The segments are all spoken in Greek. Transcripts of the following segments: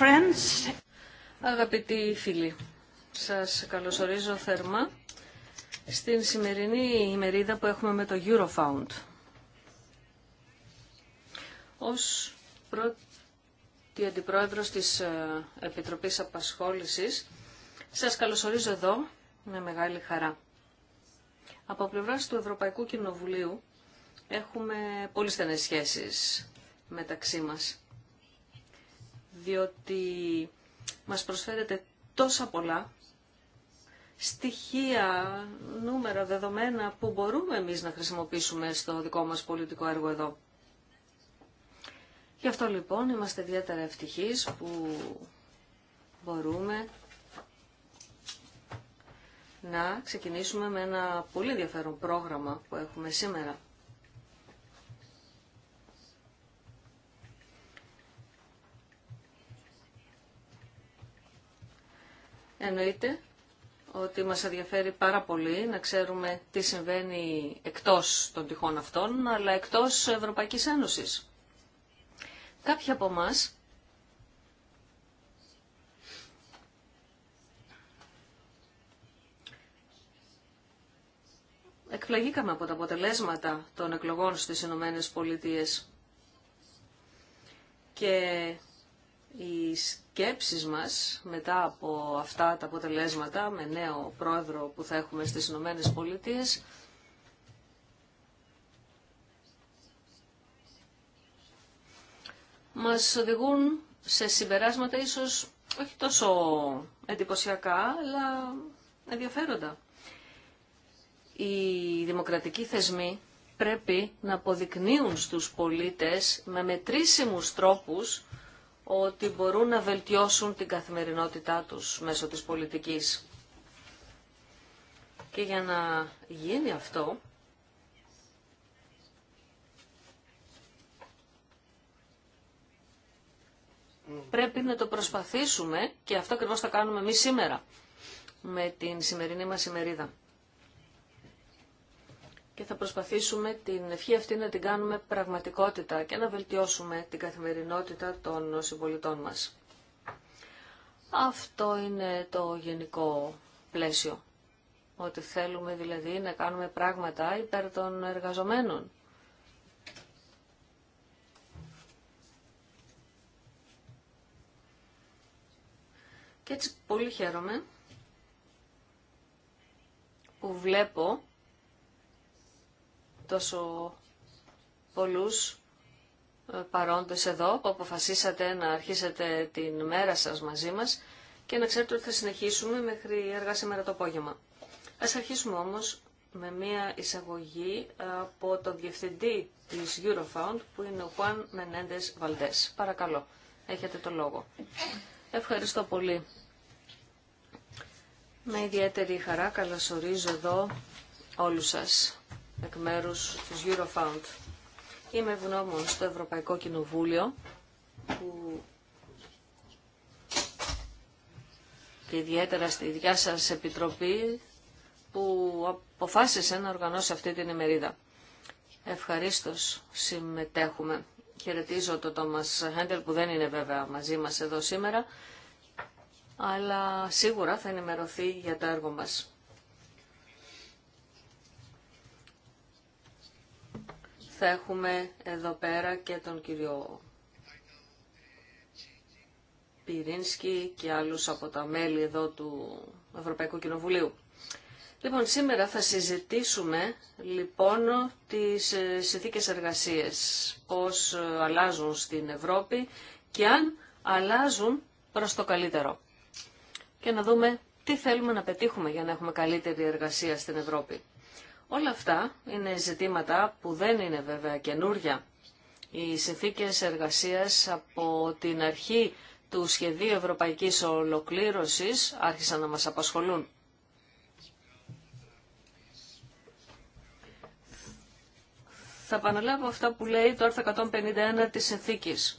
friends. Αγαπητοί φίλοι, σας καλωσορίζω θερμά στην σημερινή ημερίδα που έχουμε με το Eurofound. Ως πρώτη αντιπρόεδρος της ε, Επιτροπής Απασχόλησης, σας καλωσορίζω εδώ με μεγάλη χαρά. Από πλευράς του Ευρωπαϊκού Κοινοβουλίου έχουμε πολύ στενές σχέσεις μεταξύ μας διότι μας προσφέρεται τόσα πολλά στοιχεία, νούμερα, δεδομένα που μπορούμε εμείς να χρησιμοποιήσουμε στο δικό μας πολιτικό έργο εδώ. Γι' αυτό λοιπόν είμαστε ιδιαίτερα ευτυχείς που μπορούμε να ξεκινήσουμε με ένα πολύ ενδιαφέρον πρόγραμμα που έχουμε σήμερα. Εννοείται ότι μας ενδιαφέρει πάρα πολύ να ξέρουμε τι συμβαίνει εκτός των τυχών αυτών, αλλά εκτός Ευρωπαϊκής Ένωσης. Κάποιοι από εμά εκπλαγήκαμε από τα αποτελέσματα των εκλογών στις Ηνωμένε Πολιτείες και οι σκέψεις μας μετά από αυτά τα αποτελέσματα με νέο πρόεδρο που θα έχουμε στις Ηνωμένε Πολιτείε. μας οδηγούν σε συμπεράσματα ίσως όχι τόσο εντυπωσιακά, αλλά ενδιαφέροντα. Οι δημοκρατικοί θεσμοί πρέπει να αποδεικνύουν στους πολίτες με μετρήσιμους τρόπους ότι μπορούν να βελτιώσουν την καθημερινότητά τους μέσω της πολιτικής. Και για να γίνει αυτό, πρέπει να το προσπαθήσουμε και αυτό ακριβώς θα κάνουμε εμείς σήμερα με την σημερινή μας ημερίδα και θα προσπαθήσουμε την ευχή αυτή να την κάνουμε πραγματικότητα και να βελτιώσουμε την καθημερινότητα των συμπολιτών μας. Αυτό είναι το γενικό πλαίσιο. Ότι θέλουμε δηλαδή να κάνουμε πράγματα υπέρ των εργαζομένων. Και έτσι πολύ χαίρομαι που βλέπω τόσο πολλούς ε, παρόντες εδώ που αποφασίσατε να αρχίσετε την μέρα σας μαζί μας και να ξέρετε ότι θα συνεχίσουμε μέχρι αργά σήμερα το απόγευμα. Ας αρχίσουμε όμως με μια εισαγωγή από τον διευθυντή της Eurofound που είναι ο Juan Menendez Valdés. Παρακαλώ, έχετε το λόγο. Ευχαριστώ πολύ. Με ιδιαίτερη χαρά καλωσορίζω εδώ όλους σας εκ μέρους της Eurofound. Είμαι ευγνώμων στο Ευρωπαϊκό Κοινοβούλιο που και ιδιαίτερα στη δικιά σας επιτροπή που αποφάσισε να οργανώσει αυτή την ημερίδα. Ευχαρίστως συμμετέχουμε. Χαιρετίζω τον Τόμας Χέντερ που δεν είναι βέβαια μαζί μας εδώ σήμερα αλλά σίγουρα θα ενημερωθεί για το έργο μας. θα έχουμε εδώ πέρα και τον κύριο Πυρίνσκι και άλλους από τα μέλη εδώ του Ευρωπαϊκού Κοινοβουλίου. Λοιπόν, σήμερα θα συζητήσουμε λοιπόν τις ε, συνθήκες εργασίες, πώς ε, αλλάζουν στην Ευρώπη και αν αλλάζουν προς το καλύτερο. Και να δούμε τι θέλουμε να πετύχουμε για να έχουμε καλύτερη εργασία στην Ευρώπη. Όλα αυτά είναι ζητήματα που δεν είναι βέβαια καινούρια. Οι συνθήκες εργασίας από την αρχή του σχεδίου ευρωπαϊκής ολοκλήρωσης άρχισαν να μας απασχολούν. Θα επαναλάβω αυτά που λέει το άρθρο 151 της συνθήκης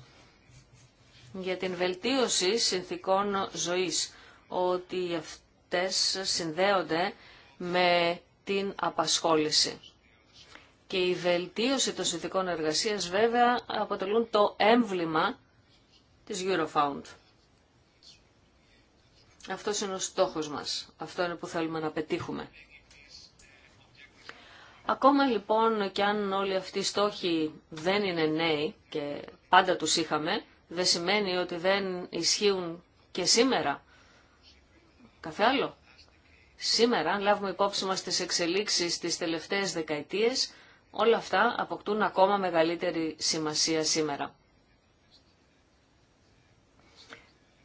για την βελτίωση συνθήκων ζωής, ότι αυτές συνδέονται με την απασχόληση. Και η βελτίωση των συνθηκών εργασίας βέβαια αποτελούν το έμβλημα της Eurofound. Αυτό είναι ο στόχος μας. Αυτό είναι που θέλουμε να πετύχουμε. Ακόμα λοιπόν και αν όλοι αυτοί οι στόχοι δεν είναι νέοι και πάντα τους είχαμε, δεν σημαίνει ότι δεν ισχύουν και σήμερα. Καθ' άλλο. Σήμερα, αν λάβουμε υπόψη μας τις εξελίξεις τις τελευταίες δεκαετίες, όλα αυτά αποκτούν ακόμα μεγαλύτερη σημασία σήμερα.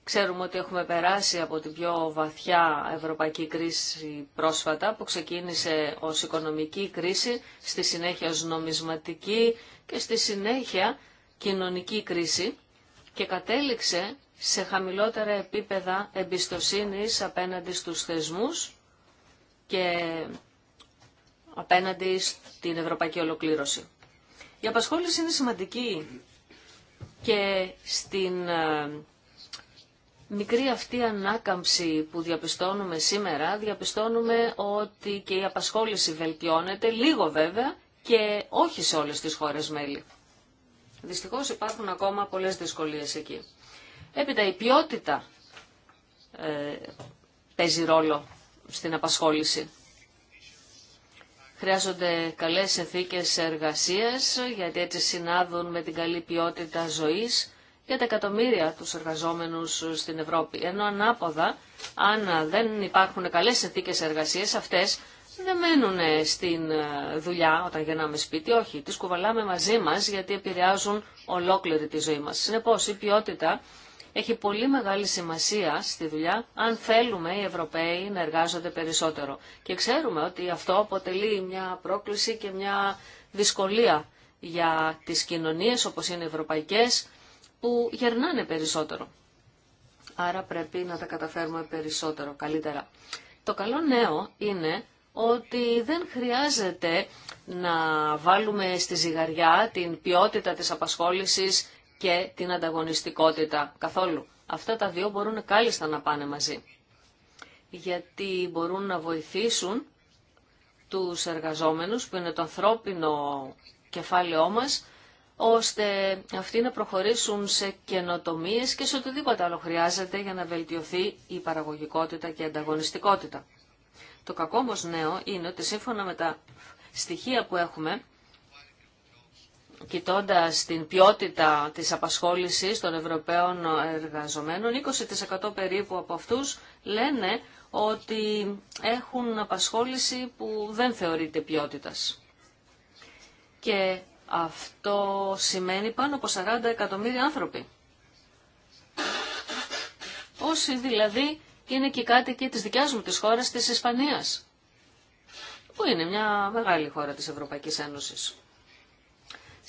Ξέρουμε ότι έχουμε περάσει από την πιο βαθιά ευρωπαϊκή κρίση πρόσφατα που ξεκίνησε ως οικονομική κρίση, στη συνέχεια ως νομισματική και στη συνέχεια κοινωνική κρίση και κατέληξε σε χαμηλότερα επίπεδα εμπιστοσύνης απέναντι στους θεσμούς και απέναντι στην ευρωπαϊκή ολοκλήρωση. Η απασχόληση είναι σημαντική και στην ε, μικρή αυτή ανάκαμψη που διαπιστώνουμε σήμερα, διαπιστώνουμε ότι και η απασχόληση βελτιώνεται, λίγο βέβαια, και όχι σε όλες τις χώρες μέλη. Δυστυχώς υπάρχουν ακόμα πολλές δυσκολίες εκεί. Έπειτα η ποιότητα ε, παίζει ρόλο στην απασχόληση. Χρειάζονται καλές συνθήκες εργασίας, γιατί έτσι συνάδουν με την καλή ποιότητα ζωής για τα εκατομμύρια τους εργαζόμενους στην Ευρώπη. Ενώ ανάποδα, αν δεν υπάρχουν καλές συνθήκες εργασίας, αυτές δεν μένουν στην δουλειά όταν γεννάμε σπίτι, όχι. Τις κουβαλάμε μαζί μας γιατί επηρεάζουν ολόκληρη τη ζωή μας. Συνεπώς, η ποιότητα έχει πολύ μεγάλη σημασία στη δουλειά αν θέλουμε οι Ευρωπαίοι να εργάζονται περισσότερο. Και ξέρουμε ότι αυτό αποτελεί μια πρόκληση και μια δυσκολία για τις κοινωνίες όπως είναι οι ευρωπαϊκές που γερνάνε περισσότερο. Άρα πρέπει να τα καταφέρουμε περισσότερο, καλύτερα. Το καλό νέο είναι ότι δεν χρειάζεται να βάλουμε στη ζυγαριά την ποιότητα της απασχόλησης και την ανταγωνιστικότητα καθόλου. Αυτά τα δύο μπορούν κάλλιστα να πάνε μαζί, γιατί μπορούν να βοηθήσουν τους εργαζόμενους, που είναι το ανθρώπινο κεφάλαιό μας, ώστε αυτοί να προχωρήσουν σε καινοτομίες και σε οτιδήποτε άλλο χρειάζεται για να βελτιωθεί η παραγωγικότητα και η ανταγωνιστικότητα. Το κακό όμως νέο είναι ότι σύμφωνα με τα στοιχεία που έχουμε, κοιτώντας την ποιότητα της απασχόλησης των Ευρωπαίων εργαζομένων, 20% περίπου από αυτούς λένε ότι έχουν απασχόληση που δεν θεωρείται ποιότητας. Και αυτό σημαίνει πάνω από 40 εκατομμύρια άνθρωποι. Όσοι δηλαδή είναι και κάτοικοι της δικιάς μου της χώρας της Ισπανίας, που είναι μια μεγάλη χώρα της Ευρωπαϊκής Ένωσης.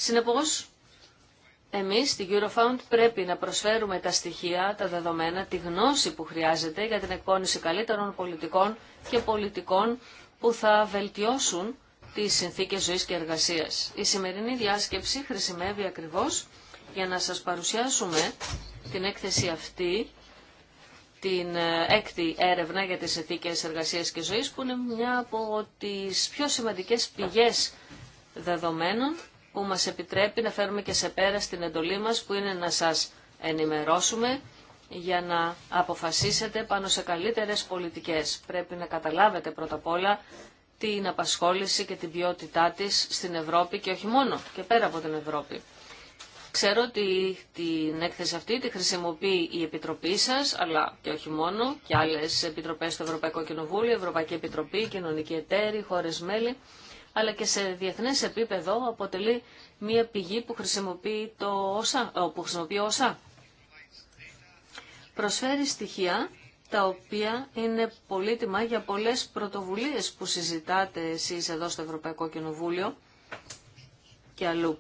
Συνεπώς, εμείς στη Eurofound πρέπει να προσφέρουμε τα στοιχεία, τα δεδομένα, τη γνώση που χρειάζεται για την εκπόνηση καλύτερων πολιτικών και πολιτικών που θα βελτιώσουν τις συνθήκες ζωής και εργασίας. Η σημερινή διάσκεψη χρησιμεύει ακριβώς για να σας παρουσιάσουμε την έκθεση αυτή, την ε, έκτη έρευνα για τις συνθήκες εργασίας και ζωής, που είναι μια από τις πιο σημαντικές πηγές δεδομένων που μας επιτρέπει να φέρουμε και σε πέρα στην εντολή μας που είναι να σας ενημερώσουμε για να αποφασίσετε πάνω σε καλύτερες πολιτικές. Πρέπει να καταλάβετε πρώτα απ' όλα την απασχόληση και την ποιότητά της στην Ευρώπη και όχι μόνο, και πέρα από την Ευρώπη. Ξέρω ότι την έκθεση αυτή τη χρησιμοποιεί η Επιτροπή σας, αλλά και όχι μόνο, και άλλες επιτροπές του Ευρωπαϊκού Κοινοβούλιο, Ευρωπαϊκή Επιτροπή, Κοινωνική Εταίρη, χώρες μέλη αλλά και σε διεθνές επίπεδο αποτελεί μια πηγή που χρησιμοποιεί, το όσα, ε, που χρησιμοποιεί όσα. Προσφέρει στοιχεία τα οποία είναι πολύτιμα για πολλές πρωτοβουλίες που συζητάτε εσείς εδώ στο Ευρωπαϊκό Κοινοβούλιο και αλλού.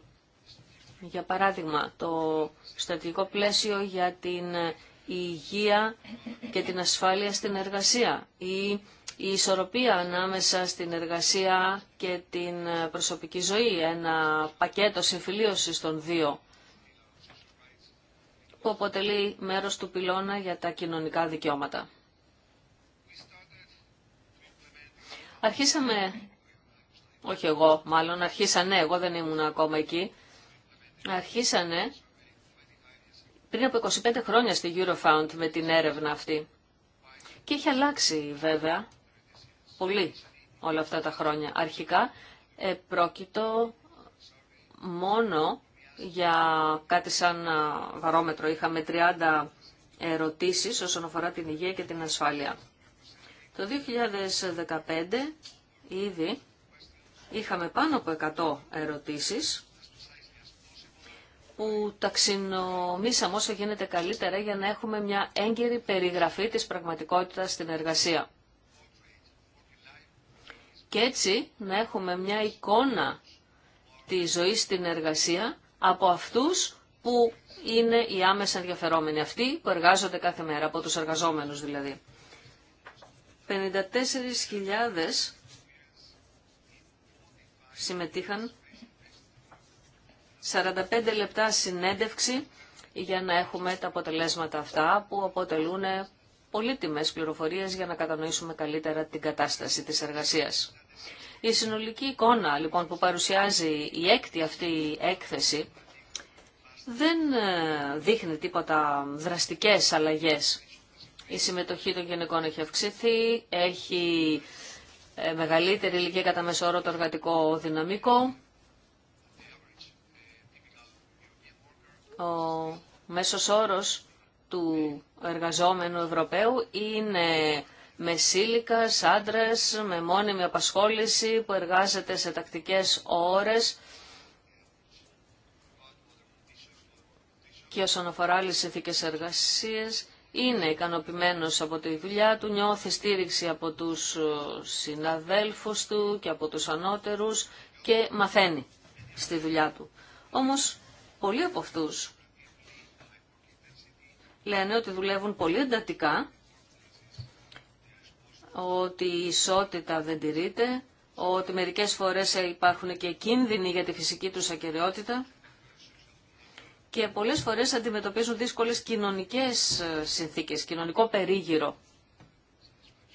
Για παράδειγμα, το στρατηγικό πλαίσιο για την υγεία και την ασφάλεια στην εργασία ή η ισορροπία ανάμεσα στην εργασία και την προσωπική ζωή, ένα πακέτο συμφιλίωσης των δύο, που αποτελεί μέρος του πυλώνα για τα κοινωνικά δικαιώματα. Αρχίσαμε, όχι εγώ μάλλον, αρχίσανε, εγώ δεν ήμουν ακόμα εκεί, αρχίσανε πριν από 25 χρόνια στη Eurofound με την έρευνα αυτή. Και έχει αλλάξει βέβαια πολύ όλα αυτά τα χρόνια. Αρχικά ε, πρόκειτο μόνο για κάτι σαν βαρόμετρο. Είχαμε 30 ερωτήσεις όσον αφορά την υγεία και την ασφάλεια. Το 2015 ήδη είχαμε πάνω από 100 ερωτήσεις που ταξινομήσαμε όσο γίνεται καλύτερα για να έχουμε μια έγκαιρη περιγραφή της πραγματικότητας στην εργασία και έτσι να έχουμε μια εικόνα τη ζωή στην εργασία από αυτούς που είναι οι άμεσα ενδιαφερόμενοι, αυτοί που εργάζονται κάθε μέρα, από τους εργαζόμενους δηλαδή. 54.000 συμμετείχαν, 45 λεπτά συνέντευξη για να έχουμε τα αποτελέσματα αυτά που αποτελούν πολύτιμες πληροφορίες για να κατανοήσουμε καλύτερα την κατάσταση της εργασίας. Η συνολική εικόνα λοιπόν που παρουσιάζει η έκτη αυτή έκθεση δεν ε, δείχνει τίποτα δραστικές αλλαγές. Η συμμετοχή των γυναικών έχει αυξηθεί, έχει ε, μεγαλύτερη ηλικία κατά μέσο όρο το εργατικό δυναμικό. Ο μέσος όρος του εργαζόμενου Ευρωπαίου είναι με σύλικας, άντρες, με μόνιμη απασχόληση που εργάζεται σε τακτικές ώρες. Και όσον αφορά άλλες ηθικές εργασίες, είναι ικανοποιημένος από τη δουλειά του, νιώθει στήριξη από τους ε, συναδέλφους του και από τους ανώτερους και μαθαίνει στη δουλειά του. Όμως, πολλοί από αυτούς λένε ότι δουλεύουν πολύ εντατικά ότι η ισότητα δεν τηρείται, ότι μερικές φορές υπάρχουν και κίνδυνοι για τη φυσική τους ακεραιότητα και πολλές φορές αντιμετωπίζουν δύσκολες κοινωνικές ε, συνθήκες, κοινωνικό περίγυρο.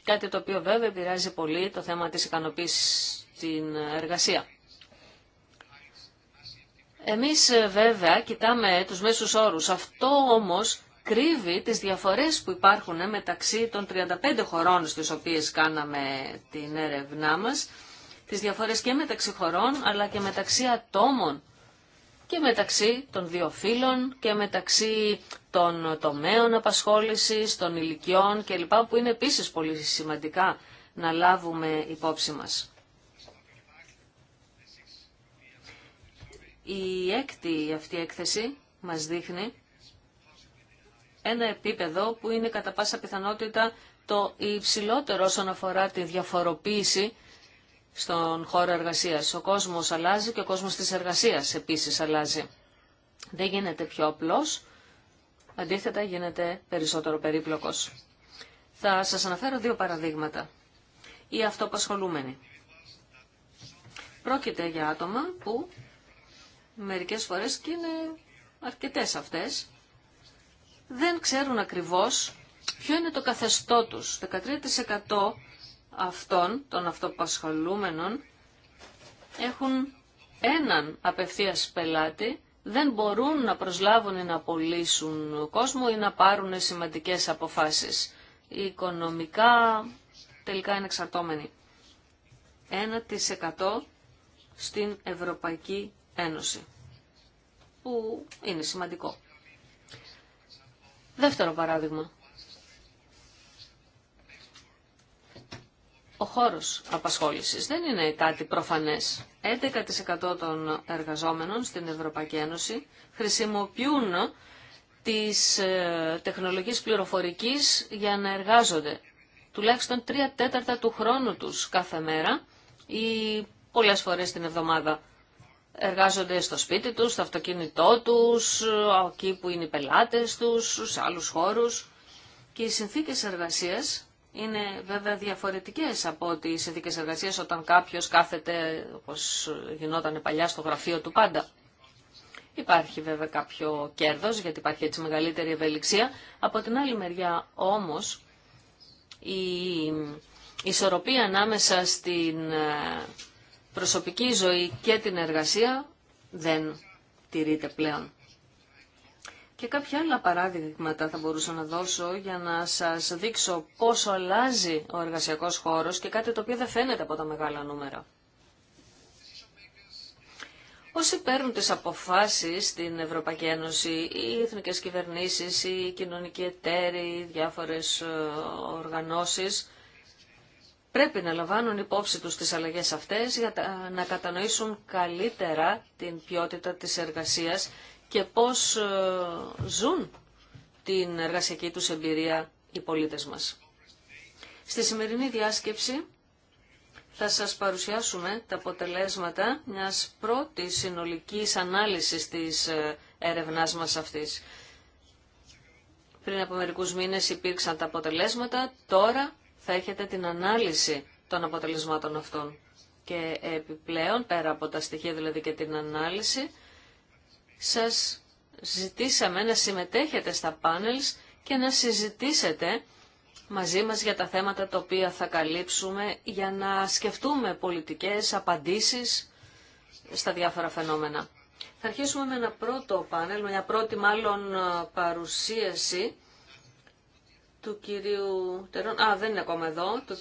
Κάτι το οποίο βέβαια επηρεάζει πολύ το θέμα της ικανοποίησης στην εργασία. Εμείς ε, βέβαια κοιτάμε τους μέσους όρους. Αυτό όμως κρύβει τις διαφορές που υπάρχουν μεταξύ των 35 χωρών στις οποίες κάναμε την έρευνά μας, τις διαφορές και μεταξύ χωρών αλλά και μεταξύ ατόμων και μεταξύ των δύο φύλων και μεταξύ των τομέων απασχόλησης, των ηλικιών κλπ. που είναι επίσης πολύ σημαντικά να λάβουμε υπόψη μας. Η έκτη αυτή έκθεση μας δείχνει ένα επίπεδο που είναι κατά πάσα πιθανότητα το υψηλότερο όσον αφορά τη διαφοροποίηση στον χώρο εργασίας. Ο κόσμος αλλάζει και ο κόσμος της εργασίας επίσης αλλάζει. Δεν γίνεται πιο απλός, αντίθετα γίνεται περισσότερο περίπλοκος. Θα σας αναφέρω δύο παραδείγματα. Οι αυτοπασχολούμενοι. Πρόκειται για άτομα που μερικές φορές και είναι αρκετές αυτές, δεν ξέρουν ακριβώς ποιο είναι το καθεστώ τους. 13% αυτών των αυτοπασχολούμενων έχουν έναν απευθείας πελάτη, δεν μπορούν να προσλάβουν ή να απολύσουν κόσμο ή να πάρουν σημαντικές αποφάσεις. οικονομικά τελικά είναι εξαρτώμενοι. 1% στην Ευρωπαϊκή Ένωση, που είναι σημαντικό. Δεύτερο παράδειγμα. Ο χώρος απασχόλησης δεν είναι κάτι προφανές. 11% των εργαζόμενων στην Ευρωπαϊκή Ένωση χρησιμοποιούν τις ε, τεχνολογίες πληροφορικής για να εργάζονται. Τουλάχιστον 3 τέταρτα του χρόνου τους κάθε μέρα ή πολλές φορές την εβδομάδα εργάζονται στο σπίτι τους, στο αυτοκίνητό τους, εκεί που είναι οι πελάτες τους, σε άλλους χώρους. Και οι συνθήκες εργασίας είναι βέβαια διαφορετικές από τις συνθήκες εργασίας όταν κάποιος κάθεται, όπως γινόταν παλιά, στο γραφείο του πάντα. Υπάρχει βέβαια κάποιο κέρδος, γιατί υπάρχει έτσι μεγαλύτερη ευελιξία. Από την άλλη μεριά όμως, η ισορροπία ανάμεσα στην ε, προσωπική ζωή και την εργασία δεν τηρείται πλέον. Και κάποια άλλα παράδειγματα θα μπορούσα να δώσω για να σας δείξω πόσο αλλάζει ο εργασιακός χώρος και κάτι το οποίο δεν φαίνεται από τα μεγάλα νούμερα. Όσοι παίρνουν τις αποφάσεις στην Ευρωπαϊκή Ένωση, οι εθνικές κυβερνήσεις, οι κοινωνικοί εταίροι, οι διάφορες ε, οργανώσεις, πρέπει να λαμβάνουν υπόψη τους τις αλλαγές αυτές για να κατανοήσουν καλύτερα την ποιότητα της εργασίας και πώς ε, ζουν την εργασιακή τους εμπειρία οι πολίτες μας. Στη σημερινή διάσκεψη θα σας παρουσιάσουμε τα αποτελέσματα μιας πρώτης συνολικής ανάλυσης της ε, έρευνάς μας αυτής. Πριν από μερικούς μήνες υπήρξαν τα αποτελέσματα, τώρα θα έχετε την ανάλυση των αποτελεσμάτων αυτών. Και επιπλέον, πέρα από τα στοιχεία δηλαδή και την ανάλυση, σας ζητήσαμε να συμμετέχετε στα πάνελς και να συζητήσετε μαζί μας για τα θέματα τα οποία θα καλύψουμε για να σκεφτούμε πολιτικές απαντήσεις στα διάφορα φαινόμενα. Θα αρχίσουμε με ένα πρώτο πάνελ, με μια πρώτη μάλλον παρουσίαση του κυρίου Τερών, α δεν είναι ακόμα εδώ, του,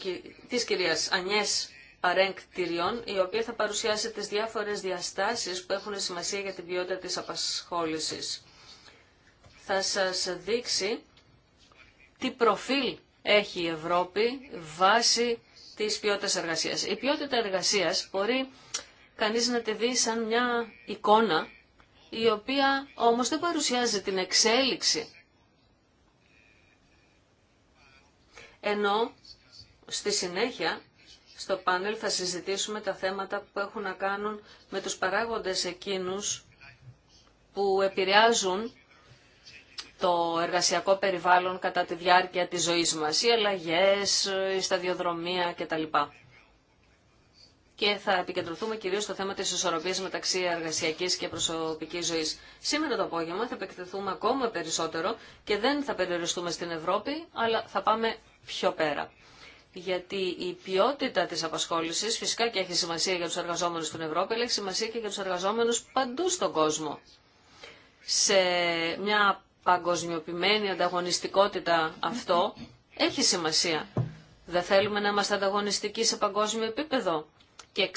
της κυρίας Ανιές Τυριών, η οποία θα παρουσιάσει τις διάφορες διαστάσεις που έχουν σημασία για την ποιότητα της απασχόλησης. Θα σας δείξει τι προφίλ έχει η Ευρώπη βάσει της ποιότητας εργασίας. Η ποιότητα εργασίας μπορεί κανείς να τη δει σαν μια εικόνα η οποία όμως δεν παρουσιάζει την εξέλιξη ενώ στη συνέχεια στο πάνελ θα συζητήσουμε τα θέματα που έχουν να κάνουν με τους παράγοντες εκείνους που επηρεάζουν το εργασιακό περιβάλλον κατά τη διάρκεια της ζωής μας, οι αλλαγές, η σταδιοδρομία κτλ. Και θα επικεντρωθούμε κυρίως στο θέμα της ισορροπίας μεταξύ εργασιακής και προσωπικής ζωής. Σήμερα το απόγευμα θα επεκτεθούμε ακόμα περισσότερο και δεν θα περιοριστούμε στην Ευρώπη, αλλά θα πάμε πιο πέρα. Γιατί η ποιότητα της απασχόλησης φυσικά και έχει σημασία για τους εργαζόμενους στην Ευρώπη, αλλά έχει σημασία και για τους εργαζόμενους παντού στον κόσμο. Σε μια παγκοσμιοποιημένη ανταγωνιστικότητα αυτό έχει σημασία. Δεν θέλουμε να είμαστε ανταγωνιστικοί σε παγκόσμιο επίπεδο και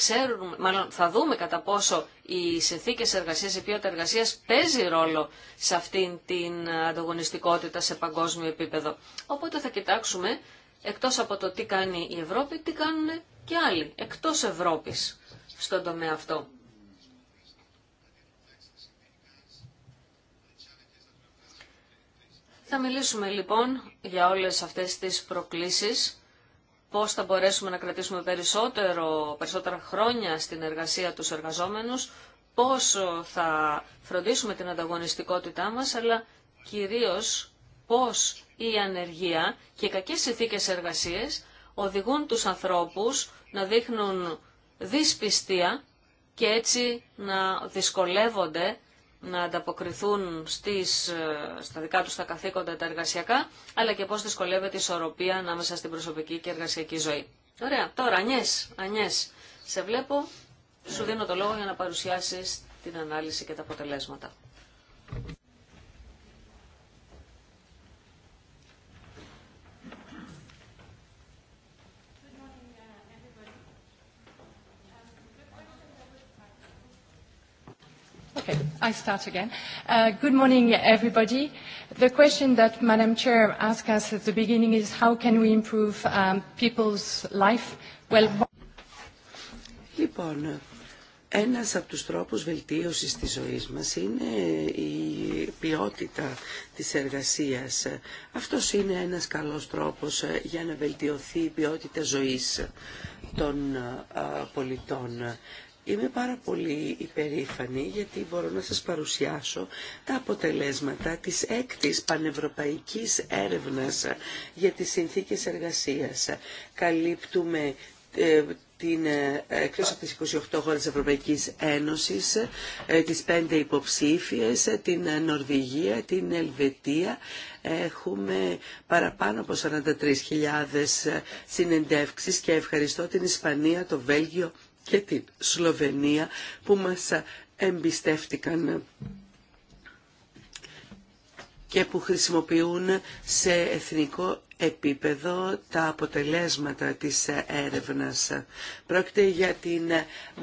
μάλλον θα δούμε κατά πόσο οι συνθήκε εργασία, η ποιότητα εργασία παίζει ρόλο σε αυτήν την ανταγωνιστικότητα σε παγκόσμιο επίπεδο. Οπότε θα κοιτάξουμε εκτός από το τι κάνει η Ευρώπη, τι κάνουν και άλλοι εκτός Ευρώπης στον τομέα αυτό. Θα μιλήσουμε λοιπόν για όλες αυτές τις προκλήσεις πώς θα μπορέσουμε να κρατήσουμε περισσότερο, περισσότερα χρόνια στην εργασία τους εργαζόμενους, πώς θα φροντίσουμε την ανταγωνιστικότητά μας, αλλά κυρίως πώς η ανεργία και οι κακές συνθήκες εργασίες οδηγούν τους ανθρώπους να δείχνουν δυσπιστία και έτσι να δυσκολεύονται να ανταποκριθούν στις, ε, στα δικά τους τα καθήκοντα τα εργασιακά, αλλά και πώς δυσκολεύεται η ισορροπία ανάμεσα στην προσωπική και εργασιακή ζωή. Ωραία. Τώρα, Ανιές, Ανιές, σε βλέπω, σου δίνω το λόγο για να παρουσιάσεις την ανάλυση και τα αποτελέσματα. Okay, I start again. Uh, Good morning, everybody. The question that Madam Chair asked us at the beginning is how can we improve um, people's life? Well, Λοιπόν, ένας από τους τρόπους βελτίωσης της ζωής μας είναι η ποιότητα της εργασίας. Αυτός είναι ένας καλός τρόπος ε, για να βελτιωθεί η ποιότητα ζωής των ε, πολιτών. Είμαι πάρα πολύ υπερήφανη γιατί μπορώ να σας παρουσιάσω τα αποτελέσματα της έκτης πανευρωπαϊκής έρευνας για τις συνθήκες εργασίας. Καλύπτουμε ε, την, ε, εκτός από τις 28 χώρες της Ευρωπαϊκής Ένωσης, ε, τις πέντε υποψήφιες, την Νορβηγία, την Ελβετία. Έχουμε παραπάνω από 43.000 συνεντεύξεις και ευχαριστώ την Ισπανία, το Βέλγιο, και την Σλοβενία που μας εμπιστεύτηκαν και που χρησιμοποιούν σε εθνικό επίπεδο τα αποτελέσματα της έρευνας. Πρόκειται για την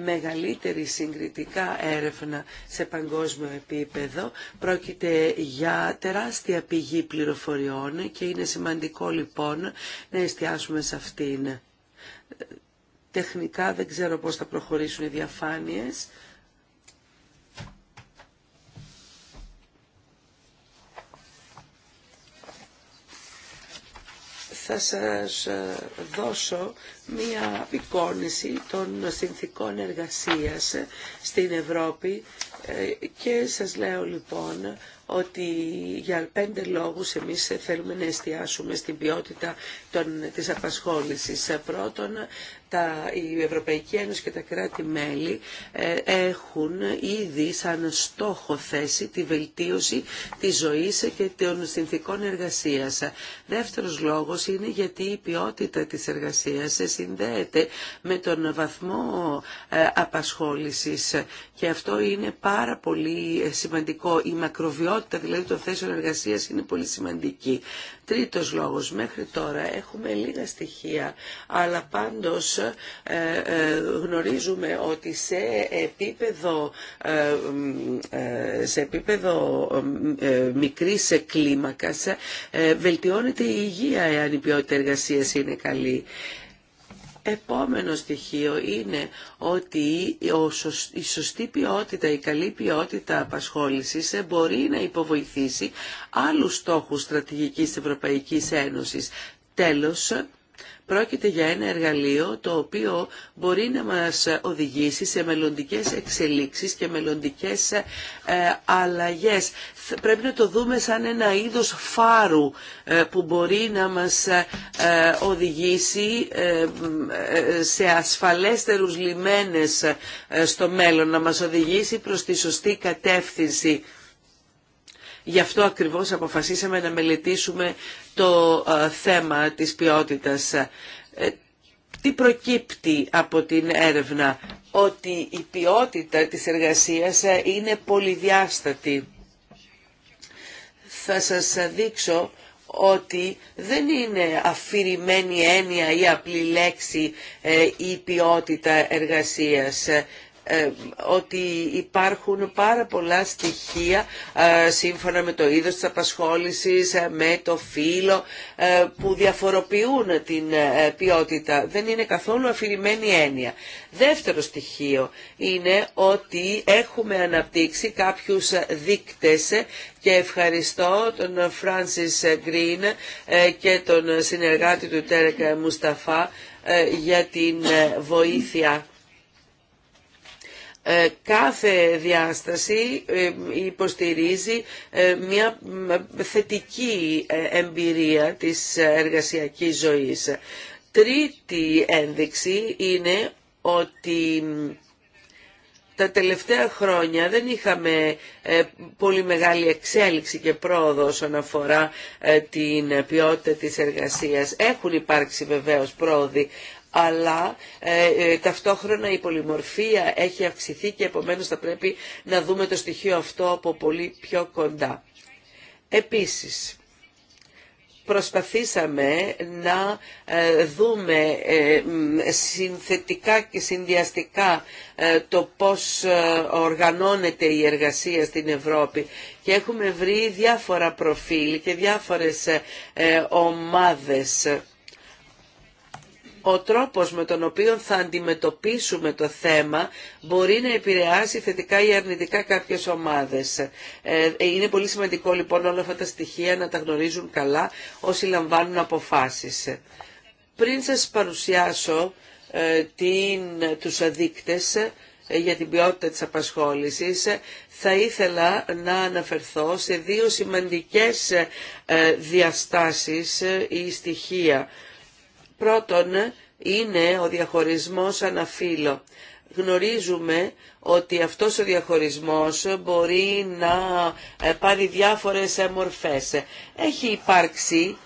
μεγαλύτερη συγκριτικά έρευνα σε παγκόσμιο επίπεδο. Πρόκειται για τεράστια πηγή πληροφοριών και είναι σημαντικό λοιπόν να εστιάσουμε σε αυτήν. Τεχνικά δεν ξέρω πώς θα προχωρήσουν οι διαφάνειες. θα σας ε, δώσω μια απεικόνηση των συνθήκων εργασίας στην Ευρώπη ε, και σας λέω λοιπόν ότι για πέντε λόγους εμείς θέλουμε να εστιάσουμε στην ποιότητα των, της απασχόλησης. Πρώτον, τα, η Ευρωπαϊκή Ένωση και τα κράτη-μέλη ε, έχουν ήδη σαν στόχο θέση τη βελτίωση της ζωής και των συνθήκων εργασίας. Δεύτερος λόγος είναι γιατί η ποιότητα της εργασίας συνδέεται με τον βαθμό ε, απασχόλησης και αυτό είναι πάρα πολύ ε, σημαντικό. Η μακροβιότητα δηλαδή των θέσεων εργασίας είναι πολύ σημαντική. Τρίτος λόγος, μέχρι τώρα έχουμε λίγα στοιχεία, αλλά πάντως ε, γνωρίζουμε ότι σε επίπεδο, σε επίπεδο μικρής κλίμακας βελτιώνεται η υγεία εάν η ποιότητα εργασίας είναι καλή. Επόμενο στοιχείο είναι ότι η σωστή ποιότητα, η καλή ποιότητα απασχόλησης μπορεί να υποβοηθήσει άλλους στόχους στρατηγικής Ευρωπαϊκής Ένωσης. Τέλος, Πρόκειται για ένα εργαλείο το οποίο μπορεί να μας οδηγήσει σε μελλοντικές εξελίξεις και μελλοντικές ε, αλλαγές. Πρέπει να το δούμε σαν ένα είδος φάρου ε, που μπορεί να μας ε, οδηγήσει σε ασφαλέστερους λιμένες στο μέλλον, να μας οδηγήσει προς τη σωστή κατεύθυνση. Γι' αυτό ακριβώς αποφασίσαμε να μελετήσουμε το ε, θέμα της ποιότητας. Ε, τι προκύπτει από την έρευνα, ότι η ποιότητα της εργασίας ε, είναι πολυδιάστατη. Θα σας δείξω ότι δεν είναι αφηρημένη έννοια ή απλή λέξη η ποιότητα εργασίας. Ε, ότι υπάρχουν πάρα πολλά στοιχεία ε, σύμφωνα με το είδος της απασχόλησης, ε, με το φύλλο που διαφοροποιούν την ποιότητα. Δεν είναι καθόλου αφηρημένη έννοια. Δεύτερο στοιχείο είναι ότι έχουμε αναπτύξει κάποιους δείκτες και ευχαριστώ τον Φράνσις Γκριν και τον συνεργάτη του Τέρεκ Μουσταφά για την βοήθεια ε, κάθε διάσταση ε, υποστηρίζει ε, μια θετική εμπειρία της εργασιακής ζωής. Τρίτη ένδειξη είναι ότι τα τελευταία χρόνια δεν είχαμε πολύ μεγάλη εξέλιξη και πρόοδο όσον αφορά την ποιότητα της εργασίας. Έχουν υπάρξει βεβαίως πρόοδοι, αλλά ε, ε, ταυτόχρονα η πολυμορφία έχει αυξηθεί και επομένως θα πρέπει να δούμε το στοιχείο αυτό από πολύ πιο κοντά. Επίσης, προσπαθήσαμε να ε, δούμε συνθετικά και συνδυαστικά το πώς οργανώνεται η εργασία στην Ευρώπη και έχουμε βρει διάφορα προφίλ και διάφορες ομάδες ο τρόπος με τον οποίο θα αντιμετωπίσουμε το θέμα μπορεί να επηρεάσει θετικά ή αρνητικά κάποιες ομάδες. Ε, είναι πολύ σημαντικό λοιπόν όλα αυτά τα στοιχεία να τα γνωρίζουν καλά όσοι λαμβάνουν αποφάσεις. Πριν σας παρουσιάσω ε, την, τους αδείκτες ε, για την ποιότητα της απασχόλησης, θα ήθελα να αναφερθώ σε δύο σημαντικές διαστάσεις ή στοιχεία Πρώτον είναι ο διαχωρισμός αναφύλο. Γνωρίζουμε ότι αυτός ο διαχωρισμός μπορεί να ε, πάρει διάφορες μορφές. Έχει υπάρξει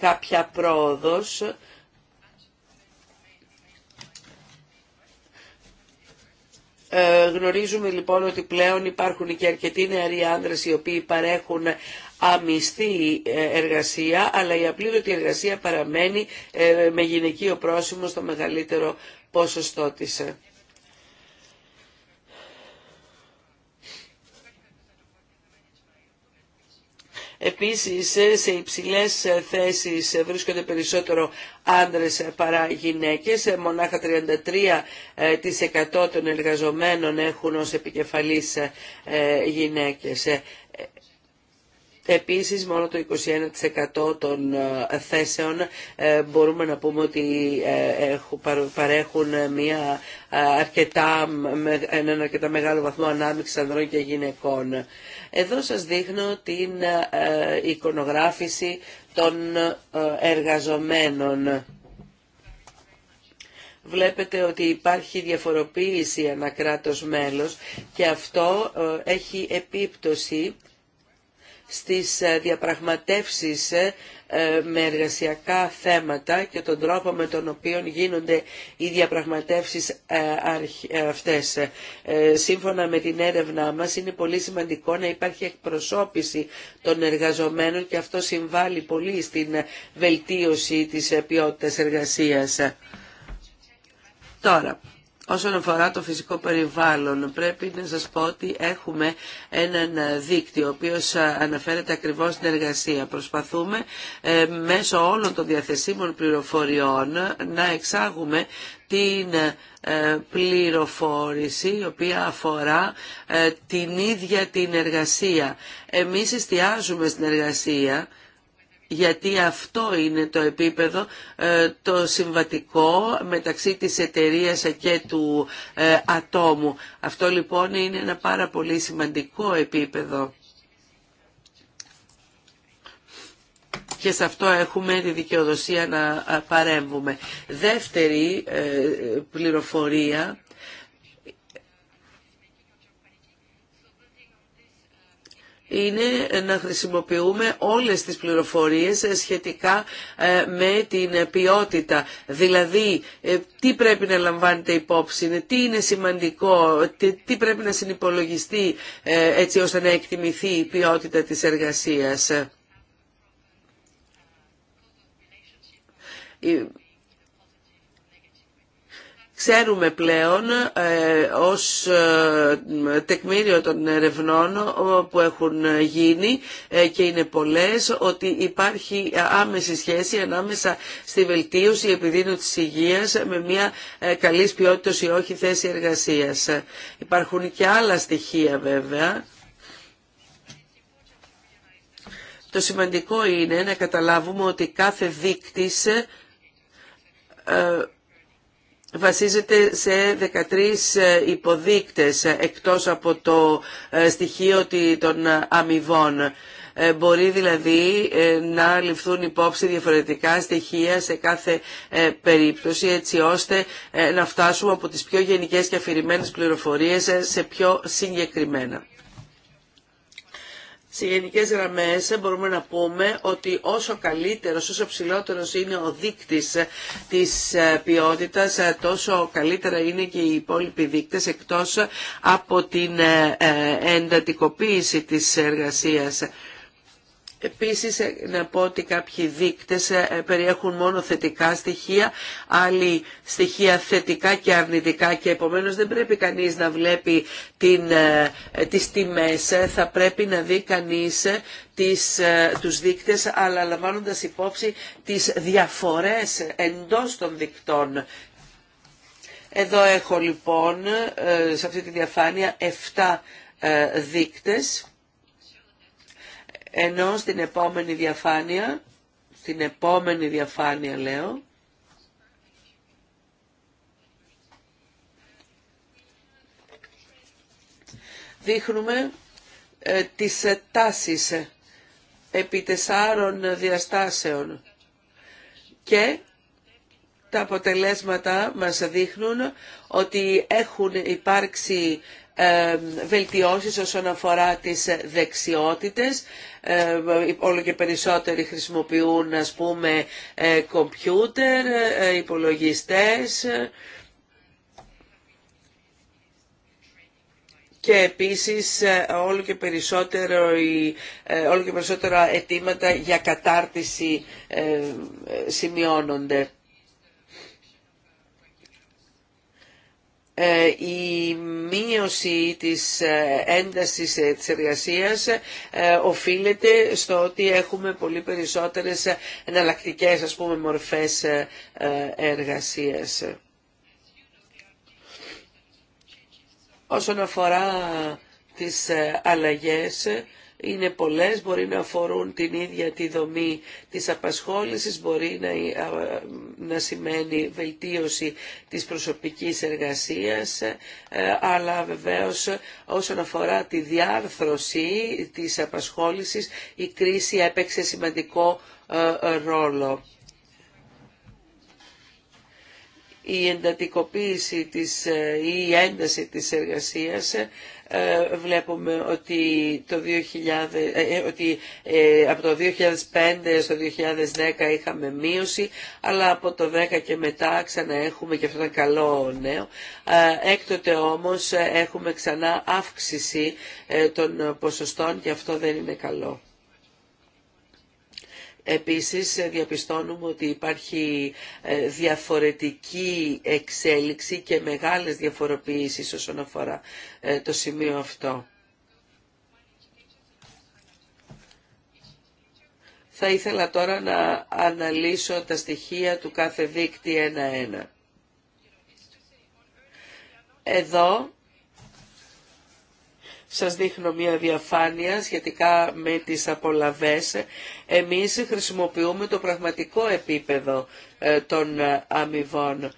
κάποια πρόοδος ε, γνωρίζουμε λοιπόν ότι πλέον υπάρχουν και αρκετοί νεαροί άνδρες οι οποίοι παρέχουν αμυστή ε, εργασία, αλλά η απλήρωτη εργασία παραμένει ε, με γυναικείο πρόσημο στο μεγαλύτερο ποσοστό της. Επίσης ε, σε υψηλές θέσεις βρίσκονται περισσότερο άντρες παρά γυναίκες. Μονάχα 33% των εργαζομένων έχουν ως επικεφαλής γυναίκες. Επίσης μόνο το 21% των ε, θέσεων ε, μπορούμε να πούμε ότι ε, παρέχουν μια αρκετά, έναν αρκετά μεγάλο βαθμό ανάμειξη ανδρών και γυναικών. Εδώ σας δείχνω την εικονογράφηση των εργαζομένων βλέπετε ότι υπάρχει διαφοροποίηση ανά κράτος μέλος και αυτό έχει επίπτωση στις ε, διαπραγματεύσεις ε, ε, με εργασιακά θέματα και τον τρόπο με τον οποίο γίνονται οι διαπραγματεύσεις αυτές. Σύμφωνα με την έρευνά μας είναι πολύ σημαντικό να υπάρχει εκπροσώπηση των εργαζομένων και αυτό συμβάλλει πολύ στην βελτίωση της ποιότητας εργασίας. Τώρα, Όσον αφορά το φυσικό περιβάλλον, πρέπει να σας πω ότι έχουμε έναν δίκτυο, ο οποίος αναφέρεται ακριβώς στην εργασία. Προσπαθούμε ε, μέσω όλων των διαθεσίμων πληροφοριών να εξάγουμε την ε, πληροφόρηση η οποία αφορά ε, την ίδια την εργασία. Εμείς εστιάζουμε στην εργασία γιατί αυτό είναι το επίπεδο ε, το συμβατικό μεταξύ της εταιρείας και του ε, ατόμου. Αυτό λοιπόν είναι ένα πάρα πολύ σημαντικό επίπεδο. και σε αυτό έχουμε τη δικαιοδοσία να ε, παρέμβουμε. Δεύτερη πληροφορία είναι να χρησιμοποιούμε όλες τις πληροφορίες ε, σχετικά ε, με την ε, ποιότητα. Δηλαδή, τι πρέπει να λαμβάνετε υπόψη, τι είναι σημαντικό, τι πρέπει να συνυπολογιστεί έτσι ώστε να εκτιμηθεί η ποιότητα της εργασίας. Ξέρουμε πλέον ε, ως ε, τεκμήριο των ερευνών που έχουν γίνει ε, και είναι πολλές ότι υπάρχει άμεση σχέση ανάμεσα στη βελτίωση επιδείνου της υγείας με μια καλή ποιότητα ή όχι θέση εργασίας. Υπάρχουν και άλλα στοιχεία βέβαια. Το σημαντικό είναι να καταλάβουμε ότι κάθε δείκτης βασίζεται σε 13 ε, υποδείκτες ε, εκτός από το ε, στοιχείο των αμοιβών. Μπορεί δηλαδή να ληφθούν υπόψη διαφορετικά στοιχεία σε κάθε περίπτωση έτσι ώστε να φτάσουμε από τις πιο γενικές και αφηρημένες πληροφορίες σε πιο συγκεκριμένα. Σε γενικέ γραμμέ μπορούμε να πούμε ότι όσο καλύτερο, όσο ψηλότερο είναι ο δείκτη τη ε, ποιότητα, ε, τόσο καλύτερα είναι και οι υπόλοιποι δείκτε εκτό από την ε, εντατικοποίηση τη εργασία. Επίσης ε, να πω ότι κάποιοι δείκτες ε, ε, περιέχουν μόνο θετικά στοιχεία, άλλοι στοιχεία θετικά και αρνητικά και επομένως δεν πρέπει κανείς να βλέπει την, τις τιμές, θα πρέπει να δει κανείς τις, τους δείκτες αλλά λαμβάνοντας υπόψη τις διαφορές εντός των δικτών. Εδώ έχω λοιπόν σε αυτή τη διαφάνεια 7 δείκτες ενώ στην επόμενη διαφάνεια, στην επόμενη διαφάνεια λέω, δείχνουμε ε, τις ε, τάσεις ε, επί τεσσάρων διαστάσεων και τα αποτελέσματα μας δείχνουν ότι έχουν υπάρξει βελτιώσεις όσον αφορά τις δεξιότητες. Όλο και περισσότεροι χρησιμοποιούν ας πούμε ε, κομπιούτερ, ε, υπολογιστές και επίσης ε, όλο και, περισσότερο, όλο και περισσότερα αιτήματα για κατάρτιση σημειώνονται. Ε, η μείωση της ε, έντασης ε, της εργασίας οφείλεται στο ότι έχουμε πολύ περισσότερες εναλλακτικέ, ας πούμε μορφές εργασίας. Όσον αφορά τις αλλαγές, είναι πολλές, μπορεί να αφορούν την ίδια τη δομή της απασχόλησης, μπορεί να, ε, να σημαίνει βελτίωση της προσωπικής εργασίας, ε, αλλά βεβαίως όσον αφορά τη διάρθρωση της απασχόλησης, η κρίση έπαιξε σημαντικό ε, ρόλο. Η εντατικοποίηση της, ή η ένταση της εργασίας ε, βλέπουμε ότι, το 2000, ε, ε, ότι από το 2005 στο 2010 είχαμε μείωση, αλλά από το 10 και μετά ξανά έχουμε και αυτό ήταν καλό νέο. Έκτοτε όμως έχουμε ξανά αύξηση των ποσοστών και αυτό δεν είναι καλό. Επίσης διαπιστώνουμε ότι υπάρχει ε, διαφορετική εξέλιξη και μεγάλες διαφοροποιήσεις όσον αφορά ε, το σημείο αυτό. Θα ήθελα τώρα να αναλύσω τα στοιχεία του κάθε δίκτυ ένα-ένα. Εδώ σας δείχνω μια διαφάνεια σχετικά με τις απολαβές. Εμείς χρησιμοποιούμε το πραγματικό επίπεδο ε, των ε, αμοιβών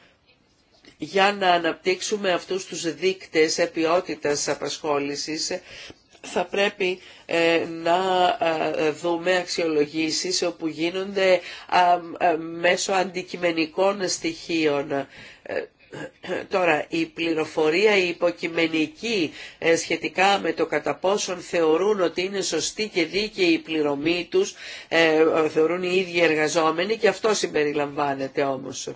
για να αναπτύξουμε αυτούς τους δείκτες επιότητας απασχόλησης θα πρέπει ε, να δούμε αξιολογήσεις όπου γίνονται μέσω αντικειμενικών στοιχείων. Τώρα, η πληροφορία η υποκειμενική ε, σχετικά με το κατά πόσον θεωρούν ότι είναι σωστή και δίκαιη η πληρωμή τους, ε, ε, θεωρούν οι ίδιοι εργαζόμενοι και αυτό συμπεριλαμβάνεται όμως.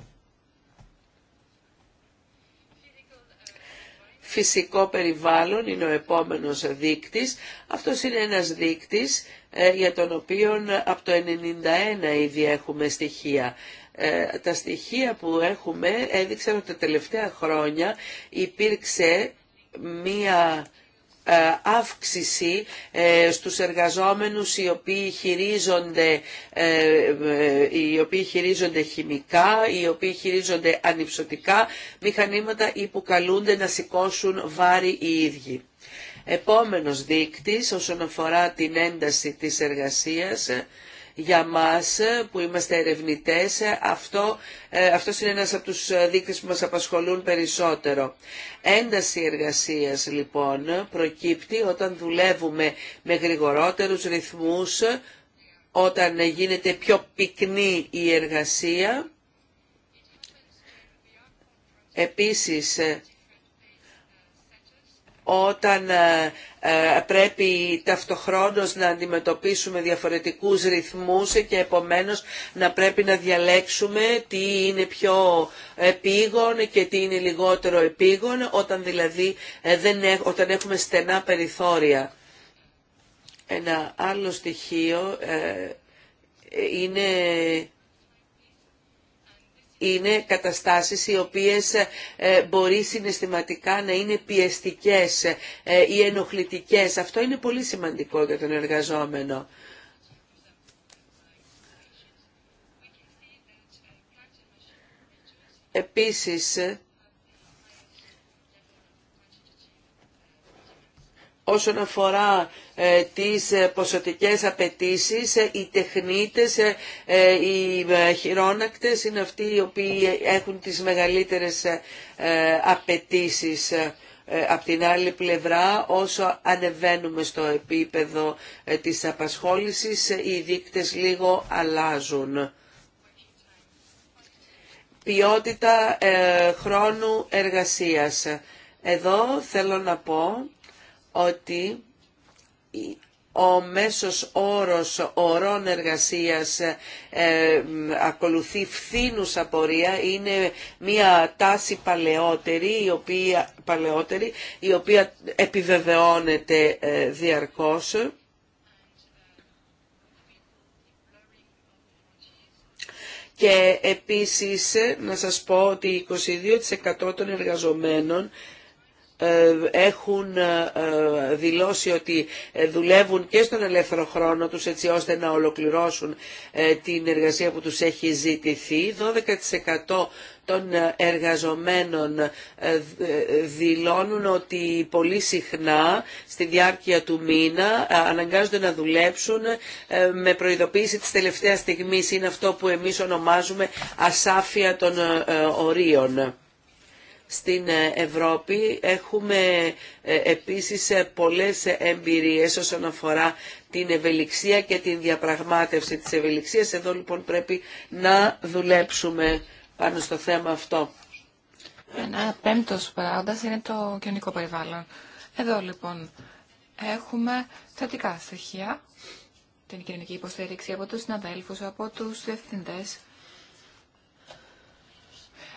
Φυσικό περιβάλλον είναι ο επόμενος δείκτης. Αυτός είναι ένας δείκτης για τον οποίο από το 1991 ήδη έχουμε στοιχεία. Ε, τα στοιχεία που έχουμε έδειξαν ότι τα τελευταία χρόνια υπήρξε μία ε, αύξηση ε, στους εργαζόμενους οι οποίοι χειρίζονται, οι οποίοι χειρίζονται χημικά, οι οποίοι χειρίζονται ανυψωτικά μηχανήματα ή που καλούνται να σηκώσουν βάρη οι ίδιοι. Επόμενος δείκτης όσον αφορά την ένταση της εργασίας για μας ε, που είμαστε ερευνητές ε, αυτό, ε, αυτός είναι ένας από τους δείκτες που μας απασχολούν περισσότερο. Ένταση εργασίας λοιπόν προκύπτει όταν δουλεύουμε με γρηγορότερους ρυθμούς, όταν γίνεται πιο πυκνή η εργασία. Επίσης όταν ε, ε, πρέπει ταυτοχρόνως να αντιμετωπίσουμε διαφορετικούς ρυθμούς και επομένως να πρέπει να διαλέξουμε τι είναι πιο επίγον και τι είναι λιγότερο επίγον, όταν δηλαδή ε, δεν, όταν έχουμε στενά περιθώρια. Ένα άλλο στοιχείο είναι είναι καταστάσεις οι οποίες ε, μπορεί συναισθηματικά να είναι πιεστικές ε, ή ενοχλητικές. Αυτό είναι πολύ σημαντικό για τον εργαζόμενο. Επίσης, όσον αφορά ε, τις ε, ποσοτικές απαιτήσεις, ε, οι τεχνίτες, οι χειρόνακτες είναι αυτοί οι οποίοι έχουν τις μεγαλύτερες απαιτήσεις. Απ' την άλλη πλευρά, όσο ανεβαίνουμε στο επίπεδο της απασχόλησης, οι δείκτες λίγο αλλάζουν. Ποιότητα χρόνου εργασίας. Εδώ θέλω να πω ότι ο μέσος όρος ορών εργασίας ε, ακολουθεί φθήνουσα πορεία, είναι μια τάση παλαιότερη η οποία, παλαιότερη, η οποία επιβεβαιώνεται ε, διαρκώς. Και επίσης ε, να σας πω ότι 22% των εργαζομένων ε, έχουν ε, ε, δηλώσει ότι δουλεύουν και στον ελεύθερο χρόνο τους έτσι ώστε να ολοκληρώσουν την εργασία που τους έχει ζητηθεί. 12% των εργαζομένων δηλώνουν ότι πολύ συχνά στη διάρκεια του μήνα αναγκάζονται να δουλέψουν με προειδοποίηση της τελευταίας στιγμής. Είναι αυτό που εμείς ονομάζουμε ασάφεια των ορίων στην ε, Ευρώπη. Έχουμε ε, επίσης ε, πολλές εμπειρίες όσον αφορά την ευελιξία και την διαπραγμάτευση της ευελιξίας. Εδώ λοιπόν πρέπει να δουλέψουμε πάνω στο θέμα αυτό. Ένα πέμπτος παράγοντας είναι το κοινωνικό περιβάλλον. Εδώ λοιπόν έχουμε θετικά στοιχεία, την κοινωνική υποστήριξη από τους συναδέλφους, από τους διευθυντές,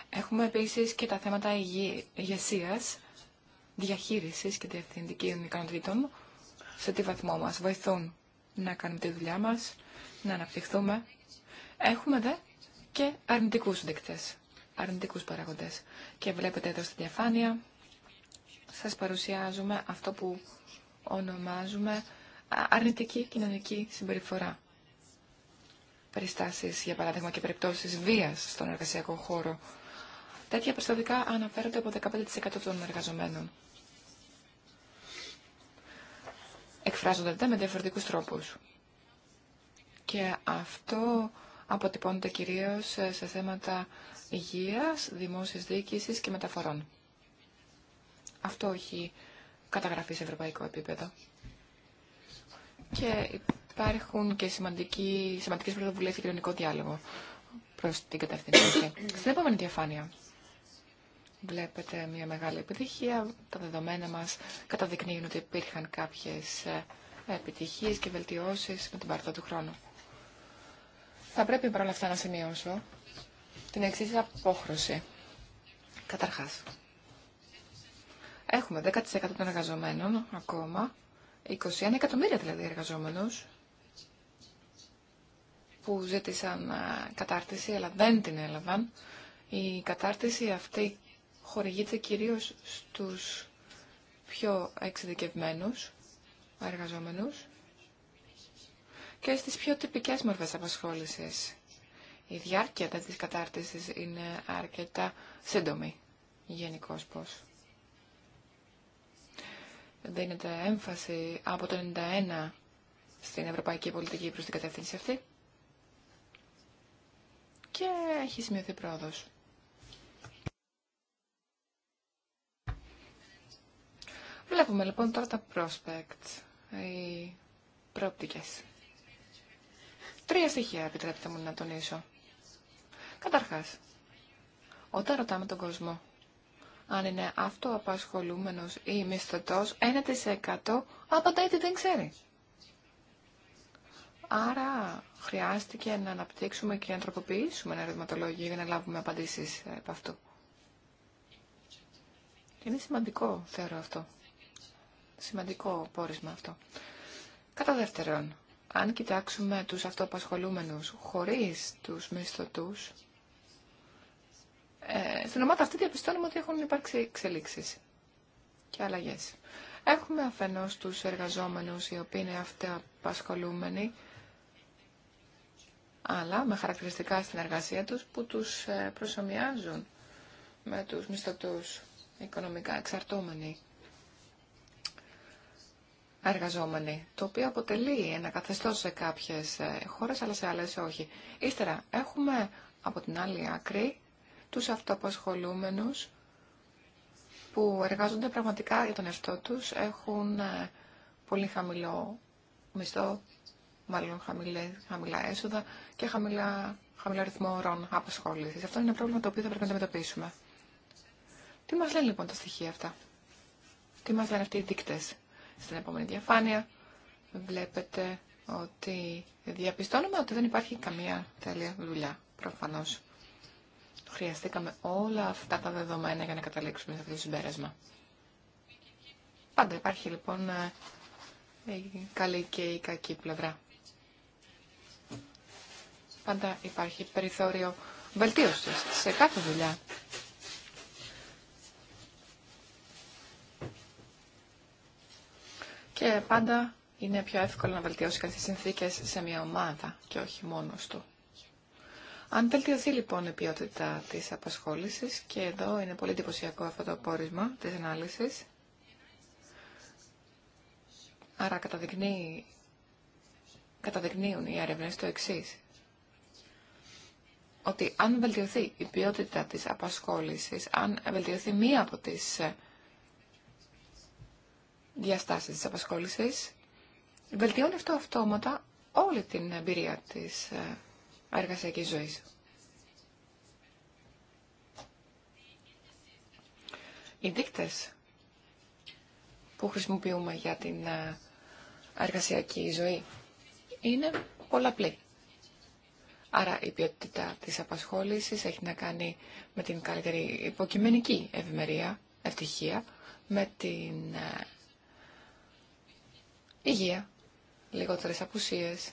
Έχουμε επίσης και τα θέματα ηγεσία, διαχείρισης και διευθυντικών ικανοτήτων, σε τι βαθμό μας βοηθούν να κάνουμε τη δουλειά μας, να αναπτυχθούμε. Έχουμε δε και αρνητικούς δείκτες, αρνητικούς παραγοντές. Και βλέπετε εδώ στη διαφάνεια, σας παρουσιάζουμε αυτό που ονομάζουμε αρνητική κοινωνική συμπεριφορά. Περιστάσεις, για παράδειγμα, και περιπτώσεις βίας στον εργασιακό χώρο Τέτοια προστατικά αναφέρονται από 15% των εργαζομένων. Εκφράζονται με διαφορετικούς τρόπους. Και αυτό αποτυπώνεται κυρίως σε θέματα υγείας, δημόσιας διοίκησης και μεταφορών. Αυτό έχει καταγραφεί σε ευρωπαϊκό επίπεδο. Και υπάρχουν και σημαντικοί, σημαντικές πρωτοβουλίες για κοινωνικό διάλογο προς την κατεύθυνση. Στην επόμενη διαφάνεια βλέπετε μια μεγάλη επιτυχία. Τα δεδομένα μας καταδεικνύουν ότι υπήρχαν κάποιες ε, επιτυχίες και βελτιώσεις με την πάρτα του χρόνου. Θα πρέπει παρόλα αυτά να σημειώσω την εξή απόχρωση. Καταρχάς, έχουμε 10% των εργαζομένων ακόμα, 21 εκατομμύρια δηλαδή εργαζόμενους, που ζήτησαν ε, κατάρτιση αλλά δεν την έλαβαν. Η κατάρτιση αυτή χορηγείται κυρίως στους πιο εξειδικευμένους εργαζόμενους και στις πιο τυπικές μορφές απασχόλησης. Η διάρκεια της κατάρτισης είναι αρκετά σύντομη, γενικώ πως. Δίνεται έμφαση από το 1991 στην ευρωπαϊκή πολιτική προς την κατεύθυνση αυτή και έχει σημειωθεί πρόοδος. Βλέπουμε λοιπόν τώρα τα prospects, οι προοπτικές. Τρία στοιχεία επιτρέπετε μου να τονίσω. Καταρχάς, όταν ρωτάμε τον κόσμο αν είναι αυτοαπασχολούμενος ή μισθωτός, 1% απαντάει ότι δεν ξέρει. Άρα χρειάστηκε να αναπτύξουμε και να τροποποιήσουμε ένα ερωτηματολόγιο για να λάβουμε απαντήσεις από αυτού. Είναι σημαντικό, θεωρώ αυτό. Σημαντικό πόρισμα αυτό. Κατά δεύτερον, αν κοιτάξουμε τους αυτοπασχολούμενους χωρίς τους μισθωτούς, ε, στην ομάδα αυτή διαπιστώνουμε ότι έχουν υπάρξει εξελίξεις και αλλαγές. Έχουμε αφενός τους εργαζόμενους οι οποίοι είναι αυτοαπασχολούμενοι, αλλά με χαρακτηριστικά στην εργασία τους που τους ε, προσωμιάζουν με τους μισθωτούς οικονομικά εξαρτώμενοι εργαζόμενοι, το οποίο αποτελεί ένα καθεστώς σε κάποιες ε, χώρες, αλλά σε άλλες όχι. Ύστερα, έχουμε από την άλλη άκρη τους αυτοαπασχολούμενους που εργάζονται πραγματικά για τον εαυτό τους, έχουν ε, πολύ χαμηλό μισθό, μάλλον χαμηλά έσοδα και χαμηλά, χαμηλό ρυθμό ώρων απασχόλησης. Αυτό είναι ένα πρόβλημα το οποίο θα πρέπει να αντιμετωπίσουμε. Τι μας λένε λοιπόν τα στοιχεία αυτά. Τι μας λένε αυτοί οι δείκτες. Στην επόμενη διαφάνεια βλέπετε ότι διαπιστώνουμε ότι δεν υπάρχει καμία τέλεια δουλειά, προφανώς. Χρειαστήκαμε όλα αυτά τα δεδομένα για να καταλήξουμε σε αυτό το συμπέρασμα. Πάντα υπάρχει λοιπόν ε, η καλή και η κακή πλευρά. Πάντα υπάρχει περιθώριο βελτίωσης σε κάθε δουλειά. και πάντα είναι πιο εύκολο να βελτιώσει κάποιες συνθήκε σε μια ομάδα και όχι μόνο του. Αν βελτιωθεί λοιπόν η ποιότητα της απασχόλησης, και εδώ είναι πολύ εντυπωσιακό αυτό το πόρισμα της ανάλυσης, άρα καταδεικνύει, καταδεικνύουν οι έρευνε το εξή. Ότι αν βελτιωθεί η ποιότητα της απασχόλησης, αν βελτιωθεί μία από τις διαστάσεις της απασχόλησης, βελτιώνει αυτό αυτόματα όλη την εμπειρία της ε, εργασιακής ζωής. Οι δείκτες που χρησιμοποιούμε για την ε, εργασιακή ζωή είναι πολλαπλή. Άρα η ποιότητα της απασχόλησης έχει να κάνει με την καλύτερη υποκειμενική ευημερία, ευτυχία, με την ε, υγεία, λιγότερες απουσίες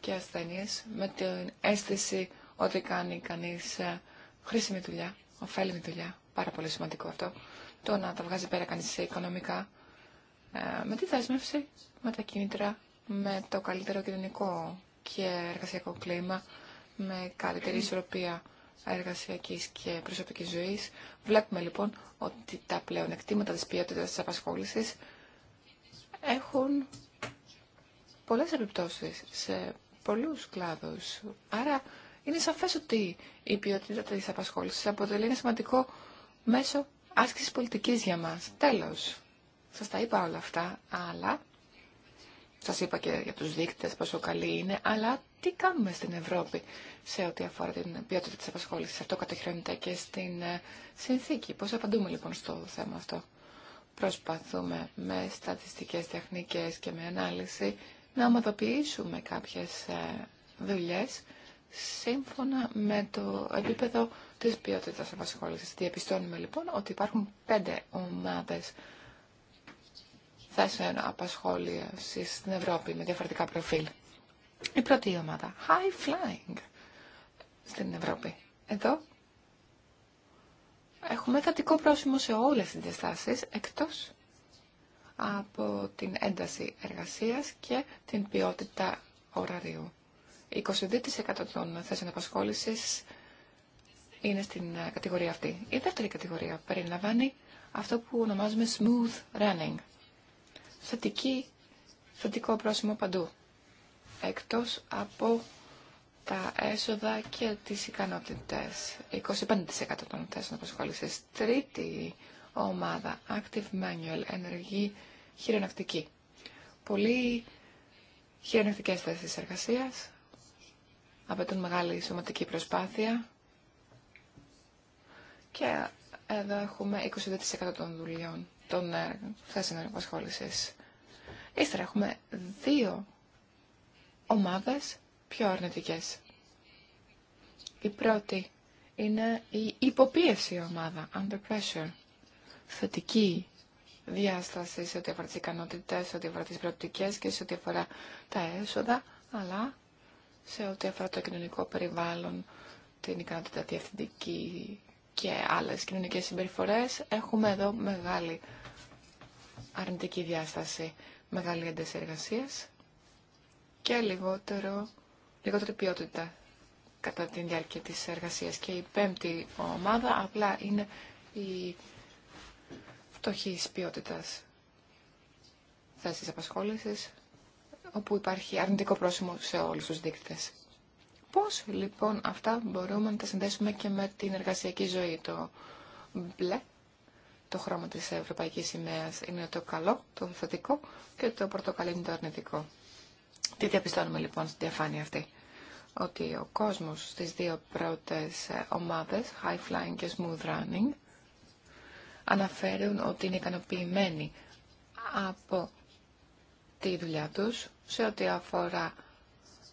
και ασθένειες με την αίσθηση ότι κάνει κανείς ε, χρήσιμη δουλειά, ωφέλιμη δουλειά. Πάρα πολύ σημαντικό αυτό. Το να τα βγάζει πέρα κανείς σε οικονομικά ε, με τη δέσμευση, με τα κίνητρα, με το καλύτερο κοινωνικό και εργασιακό κλίμα, με καλύτερη ισορροπία εργασιακή και προσωπική ζωή. Βλέπουμε λοιπόν ότι τα πλεονεκτήματα τη ποιότητα τη απασχόληση έχουν πολλές επιπτώσεις σε πολλούς κλάδους. Άρα είναι σαφές ότι η ποιότητα της απασχόλησης αποτελεί ένα σημαντικό μέσο άσκησης πολιτικής για μας. Τέλος, σας τα είπα όλα αυτά, αλλά σας είπα και για τους δείκτες πόσο καλή είναι, αλλά τι κάνουμε στην Ευρώπη σε ό,τι αφορά την ποιότητα της απασχόλησης. Αυτό κατοχυρώνεται και στην ε, συνθήκη. Πώς απαντούμε λοιπόν στο θέμα αυτό προσπαθούμε με στατιστικές τεχνικές και με ανάλυση να ομαδοποιήσουμε κάποιες ε, δουλειές σύμφωνα με το επίπεδο της ποιότητας απασχόλησης. Διαπιστώνουμε λοιπόν ότι υπάρχουν πέντε ομάδες θέσεων απασχόλησης στην Ευρώπη με διαφορετικά προφίλ. Η πρώτη ομάδα, high flying, στην Ευρώπη. Εδώ Έχουμε θετικό πρόσημο σε όλες τις διαστάσεις, εκτός από την ένταση εργασίας και την ποιότητα ωραρίου. 22% των θέσεων απασχόλησης είναι στην ε, κατηγορία αυτή. Η δεύτερη κατηγορία περιλαμβάνει αυτό που ονομάζουμε smooth running. Θετική, θετικό πρόσημο παντού. Εκτός από τα έσοδα και τις ικανότητες. 25% των θέσεων απασχόλησης. Τρίτη ομάδα, active manual, ενεργή χειρονακτική. Πολύ χειρονακτικές θέσεις εργασίας, απαιτούν μεγάλη σωματική προσπάθεια και εδώ έχουμε 22% των δουλειών, των ε, θέσεων απασχόλησης. Ύστερα έχουμε δύο ομάδες πιο αρνητικές. Η πρώτη είναι η υποπίεση ομάδα, under pressure, θετική διάσταση σε ό,τι αφορά τι ικανότητες, σε ό,τι αφορά τις προοπτικές και σε ό,τι αφορά τα έσοδα, αλλά σε ό,τι αφορά το κοινωνικό περιβάλλον, την ικανότητα διευθυντική και άλλες κοινωνικές συμπεριφορές, έχουμε εδώ μεγάλη αρνητική διάσταση, μεγάλη ένταση και λιγότερο λιγότερη ποιότητα κατά τη διάρκεια της εργασίας. Και η πέμπτη ομάδα απλά είναι η φτωχής ποιότητας θέσεις απασχόλησης, όπου υπάρχει αρνητικό πρόσημο σε όλους τους δείκτες. Πώς λοιπόν αυτά μπορούμε να τα συνδέσουμε και με την εργασιακή ζωή. Το μπλε, το χρώμα της Ευρωπαϊκής Σημαίας είναι το καλό, το θετικό και το πορτοκαλί είναι το αρνητικό. Τι διαπιστώνουμε λοιπόν στη διαφάνεια αυτή. Ότι ο κόσμος στις δύο πρώτες ομάδες, high flying και smooth running, αναφέρουν ότι είναι ικανοποιημένοι από τη δουλειά τους σε ό,τι αφορά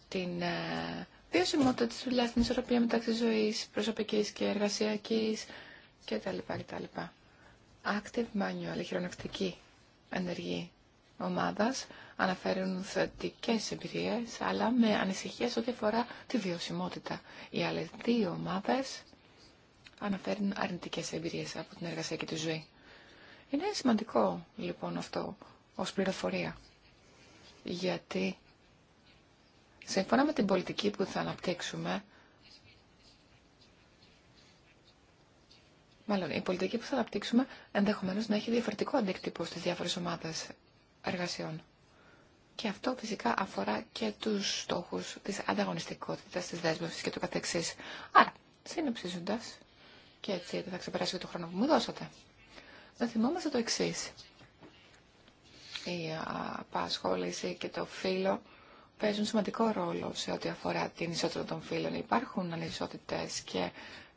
την ε, βιωσιμότητα της δουλειάς, την ισορροπία μεταξύ ζωής, προσωπικής και εργασιακής κτλ. Active manual, χειρονευτική ενεργή ομάδας αναφέρουν θετικές εμπειρίες, αλλά με ανησυχίες ό,τι αφορά τη βιωσιμότητα. Οι άλλες δύο ομάδες αναφέρουν αρνητικές εμπειρίες από την εργασία και τη ζωή. Είναι σημαντικό λοιπόν αυτό ως πληροφορία, γιατί σύμφωνα με την πολιτική που θα αναπτύξουμε, Μάλλον, η πολιτική που θα αναπτύξουμε ενδεχομένως να έχει διαφορετικό αντίκτυπο στις διάφορες ομάδες εργασιών. Και αυτό φυσικά αφορά και τους στόχους της ανταγωνιστικότητας, της δέσμευσης και του καθεξής. Άρα, συνοψίζοντας, και έτσι δεν θα ξεπεράσει και το χρόνο που μου δώσατε, να θυμόμαστε το εξή. Η απασχόληση και το φύλλο παίζουν σημαντικό ρόλο σε ό,τι αφορά την ισότητα των φύλων. Υπάρχουν ανισότητες και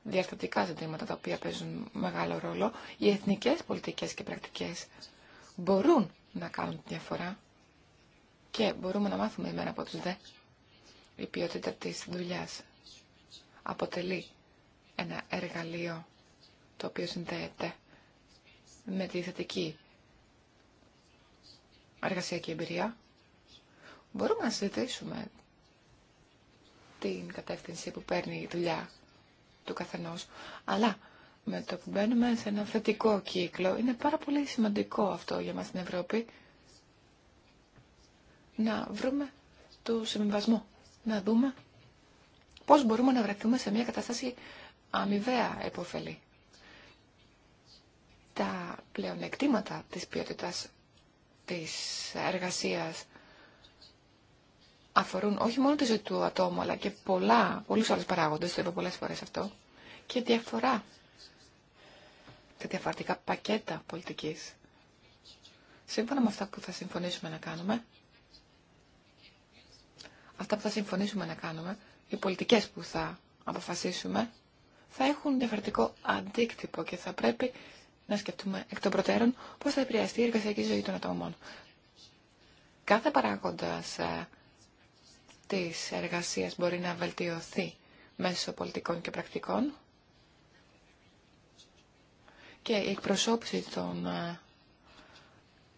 διαστατικά ζητήματα τα οποία παίζουν μεγάλο ρόλο. Οι εθνικές πολιτικές και πρακτικές μπορούν να κάνουν τη διαφορά και μπορούμε να μάθουμε ημέρα από τους δε. Η ποιότητα της δουλειάς αποτελεί ένα εργαλείο το οποίο συνδέεται με τη θετική εργασιακή εμπειρία. Μπορούμε να συζητήσουμε την κατεύθυνση που παίρνει η δουλειά του καθενός, αλλά με το που μπαίνουμε σε ένα θετικό κύκλο. Είναι πάρα πολύ σημαντικό αυτό για μας στην Ευρώπη. Να βρούμε το συμβιβασμό. Να δούμε πώς μπορούμε να βρεθούμε σε μια κατάσταση αμοιβαία επωφελή. Τα πλεονεκτήματα της ποιότητας της εργασίας αφορούν όχι μόνο τη ζωή του ατόμου, αλλά και πολλά, πολλούς άλλους παράγοντες, το είπα πολλές φορές αυτό, και διαφορά τα διαφορετικά πακέτα πολιτικής. Σύμφωνα με αυτά που θα συμφωνήσουμε να κάνουμε, αυτά που θα συμφωνήσουμε να κάνουμε, οι πολιτικές που θα αποφασίσουμε, θα έχουν διαφορετικό αντίκτυπο και θα πρέπει να σκεφτούμε εκ των προτέρων πώς θα επηρεαστεί η εργασιακή ζωή των ατόμων. Κάθε παράγοντας ε, της εργασίας μπορεί να βελτιωθεί μέσω πολιτικών και πρακτικών και η εκπροσώπηση των ε,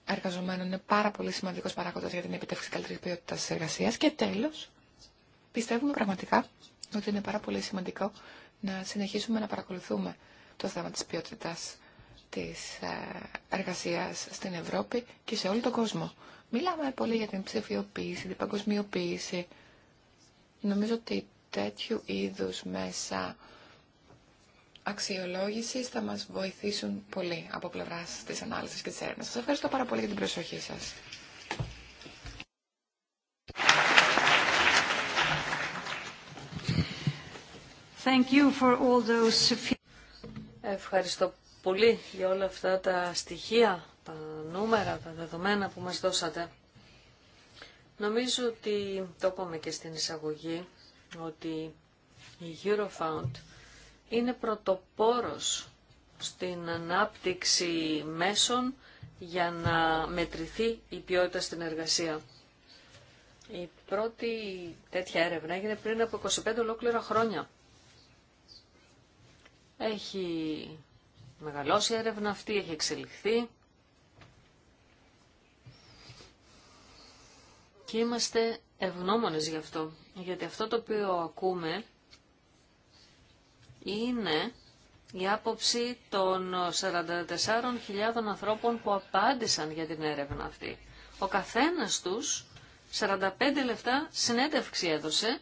εργαζομένων είναι πάρα πολύ σημαντικός παράγοντας για την επιτεύξη καλύτερης ποιότητας της εργασίας. Και τέλος, πιστεύουμε πραγματικά ότι είναι πάρα πολύ σημαντικό να συνεχίσουμε να παρακολουθούμε το θέμα της ποιότητας της ε, εργασίας στην Ευρώπη και σε όλο τον κόσμο. Μιλάμε πολύ για την ψηφιοποίηση, την παγκοσμιοποίηση. Νομίζω ότι τέτοιου είδους μέσα Αξιολόγηση θα μας βοηθήσουν πολύ από πλευρά τη ανάλυσης και της έρευνας. Σα ευχαριστώ πάρα πολύ για την προσοχή σας. Ευχαριστώ πολύ για όλα αυτά τα στοιχεία, τα νούμερα, τα δεδομένα που μας δώσατε. Νομίζω ότι το είπαμε και στην εισαγωγή ότι η Eurofound είναι πρωτοπόρος στην ανάπτυξη μέσων για να μετρηθεί η ποιότητα στην εργασία. Η πρώτη τέτοια έρευνα έγινε πριν από 25 ολόκληρα χρόνια. Έχει μεγαλώσει η έρευνα αυτή, έχει εξελιχθεί και είμαστε ευγνώμονες γι' αυτό. Γιατί αυτό το οποίο ακούμε είναι η άποψη των 44.000 ανθρώπων που απάντησαν για την έρευνα αυτή. Ο καθένας τους 45 λεπτά συνέντευξη έδωσε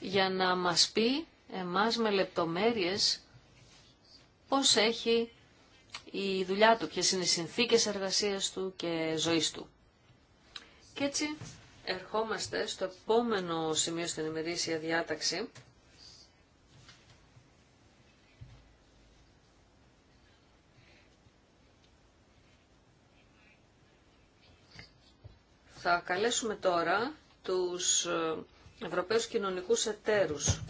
για να μας πει εμάς με λεπτομέρειες πώς έχει η δουλειά του, ποιες είναι οι συνθήκες εργασίας του και ζωής του. Και έτσι ερχόμαστε στο επόμενο σημείο στην ημερήσια διάταξη Θα καλέσουμε τώρα τους ε, Ευρωπαίους Κοινωνικούς Εταίρους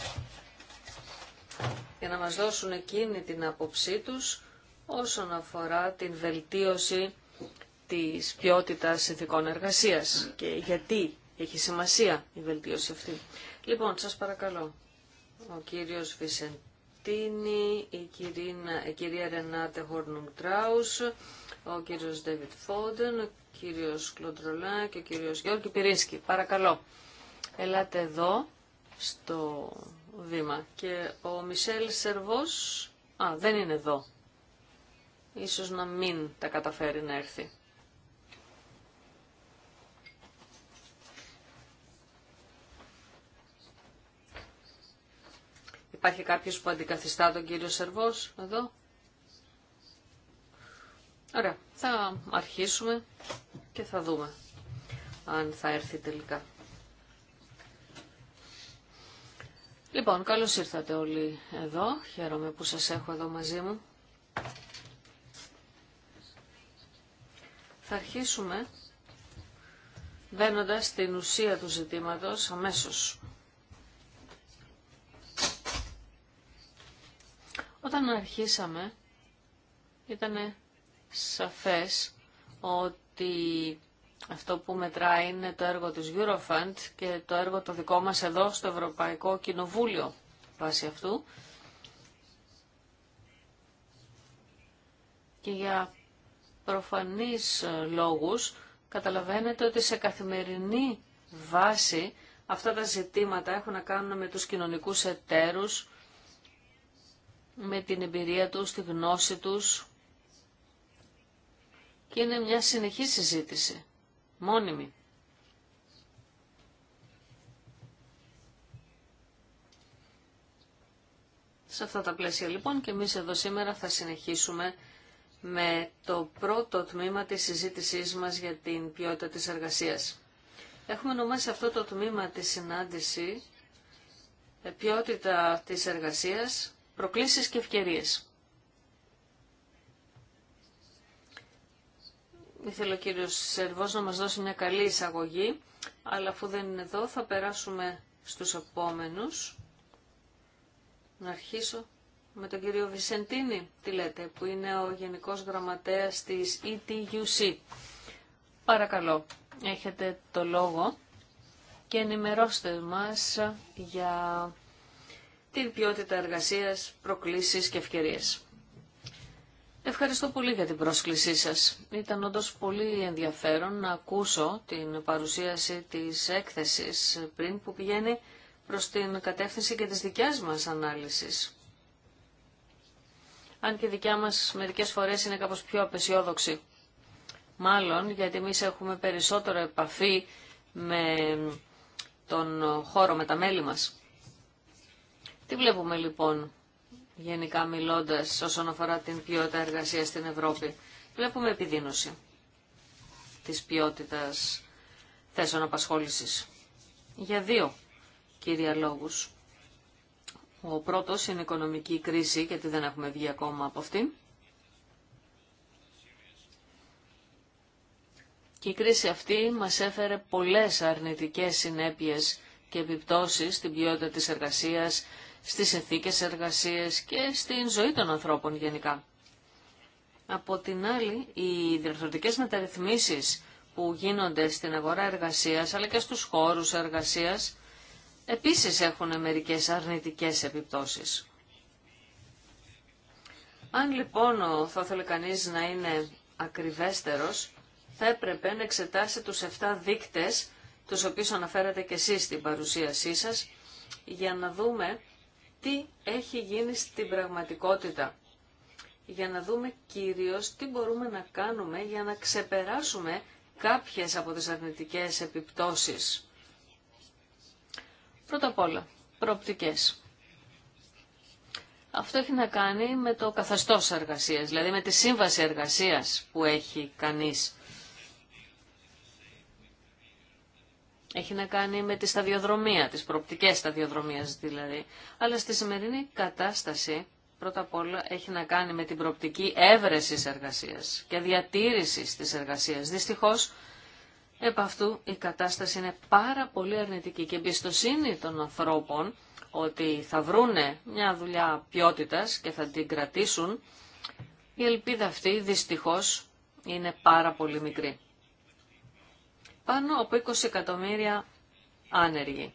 για να μας δώσουν εκείνη την άποψή τους όσον αφορά την βελτίωση της ποιότητας ηθικών εργασίας και γιατί έχει σημασία η βελτίωση αυτή. Λοιπόν, σας παρακαλώ, ο κύριος Βισεντίνη, η, η κυρία Ρενάτε Χορνουμτράους, ο κύριος Ντέβιτ Φόντεν, ο κύριος Κλοντρολά και ο κύριος Γιώργη Πυρίσκη. Παρακαλώ, ελάτε εδώ στο βήμα. Και ο Μισελ Σερβός, α, δεν είναι εδώ. Ίσως να μην τα καταφέρει να έρθει. Υπάρχει κάποιος που αντικαθιστά τον κύριο Σερβός εδώ. Ωραία, θα αρχίσουμε και θα δούμε αν θα έρθει τελικά. Λοιπόν, καλώς ήρθατε όλοι εδώ. Χαίρομαι που σας έχω εδώ μαζί μου. Θα αρχίσουμε μπαίνοντα την ουσία του ζητήματος αμέσως. Όταν αρχίσαμε, ήτανε σαφές ότι αυτό που μετράει είναι το έργο της Eurofund και το έργο το δικό μας εδώ στο Ευρωπαϊκό Κοινοβούλιο βάσει αυτού. Και για προφανείς λόγους καταλαβαίνετε ότι σε καθημερινή βάση αυτά τα ζητήματα έχουν να κάνουν με τους κοινωνικούς εταίρους, με την εμπειρία τους, τη γνώση τους, και είναι μια συνεχή συζήτηση, μόνιμη. Σε αυτά τα πλαίσια λοιπόν και εμείς εδώ σήμερα θα συνεχίσουμε με το πρώτο τμήμα της συζήτησής μας για την ποιότητα της εργασίας. Έχουμε ονομάσει αυτό το τμήμα τη συνάντηση ποιότητα της εργασίας, προκλήσεις και ευκαιρίες. Ήθελε ο κύριος Σερβός να μας δώσει μια καλή εισαγωγή, αλλά αφού δεν είναι εδώ θα περάσουμε στους επόμενους. Να αρχίσω με τον κύριο Βισεντίνη, τι λέτε, που είναι ο Γενικός Γραμματέας της ETUC. Παρακαλώ, έχετε το λόγο και ενημερώστε μας για την ποιότητα εργασίας, προκλήσεις και ευκαιρίες. Ευχαριστώ πολύ για την πρόσκλησή σας. Ήταν όντω πολύ ενδιαφέρον να ακούσω την παρουσίαση της έκθεσης πριν που πηγαίνει προς την κατεύθυνση και της δικιάς μας ανάλυσης. Αν και δικιά μας μερικές φορές είναι κάπως πιο απεσιόδοξη. Μάλλον γιατί εμεί έχουμε περισσότερο επαφή με τον χώρο, με τα μέλη μας. Τι βλέπουμε λοιπόν γενικά μιλώντας όσον αφορά την ποιότητα εργασίας στην Ευρώπη. Βλέπουμε επιδείνωση της ποιότητας θέσεων απασχόλησης. Για δύο κύρια λόγους. Ο πρώτος είναι η οικονομική κρίση, γιατί δεν έχουμε βγει ακόμα από αυτή. Και η κρίση αυτή μας έφερε πολλές αρνητικές συνέπειες και επιπτώσεις στην ποιότητα της εργασίας, στις συνθήκες εργασίες και στην ζωή των ανθρώπων γενικά. Από την άλλη, οι διορθωτικές μεταρρυθμίσεις που γίνονται στην αγορά εργασίας, αλλά και στους χώρους εργασίας, επίσης έχουν μερικές αρνητικές επιπτώσεις. Αν λοιπόν θα ήθελε κανείς να είναι ακριβέστερος, θα έπρεπε να εξετάσει τους 7 δείκτες, τους οποίους αναφέρατε και εσείς στην παρουσίασή σας, για να δούμε τι έχει γίνει στην πραγματικότητα για να δούμε κυρίως τι μπορούμε να κάνουμε για να ξεπεράσουμε κάποιες από τις αρνητικές επιπτώσεις. Πρώτα απ' όλα, προοπτικές. Αυτό έχει να κάνει με το καθεστώς εργασίας, δηλαδή με τη σύμβαση εργασίας που έχει κανείς. Έχει να κάνει με τη σταδιοδρομία, τις προοπτικές σταδιοδρομίας δηλαδή. Αλλά στη σημερινή κατάσταση πρώτα απ' όλα έχει να κάνει με την προοπτική έβρεση εργασίας και διατήρησης της εργασίας. Δυστυχώς, επ' αυτού η κατάσταση είναι πάρα πολύ αρνητική και εμπιστοσύνη των ανθρώπων ότι θα βρούνε μια δουλειά ποιότητας και θα την κρατήσουν, η ελπίδα αυτή δυστυχώς είναι πάρα πολύ μικρή. Πάνω από 20 εκατομμύρια άνεργοι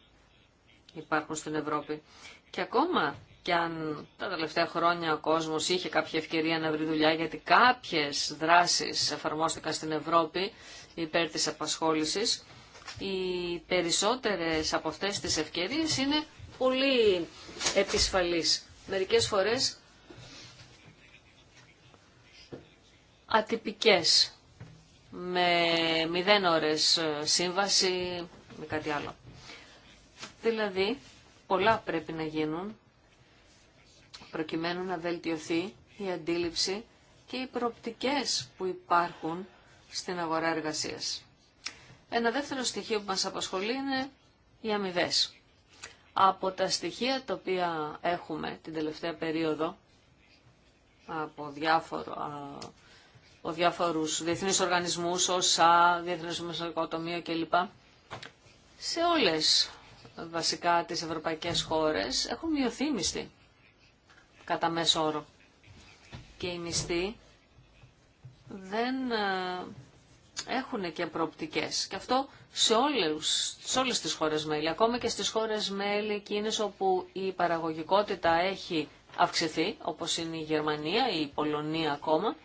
υπάρχουν στην Ευρώπη. Και ακόμα και αν τα τελευταία χρόνια ο κόσμος είχε κάποια ευκαιρία να βρει δουλειά γιατί κάποιες δράσεις εφαρμόστηκαν στην Ευρώπη υπέρ της απασχόλησης, οι περισσότερες από αυτές τις ευκαιρίες είναι πολύ επισφαλείς. Μερικές φορές ατυπικές με μηδέν ώρες ε, σύμβαση, με κάτι άλλο. Δηλαδή, πολλά πρέπει να γίνουν προκειμένου να βελτιωθεί η αντίληψη και οι προοπτικές που υπάρχουν στην αγορά εργασίας. Ένα δεύτερο στοιχείο που μας απασχολεί είναι οι αμοιβέ. Από τα στοιχεία τα οποία έχουμε την τελευταία περίοδο, από διάφορα ο διάφορους διεθνείς οργανισμούς, όσα, διεθνές Τομείο κλπ. Σε όλες βασικά τις ευρωπαϊκές χώρες έχουν μειωθεί οι μισθοί κατά μέσο όρο. Και οι μισθοί δεν ε, έχουν και προοπτικές. Και αυτό σε, όλες, σε όλες τις χώρες μέλη, ακόμα και στις χώρες μέλη εκείνες όπου η παραγωγικότητα έχει αυξηθεί, όπως είναι η Γερμανία ή η Πολωνία ακόμα,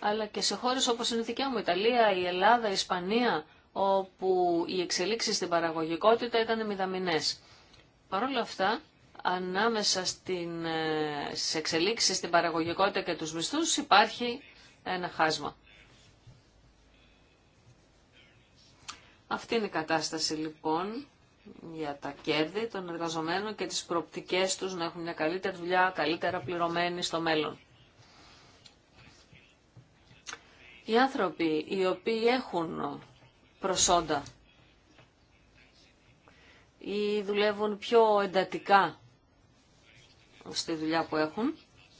αλλά και σε χώρες όπως είναι η δικιά μου Ιταλία, η Ελλάδα, η Ισπανία, όπου οι εξελίξεις στην παραγωγικότητα ήταν μηδαμινές. Παρ' όλα αυτά, ανάμεσα στην, ε, στις εξελίξεις στην παραγωγικότητα και τους μισθούς υπάρχει ένα χάσμα. Αυτή είναι η κατάσταση λοιπόν για τα κέρδη των εργαζομένων και τις προοπτικές τους να έχουν μια καλύτερη δουλειά, καλύτερα πληρωμένη στο μέλλον. Οι άνθρωποι οι οποίοι έχουν προσόντα ή δουλεύουν πιο εντατικά στη δουλειά που έχουν,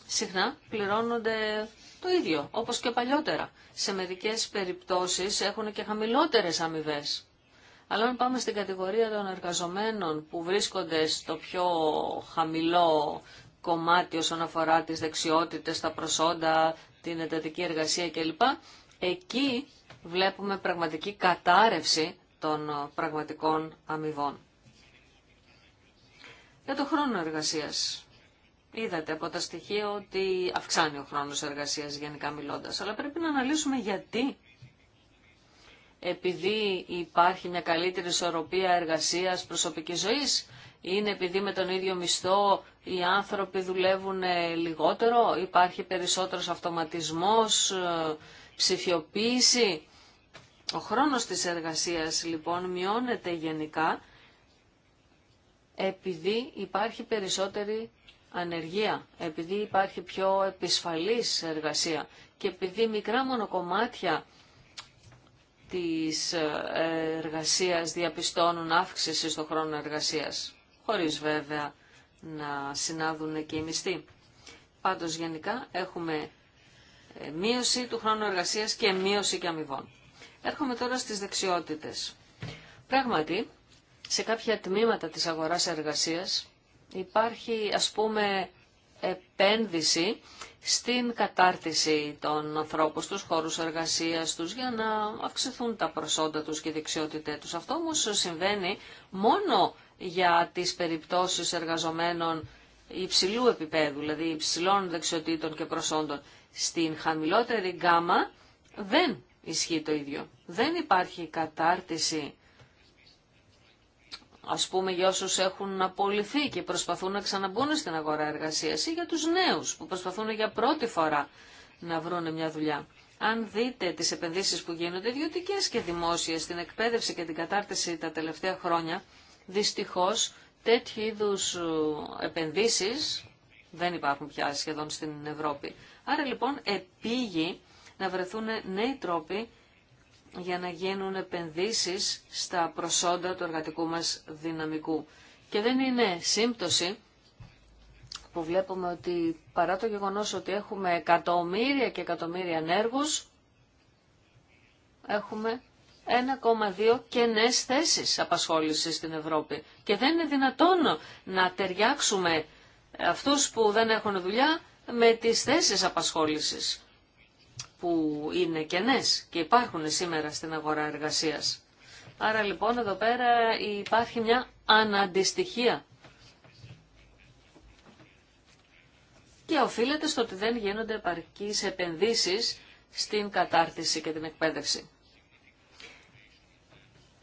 συχνά πληρώνονται το ίδιο, όπως και παλιότερα. Σε μερικές περιπτώσεις έχουν και χαμηλότερες αμοιβέ. Αλλά αν πάμε στην κατηγορία των εργαζομένων που βρίσκονται στο πιο χαμηλό κομμάτι όσον αφορά τις δεξιότητες, τα προσόντα, την εντατική εργασία κλπ. Εκεί βλέπουμε πραγματική κατάρρευση των πραγματικών αμοιβών. Για το χρόνο εργασίας. Είδατε από τα στοιχεία ότι αυξάνει ο χρόνος εργασίας γενικά μιλώντας, αλλά πρέπει να αναλύσουμε γιατί. Επειδή υπάρχει μια καλύτερη ισορροπία εργασίας προσωπικής ζωής, είναι επειδή με τον ίδιο μισθό οι άνθρωποι δουλεύουν ε, λιγότερο, υπάρχει περισσότερος αυτοματισμός, ε, ψηφιοποίηση. Ο χρόνος της εργασίας λοιπόν μειώνεται γενικά επειδή υπάρχει περισσότερη ανεργία, επειδή υπάρχει πιο επισφαλής εργασία και επειδή μικρά μονοκομμάτια της ε, εργασίας διαπιστώνουν αύξηση στον χρόνο εργασίας χωρίς βέβαια να συνάδουν και οι μισθοί. Πάντως γενικά έχουμε ε, μείωση του χρόνου εργασίας και μείωση και αμοιβών. Έρχομαι τώρα στις δεξιότητες. Πράγματι, σε κάποια τμήματα της αγοράς εργασίας υπάρχει ας πούμε επένδυση στην κατάρτιση των ανθρώπων στους χώρους εργασίας τους για να αυξηθούν τα προσόντα τους και δεξιότητέ τους. Αυτό όμως συμβαίνει μόνο για τις περιπτώσεις εργαζομένων υψηλού επίπεδου, δηλαδή υψηλών δεξιοτήτων και προσόντων. Στην χαμηλότερη γκάμα δεν ισχύει το ίδιο. Δεν υπάρχει κατάρτιση, ας πούμε, για όσους έχουν απολυθεί και προσπαθούν να ξαναμπούν στην αγορά εργασίας ή για τους νέους που προσπαθούν για πρώτη φορά να βρουν μια δουλειά. Αν δείτε τις επενδύσεις που γίνονται ιδιωτικέ και δημόσιες στην εκπαίδευση και την κατάρτιση τα τελευταία χρόνια, δυστυχώς τέτοιου είδους ε, επενδύσεις δεν υπάρχουν πια σχεδόν στην Ευρώπη. Άρα λοιπόν επίγει να βρεθούν νέοι τρόποι για να γίνουν επενδύσεις στα προσόντα του εργατικού μας δυναμικού. Και δεν είναι σύμπτωση που βλέπουμε ότι παρά το γεγονός ότι έχουμε εκατομμύρια και εκατομμύρια ανέργους, έχουμε 1,2 κενέ θέσεις απασχόλησης στην Ευρώπη. Και δεν είναι δυνατόν να ταιριάξουμε αυτούς που δεν έχουν δουλειά με τις θέσεις απασχόλησης που είναι κενέ και υπάρχουν σήμερα στην αγορά εργασίας. Άρα λοιπόν εδώ πέρα υπάρχει μια αναντιστοιχία και οφείλεται στο ότι δεν γίνονται επαρκείς επενδύσεις στην κατάρτιση και την εκπαίδευση.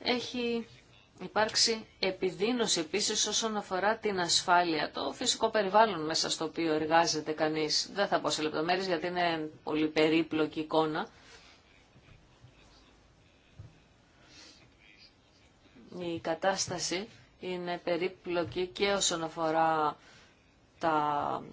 Έχει υπάρξει επιδείνωση επίσης όσον αφορά την ασφάλεια, το φυσικό περιβάλλον μέσα στο οποίο εργάζεται κανείς. Δεν θα πω σε λεπτομέρειες γιατί είναι πολύ περίπλοκη εικόνα. Η κατάσταση είναι περίπλοκη και όσον αφορά τα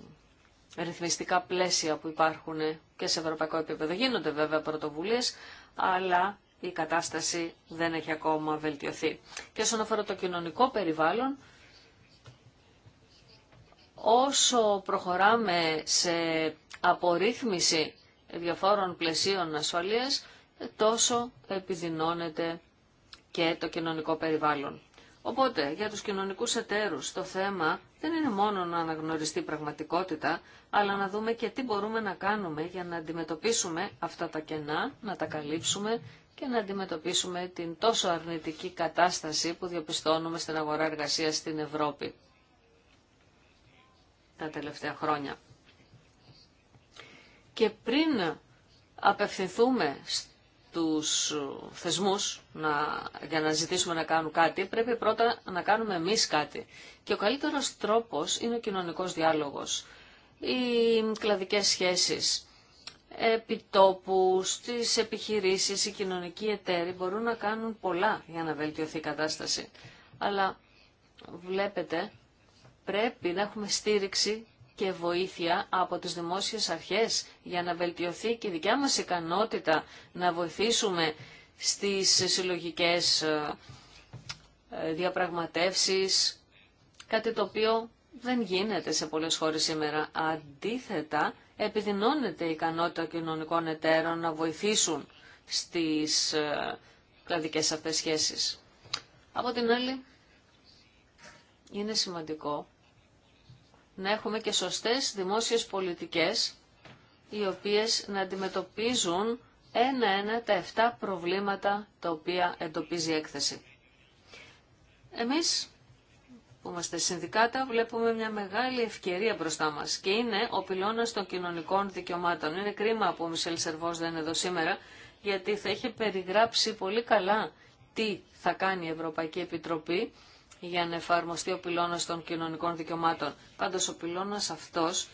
ρυθμιστικά πλαίσια που υπάρχουν και σε ευρωπαϊκό επίπεδο. Γίνονται βέβαια πρωτοβουλίες, αλλά η κατάσταση δεν έχει ακόμα βελτιωθεί. Και όσον αφορά το κοινωνικό περιβάλλον, όσο προχωράμε σε απορρίθμιση διαφόρων πλαισίων ασφαλείας, τόσο επιδεινώνεται και το κοινωνικό περιβάλλον. Οπότε, για τους κοινωνικούς εταίρους το θέμα δεν είναι μόνο να αναγνωριστεί πραγματικότητα, αλλά να δούμε και τι μπορούμε να κάνουμε για να αντιμετωπίσουμε αυτά τα κενά, να τα καλύψουμε και να αντιμετωπίσουμε την τόσο αρνητική κατάσταση που διαπιστώνουμε στην αγορά εργασίας στην Ευρώπη τα τελευταία χρόνια. Και πριν απευθυνθούμε στους θεσμούς να, για να ζητήσουμε να κάνουν κάτι, πρέπει πρώτα να κάνουμε εμείς κάτι. Και ο καλύτερος τρόπος είναι ο κοινωνικός διάλογος, οι κλαδικές σχέσεις, επιτόπου, στι επιχειρήσεις, οι κοινωνικοί εταίροι μπορούν να κάνουν πολλά για να βελτιωθεί η κατάσταση. Αλλά βλέπετε, πρέπει να έχουμε στήριξη και βοήθεια από τις δημόσιες αρχές για να βελτιωθεί και η δικιά μας ικανότητα να βοηθήσουμε στις συλλογικές ε, ε, διαπραγματεύσεις, κάτι το οποίο δεν γίνεται σε πολλές χώρες σήμερα. Αντίθετα, επιδεινώνεται η ικανότητα κοινωνικών εταίρων να βοηθήσουν στις ε, κλαδικές αυτές σχέσεις. Από την άλλη, είναι σημαντικό να έχουμε και σωστές δημόσιες πολιτικές οι οποίες να αντιμετωπίζουν ένα-ένα τα 7 προβλήματα τα οποία εντοπίζει η έκθεση. Εμείς που είμαστε συνδικάτα βλέπουμε μια μεγάλη ευκαιρία μπροστά μας και είναι ο πυλώνα των κοινωνικών δικαιωμάτων. Είναι κρίμα που ο Μισελ Σερβός δεν είναι εδώ σήμερα γιατί θα είχε περιγράψει πολύ καλά τι θα κάνει η Ευρωπαϊκή Επιτροπή για να εφαρμοστεί ο πυλώνα των κοινωνικών δικαιωμάτων. Πάντως ο πυλώνα αυτός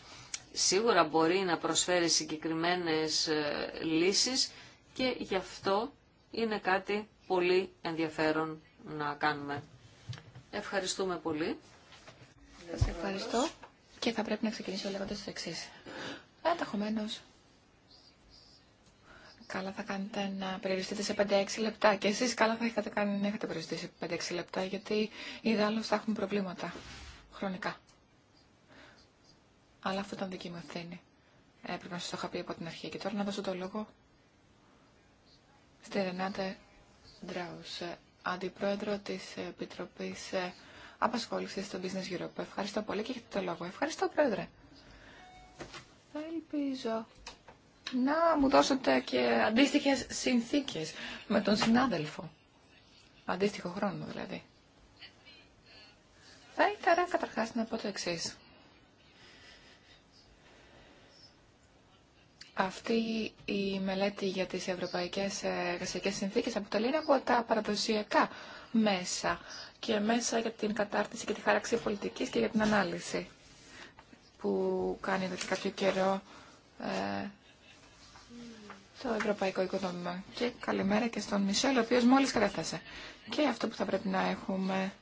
σίγουρα μπορεί να προσφέρει συγκεκριμένε ε, λύσει και γι' αυτό είναι κάτι πολύ ενδιαφέρον να κάνουμε. Ευχαριστούμε πολύ. Σας ευχαριστώ και θα πρέπει να ξεκινήσω λέγοντας το εξής. Ενδεχομένω. Καλά θα κάνετε να περιοριστείτε σε 5-6 λεπτά. Και εσείς καλά θα είχατε κάνει να έχετε περιοριστεί σε 5-6 λεπτά, γιατί ιδάλλως θα έχουμε προβλήματα χρονικά. Αλλά αυτό ήταν δική μου ευθύνη. Έπρεπε να σας το είχα πει από την αρχή. Και τώρα να δώσω το λόγο στη Ρενάτε Ντράουσε. Αντιπρόεδρο της Επιτροπής ε, Απασχόλησης στο Business Europe. Ευχαριστώ πολύ και έχετε το λόγο. Ευχαριστώ, Πρόεδρε. Θα ελπίζω να μου δώσετε και αντίστοιχες συνθήκες με τον συνάδελφο. Αντίστοιχο χρόνο, δηλαδή. Θα ήθελα καταρχάς να πω το εξής. Αυτή η μελέτη για τις ευρωπαϊκές ε, εργασιακές συνθήκες αποτελεί ένα από τα παραδοσιακά μέσα και μέσα για την κατάρτιση και τη χάραξη πολιτικής και για την ανάλυση που κάνει εδώ και κάποιο καιρό ε, το Ευρωπαϊκό Οικοδόμημα. Και καλημέρα και στον Μισελ, ο οποίος μόλις κατέφτασε. Και αυτό που θα πρέπει να έχουμε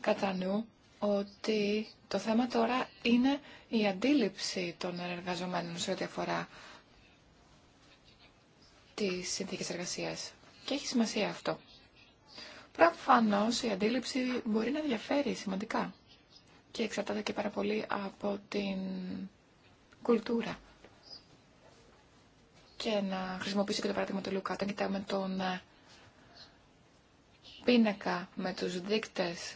κατά νου ότι το θέμα τώρα είναι η αντίληψη των εργαζομένων σε ό,τι αφορά τις συνθήκες εργασίας. Και έχει σημασία αυτό. Προφανώ η αντίληψη μπορεί να διαφέρει σημαντικά και εξαρτάται και πάρα πολύ από την κουλτούρα. Και να χρησιμοποιήσω και το παράδειγμα του Λουκά, όταν κοιτάμε τον πίνακα με τους δείκτες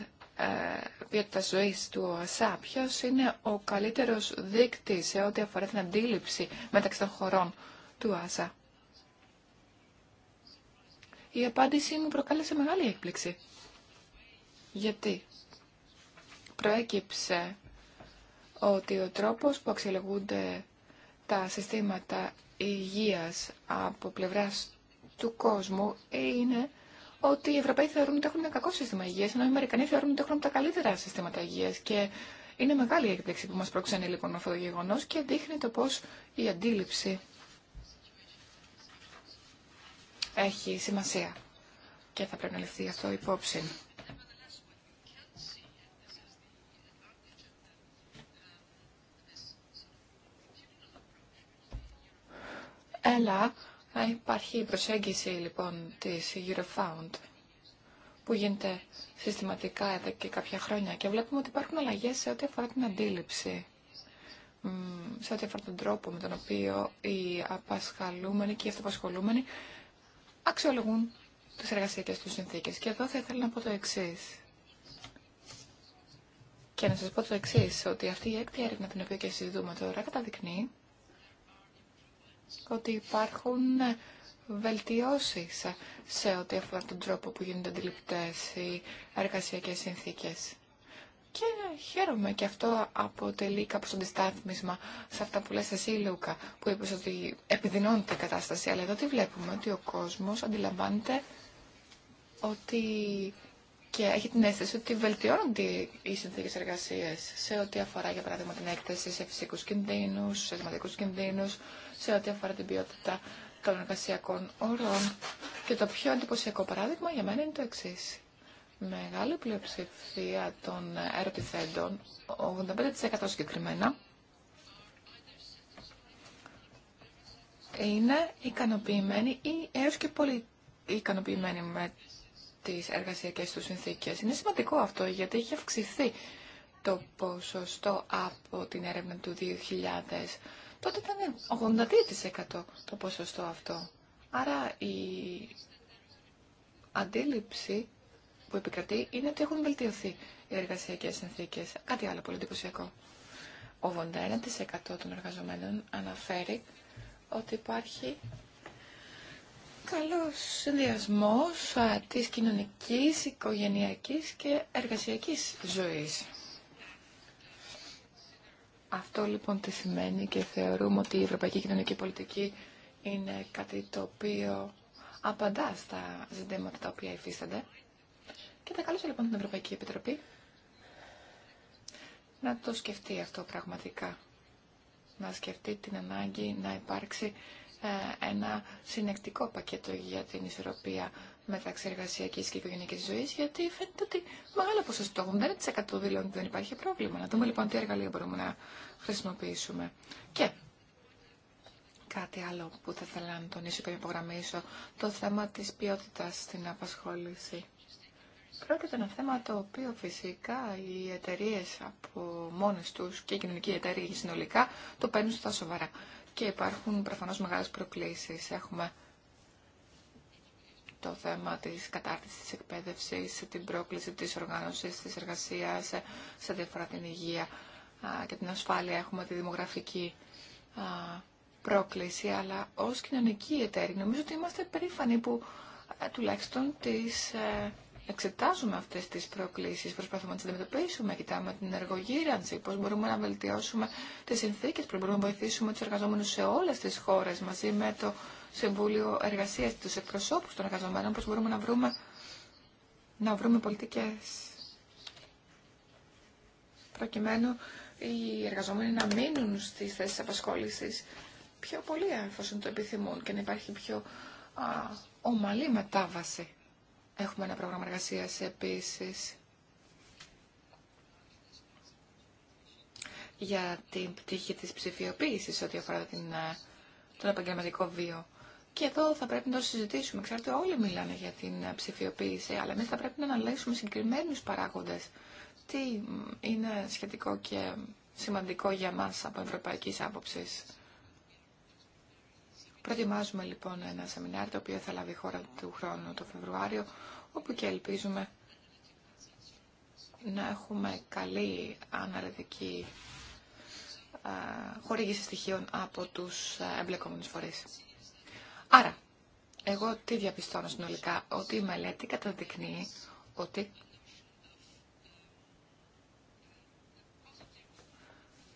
ποιότητα ζωή του ΟΑΣΑ, ποιο είναι ο καλύτερο δείκτη σε ό,τι αφορά την αντίληψη μεταξύ των χωρών του ΟΑΣΑ. Η απάντησή μου προκάλεσε μεγάλη έκπληξη. Γιατί προέκυψε ότι ο τρόπος που αξιολογούνται τα συστήματα υγείας από πλευράς του κόσμου είναι ότι οι Ευρωπαίοι θεωρούν ότι έχουν ένα κακό σύστημα υγείας, ενώ οι Αμερικανοί θεωρούν ότι έχουν τα καλύτερα συστήματα υγείας. Και είναι μεγάλη η έκπληξη που μας πρόξενε λοιπόν αυτό το γεγονό και δείχνει το πώς η αντίληψη έχει σημασία και θα πρέπει να ληφθεί αυτό υπόψη. Υπάρχει η προσέγγιση λοιπόν της Eurofound που γίνεται συστηματικά εδώ και κάποια χρόνια και βλέπουμε ότι υπάρχουν αλλαγές σε ό,τι αφορά την αντίληψη, σε ό,τι αφορά τον τρόπο με τον οποίο οι απασχαλούμενοι και οι αυτοπασχολούμενοι αξιολογούν τις εργασίες τους συνθήκες. Και εδώ θα ήθελα να πω το εξή. Και να σας πω το εξή ότι αυτή η έκτη έρευνα την οποία και συζητούμε τώρα καταδεικνύει ότι υπάρχουν ε, βελτιώσεις σε ό,τι αφορά τον τρόπο που γίνονται αντιληπτές οι εργασιακές συνθήκες. Και χαίρομαι και αυτό αποτελεί κάπως αντιστάθμισμα σε αυτά που λες εσύ Λούκα, που είπες ότι επιδεινώνεται η κατάσταση, αλλά εδώ τι βλέπουμε, ότι ο κόσμος αντιλαμβάνεται ότι και έχει την αίσθηση ότι βελτιώνονται οι συνθήκε εργασία σε ό,τι αφορά, για παράδειγμα, την έκθεση σε φυσικού κινδύνου, σε σημαντικού κινδύνου, σε ό,τι αφορά την ποιότητα των εργασιακών όρων. Και το πιο εντυπωσιακό παράδειγμα για μένα είναι το εξή. Μεγάλη πλειοψηφία των ερωτηθέντων, 85% συγκεκριμένα, είναι ικανοποιημένοι ή έως και πολύ ικανοποιημένοι με τις εργασιακές του συνθήκες. Είναι σημαντικό αυτό γιατί έχει αυξηθεί το ποσοστό από την έρευνα του 2000. Τότε ήταν 82% το ποσοστό αυτό. Άρα η αντίληψη που επικρατεί είναι ότι έχουν βελτιωθεί οι εργασιακές συνθήκες. Κάτι άλλο πολύ εντυπωσιακό. 81% των εργαζομένων αναφέρει ότι υπάρχει καλός συνδυασμός τη της κοινωνικής, οικογενειακής και εργασιακής ζωής. Αυτό λοιπόν τι σημαίνει και θεωρούμε ότι η Ευρωπαϊκή Κοινωνική Πολιτική είναι κάτι το οποίο απαντά στα ζητήματα τα οποία υφίστανται. Και θα καλούσα λοιπόν την Ευρωπαϊκή Επιτροπή να το σκεφτεί αυτό πραγματικά. Να σκεφτεί την ανάγκη να υπάρξει ε, ένα συνεκτικό πακέτο για την ισορροπία μεταξύ εργασιακή και οικογενειακή ζωή, γιατί φαίνεται ότι μεγάλο ποσοστό, 80% δηλώνει ότι δεν υπάρχει πρόβλημα. Να δούμε λοιπόν τι εργαλεία μπορούμε να χρησιμοποιήσουμε. Και κάτι άλλο που θα ήθελα να τονίσω και να υπογραμμίσω, το θέμα τη ποιότητα στην απασχόληση. Πρόκειται ένα θέμα το οποίο φυσικά οι εταιρείε από μόνε του και οι κοινωνικοί εταιρείε συνολικά το παίρνουν στα σοβαρά και υπάρχουν προφανώς μεγάλες προκλήσεις. Έχουμε το θέμα της κατάρτισης της εκπαίδευσης, την πρόκληση της οργάνωσης της εργασίας σε διαφορά την υγεία και την ασφάλεια. Έχουμε τη δημογραφική πρόκληση, αλλά ως κοινωνική εταίρη νομίζω ότι είμαστε περήφανοι που ε, τουλάχιστον τις ε, εξετάζουμε αυτές τις προκλήσεις, προσπαθούμε να τις αντιμετωπίσουμε, κοιτάμε την εργογύρανση, πώς μπορούμε να βελτιώσουμε τις συνθήκες, πώς μπορούμε να βοηθήσουμε τους εργαζόμενους σε όλες τις χώρες, μαζί με το Συμβούλιο Εργασίας, τους εκπροσώπους των εργαζομένων, πώς μπορούμε να βρούμε, να βρούμε πολιτικές προκειμένου οι εργαζόμενοι να μείνουν στις θέσεις απασχόλησης πιο πολύ εφόσον το επιθυμούν και να υπάρχει πιο ομαλή μετάβαση. Έχουμε ένα πρόγραμμα εργασία επίση για την πτύχη της ψηφιοποίησης ό,τι αφορά την, ε, τον επαγγελματικό βίο. Και εδώ θα πρέπει να το συζητήσουμε. Ξέρετε, όλοι μιλάνε για την ε, ψηφιοποίηση, αλλά εμεί θα πρέπει να αναλύσουμε συγκεκριμένου παράγοντε. Τι είναι σχετικό και σημαντικό για μας από ευρωπαϊκή άποψη. Προετοιμάζουμε λοιπόν ένα σεμινάριο το οποίο θα λάβει χώρα του χρόνου το Φεβρουάριο, όπου και ελπίζουμε να έχουμε καλή αναρρετική χορήγηση στοιχείων από τους εμπλεκόμενους φορείς. Άρα, εγώ τι διαπιστώνω συνολικά, ότι η μελέτη καταδεικνύει ότι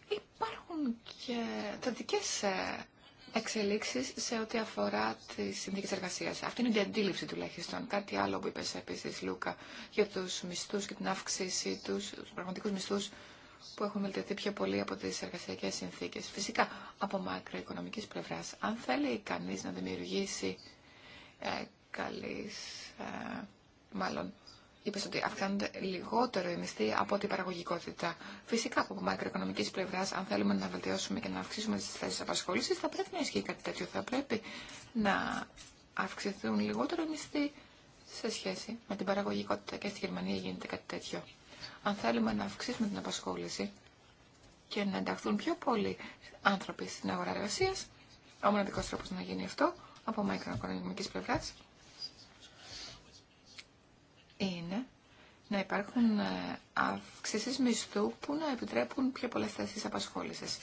υπάρχουν και θετικές ε, εξελίξεις σε ό,τι αφορά τις συνθήκες εργασίας. Αυτή είναι η αντίληψη τουλάχιστον. Κάτι άλλο που είπες επίσης, Λούκα, για τους μισθούς και την αύξηση τους, τους πραγματικούς μισθούς που έχουν βελτιωθεί πιο πολύ από τις εργασιακές συνθήκες. Φυσικά, από μακροοικονομικής πλευράς, αν θέλει κανείς να δημιουργήσει ε, καλής, ε, μάλλον είπε ότι αυξάνονται λιγότερο οι μισθοί από την παραγωγικότητα. Φυσικά από μακροοικονομική πλευρά, αν θέλουμε να βελτιώσουμε και να αυξήσουμε τι θέσει απασχόληση, θα πρέπει να ισχύει κάτι τέτοιο. Θα πρέπει να αυξηθούν λιγότερο οι μισθοί σε σχέση με την παραγωγικότητα. Και στη Γερμανία γίνεται κάτι τέτοιο. Αν θέλουμε να αυξήσουμε την απασχόληση και να ενταχθούν πιο πολλοί άνθρωποι στην αγορά εργασία, ο μοναδικό τρόπο να γίνει αυτό από μακροοικονομική πλευρά είναι να υπάρχουν ε, αυξήσεις μισθού που να επιτρέπουν πιο πολλές θέσεις απασχόλησης.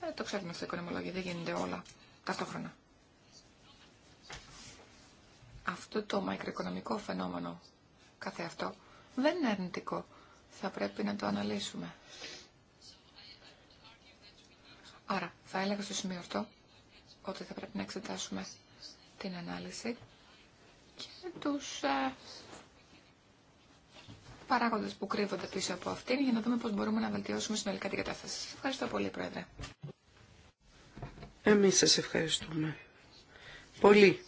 Ε, το ξέρουμε στο οικονομολόγιο, δεν γίνεται όλα ταυτόχρονα. Αυτό το μικροοικονομικό φαινόμενο κάθε αυτό δεν είναι αρνητικό. Θα πρέπει να το αναλύσουμε. Άρα, θα έλεγα στο σημείο αυτό ότι θα πρέπει να εξετάσουμε την ανάλυση και τους ε, παράγοντες που κρύβονται πίσω από αυτήν για να δούμε πώς μπορούμε να βελτιώσουμε συνολικά την κατάσταση. Σας ευχαριστώ πολύ, Πρόεδρε. Εμείς σας ευχαριστούμε. Πολύ.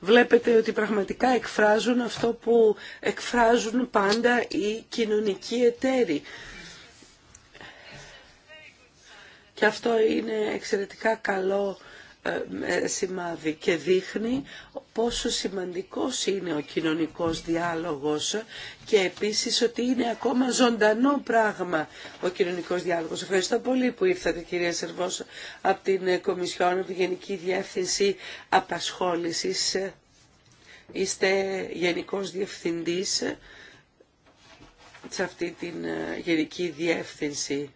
Βλέπετε ότι πραγματικά εκφράζουν αυτό που εκφράζουν πάντα οι κοινωνικοί εταίροι. Και αυτό είναι εξαιρετικά καλό ε, ε, σημάδι και δείχνει πόσο σημαντικός είναι ο κοινωνικός διάλογος και επίσης ότι είναι ακόμα ζωντανό πράγμα ο κοινωνικός διάλογος. Ευχαριστώ πολύ που ήρθατε κυρία Σερβός από την Κομισιόν, από τη Γενική Διεύθυνση Απασχόλησης. Είστε Γενικός Διευθυντής σε αυτή την ε, Γενική Διεύθυνση.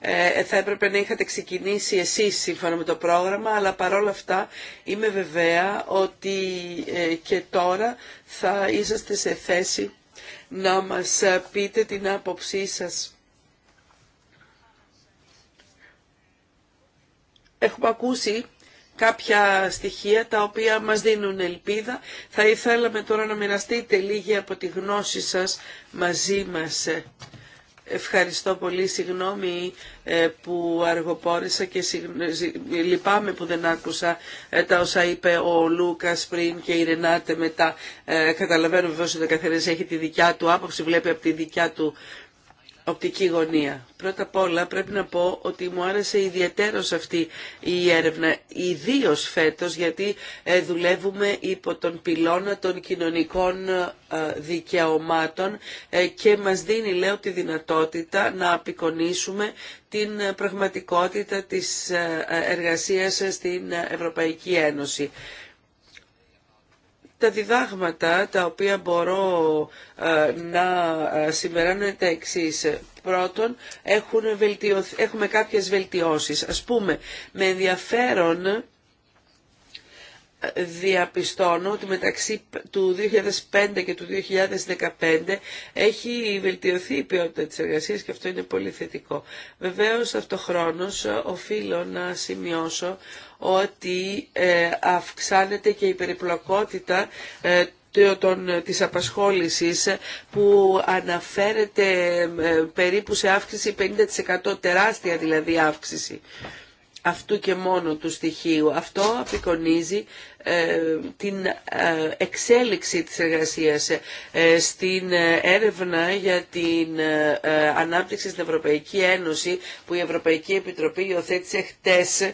Ε, θα έπρεπε να είχατε ξεκινήσει εσείς σύμφωνα με το πρόγραμμα, αλλά παρόλα αυτά είμαι βεβαία ότι ε, και τώρα θα είσαστε σε θέση να μας πείτε την άποψή σας. Έχουμε ακούσει κάποια στοιχεία τα οποία μας δίνουν ελπίδα. Θα ήθελαμε τώρα να μοιραστείτε λίγη από τη γνώση σας μαζί μας. Ευχαριστώ πολύ. Συγγνώμη ε, που αργοπόρησα και λυπάμαι που δεν άκουσα ε, τα όσα είπε ο Λούκας πριν και η Ρενάτε μετά. Ε, καταλαβαίνω βεβαίως ότι ο καθένας έχει τη δικιά του άποψη, βλέπει από τη δικιά του οπτική γωνία. Πρώτα απ' όλα πρέπει να πω ότι μου άρεσε ιδιαίτερος αυτή η έρευνα, ιδίω φέτος γιατί ε, δουλεύουμε υπό τον πυλώνα των κοινωνικών ε, δικαιωμάτων ε, και μας δίνει, λέω, τη δυνατότητα να απεικονίσουμε την πραγματικότητα της εργασίας στην Ευρωπαϊκή Ένωση. Τα διδάγματα τα οποία μπορώ ε, να ε, συμπεράνω είναι τα εξής. Πρώτον, έχουν βελτιώσει έχουμε κάποιες βελτιώσεις. Ας πούμε, με ενδιαφέρον ε, διαπιστώνω ότι μεταξύ του 2005 και του 2015 έχει βελτιωθεί η ποιότητα της εργασίας και αυτό είναι πολύ θετικό. Βεβαίως αυτοχρόνως οφείλω να σημειώσω ότι ε, αυξάνεται και η περιπλοκότητα ε, τον, της απασχόλησης που αναφέρεται ε, περίπου σε αύξηση 50% τεράστια δηλαδή αύξηση αυτού και μόνο του στοιχείου. Αυτό απεικονίζει ε, την ε, εξέλιξη της εργασίας ε, στην έρευνα για την ανάπτυξη στην Ευρωπαϊκή Ένωση που η Ευρωπαϊκή Επιτροπή υιοθέτησε χτες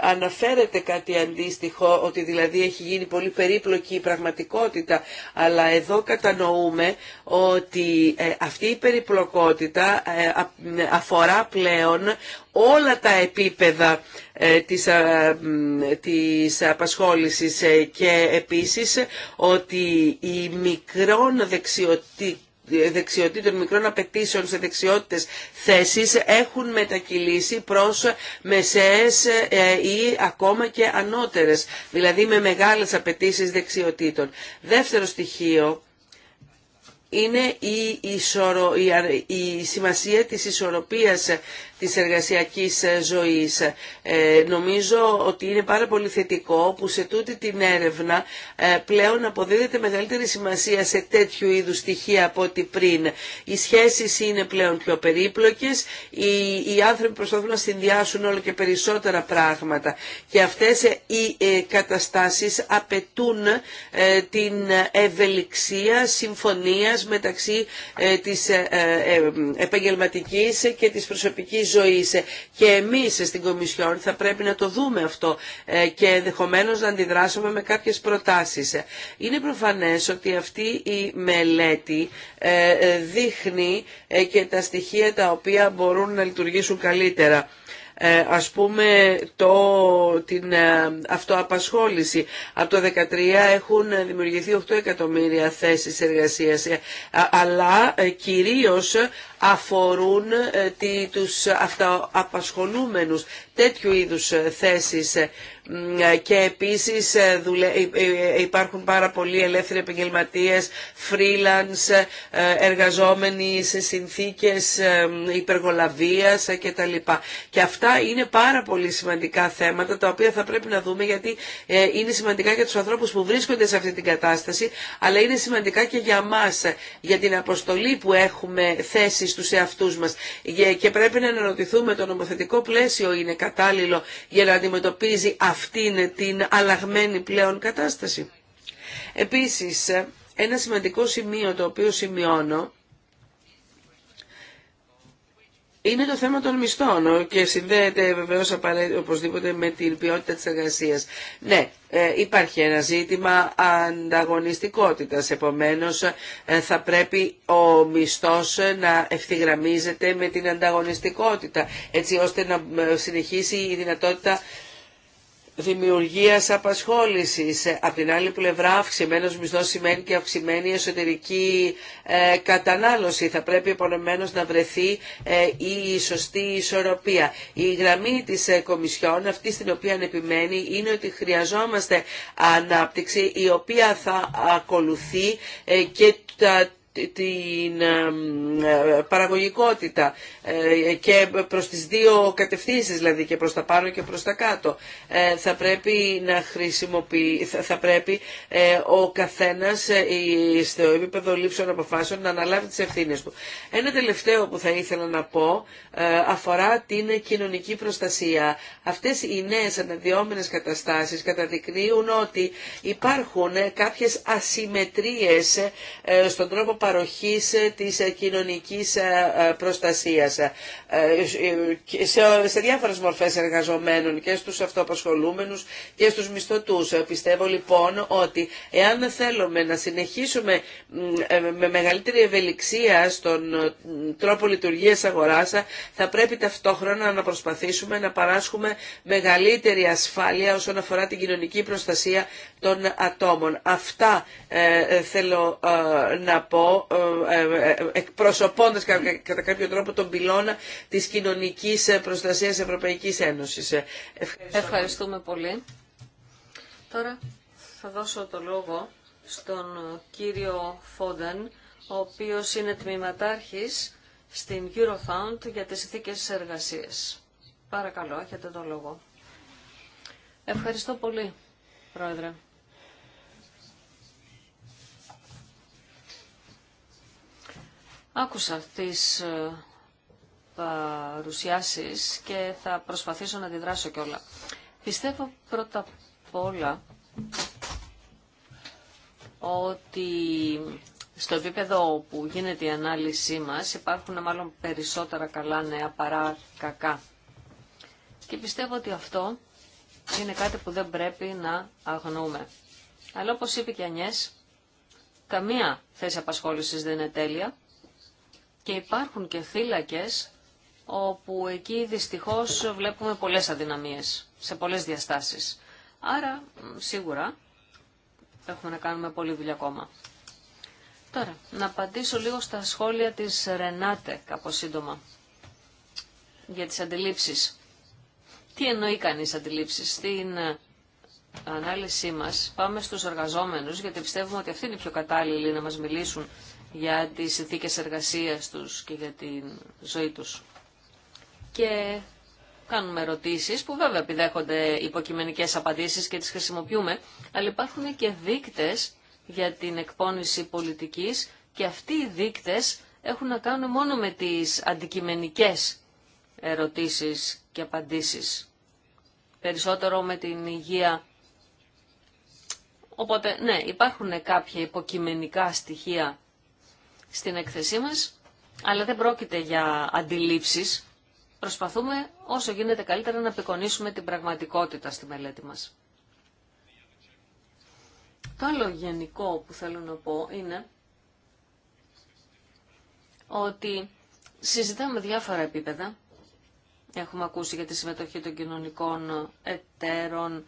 αναφέρεται κάτι αντίστοιχο ότι δηλαδή έχει γίνει πολύ περίπλοκη η πραγματικότητα αλλά εδώ κατανοούμε ότι αυτή η περιπλοκότητα αφορά πλέον όλα τα επίπεδα της, της απασχόλησης ε, και επίσης ότι οι μικρών δεξιοτήτων δεξιοτήτων, μικρών απαιτήσεων σε δεξιότητες θέσεις έχουν μετακυλήσει προς μεσαίες ε, ή ακόμα και ανώτερες, δηλαδή με μεγάλες απαιτήσει δεξιοτήτων. Δεύτερο στοιχείο είναι η, η σημασία της ισορροπίας της εργασιακής ε, ζωής. Ε, νομίζω ότι είναι πάρα πολύ θετικό που σε τούτη την έρευνα ε, πλέον αποδίδεται μεγαλύτερη σημασία σε τέτοιου είδους στοιχεία από ό,τι πριν. Οι σχέσεις είναι πλέον πιο περίπλοκες, οι, άνθρωποι προσπαθούν να συνδυάσουν όλο και περισσότερα πράγματα και αυτές οι καταστάσεις απαιτούν την ευελιξία συμφωνίας μεταξύ της επαγγελματικής και της προσωπικής και εμείς στην Κομισιόν θα πρέπει να το δούμε αυτό ε, και ενδεχομένω να αντιδράσουμε με κάποιες προτάσεις. Είναι προφανές ότι αυτή η μελέτη ε, ε, δείχνει και τα στοιχεία τα οποία μπορούν να λειτουργήσουν καλύτερα. Ε, ας πούμε το, την ε, αυτοαπασχόληση. Από το 2013 έχουν δημιουργηθεί 8 εκατομμύρια θέσεις εργασίας, ε, αλλά κυρίως αφορούν τους αυτοαπασχολούμενους τέτοιου είδους θέσεις και επίσης ε, ε, ε, υπάρχουν πάρα πολλοί ελεύθεροι επαγγελματίες, freelance, εργαζόμενοι σε συνθήκες υπεργολαβίας κτλ. Και αυτά είναι πάρα πολύ σημαντικά θέματα τα οποία θα πρέπει να δούμε γιατί είναι σημαντικά για τους ανθρώπους που βρίσκονται σε αυτή την κατάσταση αλλά είναι σημαντικά και για μας, για την αποστολή που έχουμε θέσει στους εαυτούς μας και πρέπει να αναρωτηθούμε το νομοθετικό πλαίσιο είναι κατάλληλο για να αντιμετωπίζει αυτό είναι την αλλαγμένη πλέον κατάσταση. Επίσης, ένα σημαντικό σημείο το οποίο σημειώνω είναι το θέμα των μισθών και συνδέεται βεβαίως οπωσδήποτε με την ποιότητα της εργασίας. Ναι, ε, υπάρχει ένα ζήτημα ανταγωνιστικότητας, επομένως ε, θα πρέπει ο μισθός να ευθυγραμμίζεται με την ανταγωνιστικότητα, έτσι ώστε να ε, συνεχίσει η δυνατότητα δημιουργίας απασχόλησης. Από την άλλη πλευρά αυξημένος μισθός σημαίνει και αυξημένη εσωτερική ε, κατανάλωση. Θα πρέπει επομένω να βρεθεί ε, η σωστή ισορροπία. Η γραμμή της ε, Κομισιόν, αυτή στην οποία επιμένει, είναι ότι χρειαζόμαστε ανάπτυξη η οποία θα ακολουθεί και τα την ε, παραγωγικότητα ε, και προς τις δύο κατευθύνσεις δηλαδή και προς τα πάνω και προς τα κάτω ε, θα πρέπει να χρησιμοποιεί θα πρέπει ο καθένας στο επίπεδο λήψεων αποφάσεων να αναλάβει τις ευθύνες του. Ένα τελευταίο που θα ήθελα να πω αφορά την κοινωνική προστασία. Αυτές οι νέες αναδυόμενες καταστάσεις καταδεικνύουν ότι υπάρχουν κάποιες ασυμμετρίες στον τρόπο παροχής ε, της ε, κοινωνικής ε, προστασίας σε διάφορες μορφές εργαζομένων και στους αυτοαπασχολούμενους και στους μισθωτούς. Πιστεύω λοιπόν ότι εάν θέλουμε να συνεχίσουμε με μεγαλύτερη ευελιξία στον τρόπο λειτουργίας αγοράς θα πρέπει ταυτόχρονα να προσπαθήσουμε να παράσχουμε μεγαλύτερη ασφάλεια όσον αφορά την κοινωνική προστασία των ατόμων. Αυτά θέλω να πω ε, ε, ε, εκπροσωπώντας κατά κάποιο τρόπο τον πυλώνα της κοινωνικής προστασίας Ευρωπαϊκής Ένωσης. Ευχαριστούμε πολύ. Τώρα θα δώσω το λόγο στον κύριο Φόντεν, ο οποίος είναι τμήματάρχης στην Eurofound για τις ηθικές εργασίας. Παρακαλώ, έχετε το λόγο. Ευχαριστώ πολύ, Πρόεδρε. Άκουσα τις ε, παρουσιάσεις και θα προσπαθήσω να αντιδράσω κιόλα. Πιστεύω πρώτα απ' όλα ότι στο επίπεδο που γίνεται η ανάλυση μας υπάρχουν μάλλον περισσότερα καλά νέα παρά κακά. Και πιστεύω ότι αυτό είναι κάτι που δεν πρέπει να αγνοούμε. Αλλά όπως είπε και η Ανιές, καμία θέση απασχόλησης δεν είναι τέλεια και υπάρχουν και θύλακε όπου εκεί δυστυχώς βλέπουμε πολλές αδυναμίες σε πολλές διαστάσεις. Άρα σίγουρα έχουμε να κάνουμε πολλή δουλειά ακόμα. Τώρα, να απαντήσω λίγο στα σχόλια της Ρενάτε, κάπως σύντομα, για τις αντιλήψεις. Τι εννοεί κανείς αντιλήψεις. Στην ε, ανάλυση μας πάμε στους εργαζόμενους, γιατί πιστεύουμε ότι αυτοί είναι οι πιο κατάλληλοι να μας μιλήσουν για τις συνθήκες εργασίας τους και για τη ζωή τους. Και κάνουμε ερωτήσεις που βέβαια επιδέχονται υποκειμενικές απαντήσεις και τις χρησιμοποιούμε, αλλά υπάρχουν και δείκτες για την εκπόνηση πολιτικής και αυτοί οι δείκτες έχουν να κάνουν μόνο με τις αντικειμενικές ερωτήσεις και απαντήσεις. Περισσότερο με την υγεία. Οπότε, ναι, υπάρχουν κάποια υποκειμενικά στοιχεία στην έκθεσή μας, αλλά δεν πρόκειται για αντιλήψεις. Προσπαθούμε όσο γίνεται καλύτερα να απεικονίσουμε την πραγματικότητα στη μελέτη μας. Το άλλο γενικό που θέλω να πω είναι ότι συζητάμε διάφορα επίπεδα. Έχουμε ακούσει για τη συμμετοχή των κοινωνικών εταίρων,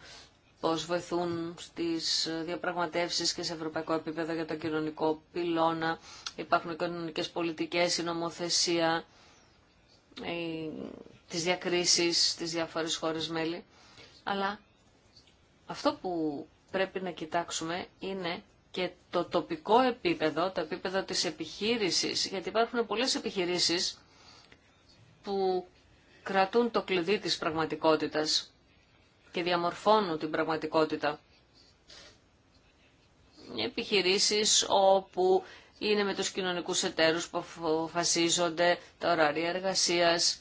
πώς βοηθούν στις διαπραγματεύσεις και σε ευρωπαϊκό επίπεδο για τον κοινωνικό πυλώνα. Υπάρχουν κοινωνικές πολιτικές, η νομοθεσία, οι... τις διακρίσεις στις διάφορες χώρες μέλη. Αλλά αυτό που πρέπει να κοιτάξουμε είναι και το τοπικό επίπεδο, το επίπεδο της επιχείρησης, γιατί υπάρχουν πολλές επιχειρήσεις που κρατούν το κλειδί της πραγματικότητας και διαμορφώνουν την πραγματικότητα. Επιχειρήσεις όπου είναι με τους κοινωνικούς εταίρους που αποφασίζονται τα ωράρια εργασίας,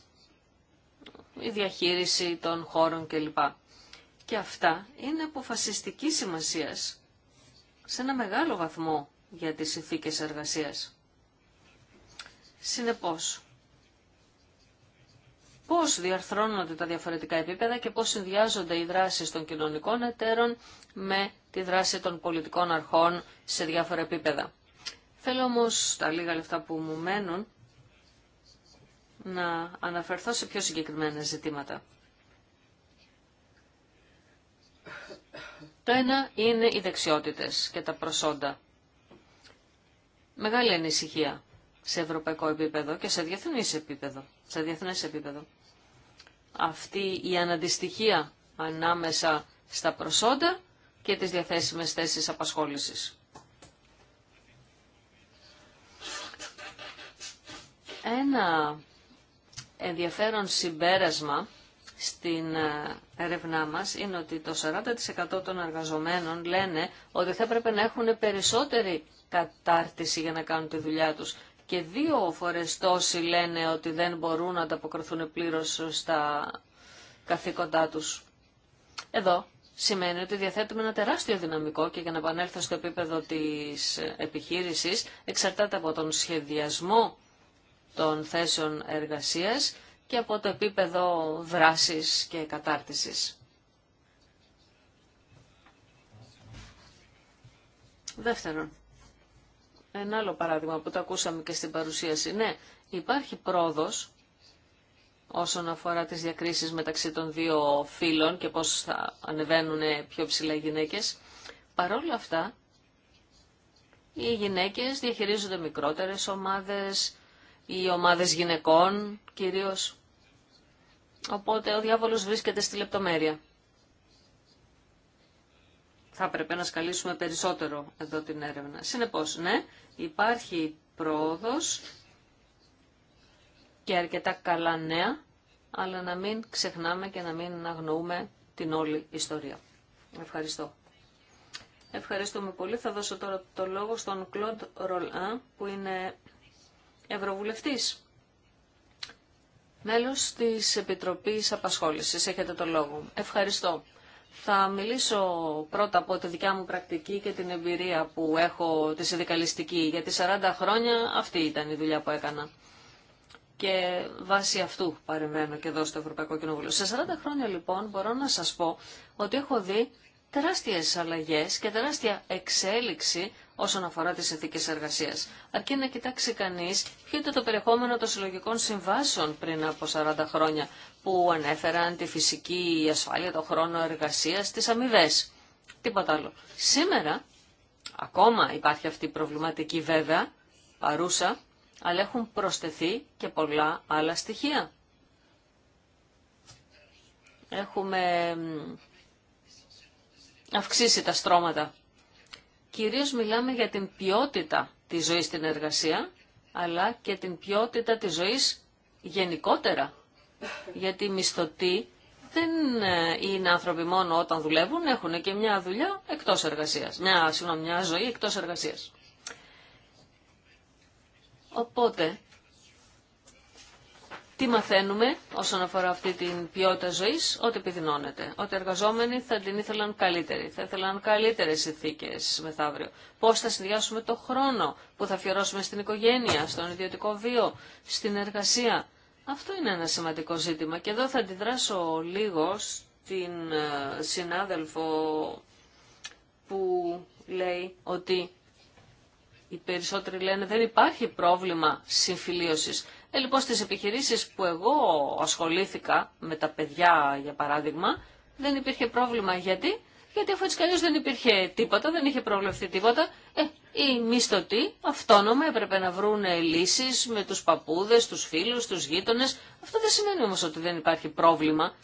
η διαχείριση των χώρων κλπ. Και αυτά είναι αποφασιστική σημασίας σε ένα μεγάλο βαθμό για τις ηθίκες εργασίας. Συνεπώς, πώς διαρθρώνονται τα διαφορετικά επίπεδα και πώς συνδυάζονται οι δράσεις των κοινωνικών εταίρων με τη δράση των πολιτικών αρχών σε διάφορα επίπεδα. Θέλω όμως τα λίγα λεφτά που μου μένουν να αναφερθώ σε πιο συγκεκριμένα ζητήματα. Το ένα είναι οι δεξιότητες και τα προσόντα. Μεγάλη ανησυχία σε ευρωπαϊκό επίπεδο και σε διεθνές επίπεδο. Σε διεθνές επίπεδο αυτή η αναντιστοιχία ανάμεσα στα προσόντα και τις διαθέσιμες θέσεις απασχόλησης. Ένα ενδιαφέρον συμπέρασμα στην ε, έρευνά μας είναι ότι το 40% των εργαζομένων λένε ότι θα έπρεπε να έχουν περισσότερη κατάρτιση για να κάνουν τη δουλειά τους και δύο φορές τόσοι λένε ότι δεν μπορούν να ανταποκριθούν πλήρως στα καθήκοντά τους. Εδώ σημαίνει ότι διαθέτουμε ένα τεράστιο δυναμικό και για να επανέλθω στο επίπεδο της επιχείρησης εξαρτάται από τον σχεδιασμό των θέσεων εργασίας και από το επίπεδο δράσης και κατάρτισης. Δεύτερον, ένα άλλο παράδειγμα που το ακούσαμε και στην παρουσίαση. Ναι, υπάρχει πρόοδος όσον αφορά τις διακρίσεις μεταξύ των δύο φύλων και πώς θα ανεβαίνουν πιο ψηλά οι γυναίκες. Παρόλα αυτά, οι γυναίκες διαχειρίζονται μικρότερες ομάδες, ή ομάδες γυναικών κυρίως. Οπότε ο διάβολος βρίσκεται στη λεπτομέρεια θα έπρεπε να σκαλίσουμε περισσότερο εδώ την έρευνα. Συνεπώς, ναι, υπάρχει πρόοδος και αρκετά καλά νέα, αλλά να μην ξεχνάμε και να μην αγνοούμε την όλη ιστορία. Ευχαριστώ. Ευχαριστούμε πολύ. Θα δώσω τώρα το λόγο στον Κλοντ Ρολάν, που είναι Ευρωβουλευτής, μέλος της Επιτροπής Απασχόλησης. Έχετε το λόγο. Ευχαριστώ. Θα μιλήσω πρώτα από τη δικιά μου πρακτική και την εμπειρία που έχω τη συνδικαλιστική. Γιατί 40 χρόνια αυτή ήταν η δουλειά που έκανα. Και βάσει αυτού παρεμβαίνω και εδώ στο Ευρωπαϊκό Κοινοβούλιο. Σε 40 χρόνια λοιπόν μπορώ να σας πω ότι έχω δει τεράστιες αλλαγές και τεράστια εξέλιξη όσον αφορά τις ηθικές εργασίας. Αρκεί να κοιτάξει κανείς ποιο ήταν το περιεχόμενο των συλλογικών συμβάσεων πριν από 40 χρόνια που ανέφεραν τη φυσική ασφάλεια, το χρόνο εργασίας, τις αμοιβέ. Τίποτα άλλο. Σήμερα ακόμα υπάρχει αυτή η προβληματική βέβαια, παρούσα, αλλά έχουν προσθεθεί και πολλά άλλα στοιχεία. Έχουμε αυξήσει τα στρώματα Κυρίως μιλάμε για την ποιότητα της ζωής στην εργασία, αλλά και την ποιότητα της ζωής γενικότερα. Γιατί οι μισθωτοί δεν ε, είναι άνθρωποι μόνο όταν δουλεύουν, έχουν και μια δουλειά εκτός εργασίας. Μια, συγγνώμη, ζωή εκτός εργασίας. Οπότε τι μαθαίνουμε όσον αφορά αυτή την ποιότητα ζωή, ότι επιδεινώνεται. Ότι οι εργαζόμενοι θα την ήθελαν καλύτερη, θα ήθελαν καλύτερες συνθήκε μεθαύριο. Πώς θα συνδυάσουμε το χρόνο που θα αφιερώσουμε στην οικογένεια, στον ιδιωτικό βίο, στην εργασία. Αυτό είναι ένα σημαντικό ζήτημα και εδώ θα αντιδράσω λίγο στην ε, συνάδελφο που λέει ότι οι περισσότεροι λένε δεν υπάρχει πρόβλημα συμφιλίωσης. Ε, λοιπόν, στις επιχειρήσεις που εγώ ασχολήθηκα με τα παιδιά, για παράδειγμα, δεν υπήρχε πρόβλημα. Γιατί? Γιατί αφού έτσι καλώς δεν υπήρχε τίποτα, δεν είχε προβλεφθεί τίποτα, ε, οι μισθωτοί αυτόνομα έπρεπε να βρουν λύσεις με τους παππούδες, τους φίλους, τους γείτονες. Αυτό δεν σημαίνει όμως ότι δεν υπάρχει πρόβλημα.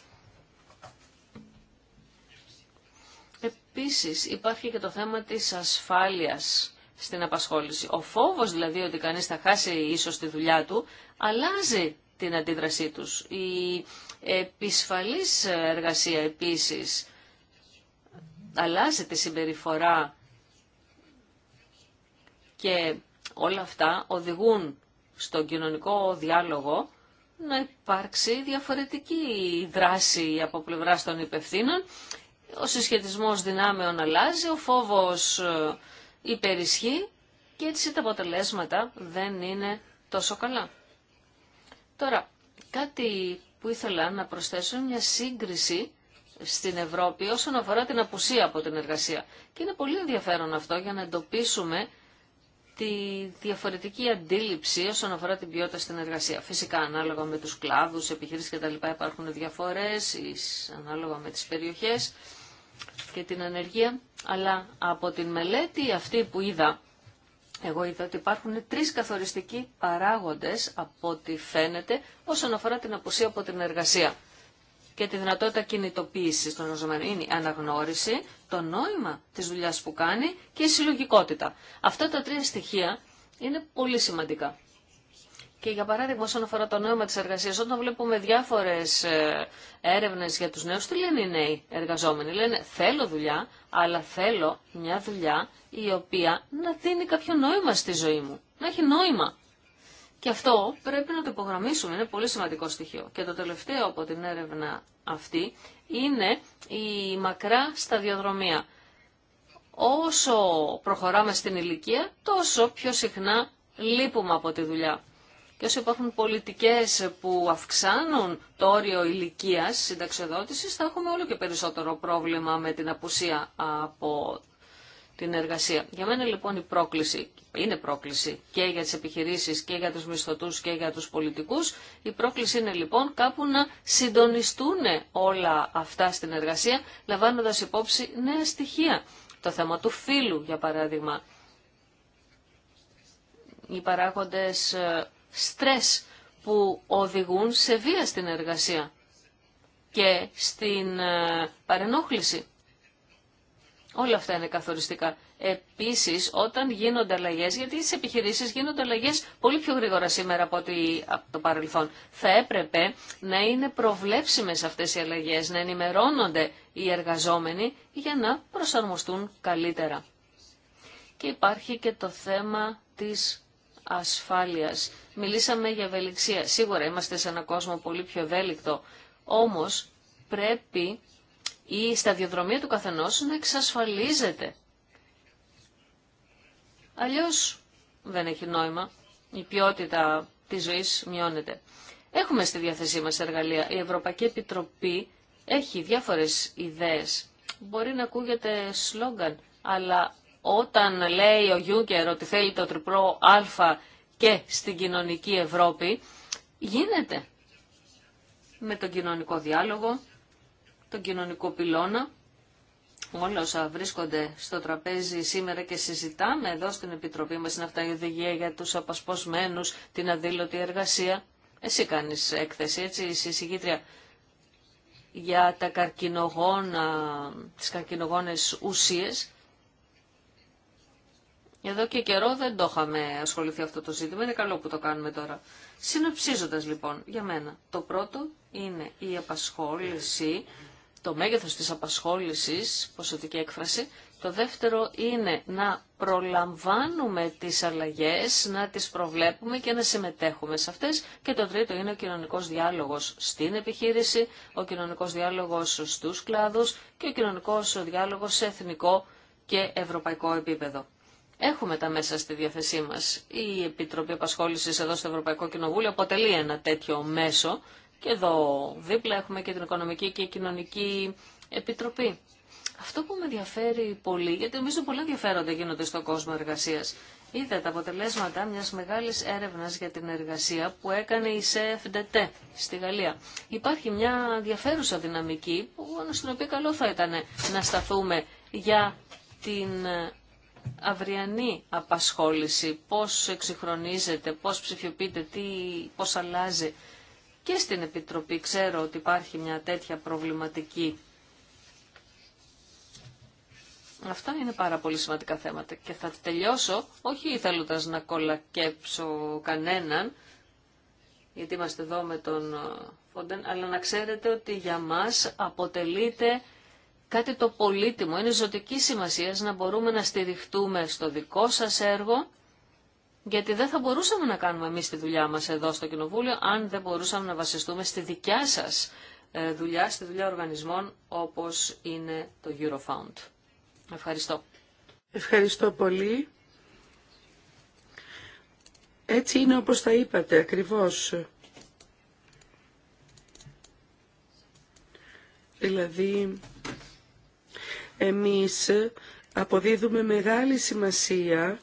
Επίσης υπάρχει και το θέμα της ασφάλειας στην απασχόληση. Ο φόβος δηλαδή ότι κανείς θα χάσει ίσως τη δουλειά του αλλάζει την αντίδρασή τους. Η επισφαλής εργασία επίσης αλλάζει τη συμπεριφορά και όλα αυτά οδηγούν στον κοινωνικό διάλογο να υπάρξει διαφορετική δράση από πλευρά των υπευθύνων. Ο συσχετισμός δυνάμεων αλλάζει, ο φόβος ε, υπερισχύει και έτσι τα αποτελέσματα δεν είναι τόσο καλά. Τώρα, κάτι που ήθελα να προσθέσω είναι μια σύγκριση στην Ευρώπη όσον αφορά την απουσία από την εργασία. Και είναι πολύ ενδιαφέρον αυτό για να εντοπίσουμε τη διαφορετική αντίληψη όσον αφορά την ποιότητα στην εργασία. Φυσικά, ανάλογα με τους κλάδους, επιχειρήσεις κτλ. υπάρχουν διαφορές, ανάλογα με τις περιοχές και την ανεργία, αλλά από την μελέτη αυτή που είδα, εγώ είδα ότι υπάρχουν τρεις καθοριστικοί παράγοντες από ό,τι φαίνεται όσον αφορά την απουσία από την εργασία και τη δυνατότητα κινητοποίησης των εργαζομένων. Είναι η αναγνώριση, το νόημα της δουλειάς που κάνει και η συλλογικότητα. Αυτά τα τρία στοιχεία είναι πολύ σημαντικά. Και για παράδειγμα, όσον αφορά το νόημα τη εργασία, όταν βλέπουμε διάφορε έρευνε για του νέου, τι λένε οι νέοι εργαζόμενοι. Λένε θέλω δουλειά, αλλά θέλω μια δουλειά η οποία να δίνει κάποιο νόημα στη ζωή μου. Να έχει νόημα. Και αυτό πρέπει να το υπογραμμίσουμε, είναι πολύ σημαντικό στοιχείο. Και το τελευταίο από την έρευνα αυτή είναι η μακρά σταδιοδρομία. Όσο προχωράμε στην ηλικία, τόσο πιο συχνά λείπουμε από τη δουλειά. Και όσο υπάρχουν πολιτικές που αυξάνουν το όριο ηλικίας συνταξιοδότησης, θα έχουμε όλο και περισσότερο πρόβλημα με την απουσία από την εργασία. Για μένα λοιπόν η πρόκληση, είναι πρόκληση και για τις επιχειρήσεις και για τους μισθωτούς και για τους πολιτικούς. Η πρόκληση είναι λοιπόν κάπου να συντονιστούν όλα αυτά στην εργασία, λαμβάνοντας υπόψη νέα στοιχεία. Το θέμα του φύλου για παράδειγμα. Οι παράγοντες ε, στρες που οδηγούν σε βία στην εργασία και στην ε, παρενόχληση. Όλα αυτά είναι καθοριστικά. Επίση, όταν γίνονται αλλαγέ, γιατί στις επιχειρήσεις γίνονται αλλαγέ πολύ πιο γρήγορα σήμερα από, το παρελθόν. Θα έπρεπε να είναι προβλέψιμες αυτές οι αλλαγέ, να ενημερώνονται οι εργαζόμενοι για να προσαρμοστούν καλύτερα. Και υπάρχει και το θέμα της ασφάλειας. Μιλήσαμε για ευελιξία. Σίγουρα είμαστε σε ένα κόσμο πολύ πιο ευέλικτο. Όμως πρέπει η σταδιοδρομία του καθενός να εξασφαλίζεται. Αλλιώς δεν έχει νόημα. Η ποιότητα της ζωής μειώνεται. Έχουμε στη διάθεσή μας εργαλεία. Η Ευρωπαϊκή Επιτροπή έχει διάφορες ιδέες. Μπορεί να ακούγεται σλόγγαν, αλλά όταν λέει ο Γιούγκερ ότι θέλει το τριπλό α και στην κοινωνική Ευρώπη, γίνεται με τον κοινωνικό διάλογο, τον κοινωνικό πυλώνα, όλα όσα βρίσκονται στο τραπέζι σήμερα και συζητάμε εδώ στην Επιτροπή μας, είναι αυτά η οδηγία για τους απασπασμένους, την αδήλωτη εργασία. Εσύ κάνεις έκθεση, έτσι, η συγκήτρια για τα καρκινογόνα, τις καρκινογόνες ουσίες. Εδώ και καιρό δεν το είχαμε ασχοληθεί αυτό το ζήτημα, είναι καλό που το κάνουμε τώρα. Συνοψίζοντας λοιπόν, για μένα, το πρώτο είναι η απασχόληση, το μέγεθος της απασχόλησης, ποσοτική έκφραση. Το δεύτερο είναι να προλαμβάνουμε τις αλλαγές, να τις προβλέπουμε και να συμμετέχουμε σε αυτές. Και το τρίτο είναι ο κοινωνικός διάλογος στην επιχείρηση, ο κοινωνικός διάλογος στους κλάδους και ο κοινωνικός διάλογος σε εθνικό και ευρωπαϊκό επίπεδο. Έχουμε τα μέσα στη διάθεσή μας. Η Επιτροπή απασχόληση εδώ στο Ευρωπαϊκό Κοινοβούλιο αποτελεί ένα τέτοιο μέσο και εδώ δίπλα έχουμε και την Οικονομική και Κοινωνική Επιτροπή. Αυτό που με ενδιαφέρει πολύ, γιατί νομίζω πολλά ενδιαφέροντα γίνονται στον κόσμο εργασία. Είδα τα αποτελέσματα μια μεγάλη έρευνα για την εργασία που έκανε η CFDT στη Γαλλία. Υπάρχει μια ενδιαφέρουσα δυναμική, στην οποία καλό θα ήταν να σταθούμε για την αυριανή απασχόληση, πώς εξυγχρονίζεται, πώς ψηφιοποιείται, τι, πώς αλλάζει. Και στην Επιτροπή ξέρω ότι υπάρχει μια τέτοια προβληματική. Αυτά είναι πάρα πολύ σημαντικά θέματα και θα τελειώσω, όχι θέλοντας να κολακέψω κανέναν, γιατί είμαστε εδώ με τον ε, Φόντεν, αλλά να ξέρετε ότι για μας αποτελείται κάτι το πολύτιμο. Είναι ζωτική σημασία να μπορούμε να στηριχτούμε στο δικό σας έργο, γιατί δεν θα μπορούσαμε να κάνουμε εμεί τη δουλειά μας εδώ στο Κοινοβούλιο, αν δεν μπορούσαμε να βασιστούμε στη δικιά σας ε, δουλειά, στη δουλειά οργανισμών όπως είναι το Eurofound. Ευχαριστώ. Ευχαριστώ πολύ. Έτσι είναι όπως τα είπατε ακριβώς. Δηλαδή εμείς αποδίδουμε μεγάλη σημασία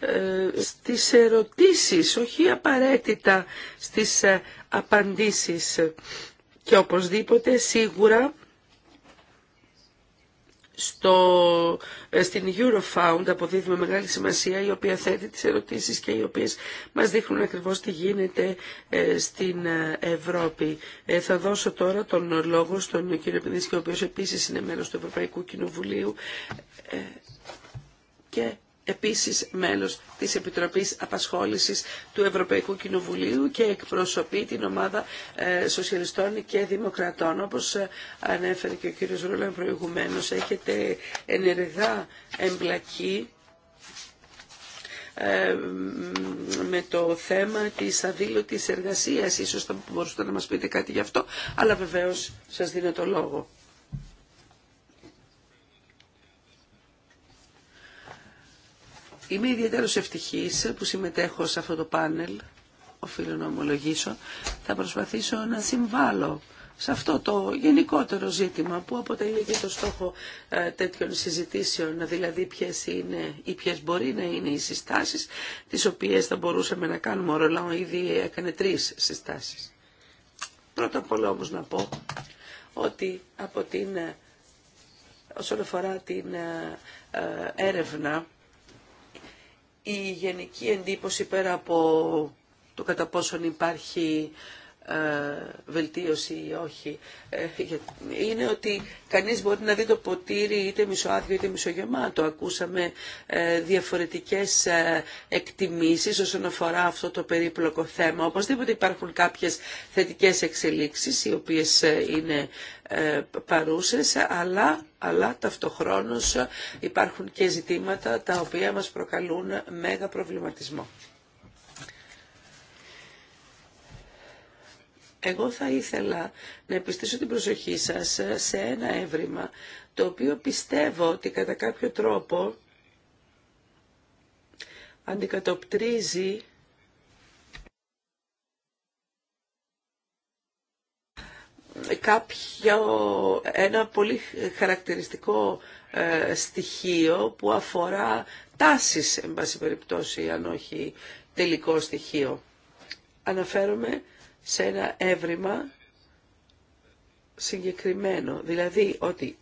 ε, στις ερωτήσεις, όχι απαραίτητα στις ε, απαντήσεις. Και οπωσδήποτε σίγουρα στο, ε, στην Eurofound αποδίδουμε μεγάλη σημασία η οποία θέτει τις ερωτήσεις και οι οποίες μας δείχνουν ακριβώς τι γίνεται ε, στην ε, Ευρώπη. Θα δώσω τώρα τον λόγο στον κύριο Επενδύση ο οποίος επίσης είναι μέλος του Ευρωπαϊκού Κοινοβουλίου και επίσης μέλος της Επιτροπής Απασχόλησης του Ευρωπαϊκού Κοινοβουλίου και εκπροσωπεί την ομάδα ε, Σοσιαλιστών και Δημοκρατών. Όπως ε, ανέφερε και ο κύριος Ρούλαν προηγουμένως, έχετε ενεργά εμπλακεί ε, με το θέμα της αδήλωτης εργασίας. Ίσως θα μπορούσατε να μας πείτε κάτι γι' αυτό, αλλά βεβαίως σας δίνω το λόγο. Είμαι ιδιαίτερο ευτυχή που συμμετέχω σε αυτό το πάνελ, οφείλω να ομολογήσω. Θα προσπαθήσω να συμβάλλω σε αυτό το γενικότερο ζήτημα που αποτελεί και το στόχο ε, τέτοιων συζητήσεων, δηλαδή ποιε είναι ή ποιε μπορεί να είναι οι συστάσεις, τις οποίες θα μπορούσαμε να κάνουμε. Ο ήδη έκανε τρει συστάσει. Πρώτα απ' όλα όμω να πω ότι από την, ε, όσον αφορά την ε, έρευνα η γενική εντύπωση πέρα από το κατά πόσον υπάρχει ε, βελτίωση ή όχι, ε, είναι ότι κανείς μπορεί να δει το ποτήρι είτε μισοάδιο είτε μισογεμάτο. Ακούσαμε ε, διαφορετικές εκτιμήσεις όσον αφορά αυτό το περίπλοκο θέμα. Οπωσδήποτε υπάρχουν κάποιες θετικές εξελίξεις οι οποίες είναι παρούσες, αλλά, αλλά ταυτοχρόνως υπάρχουν και ζητήματα τα οποία μας προκαλούν μέγα προβληματισμό. Εγώ θα ήθελα να επιστήσω την προσοχή σας σε ένα έβριμα το οποίο πιστεύω ότι κατά κάποιο τρόπο αντικατοπτρίζει κάποιο, ένα πολύ χαρακτηριστικό ε, στοιχείο που αφορά τάσεις, εν πάση περιπτώσει, αν όχι τελικό στοιχείο. Αναφέρομαι σε ένα έβριμα συγκεκριμένο. Δηλαδή ότι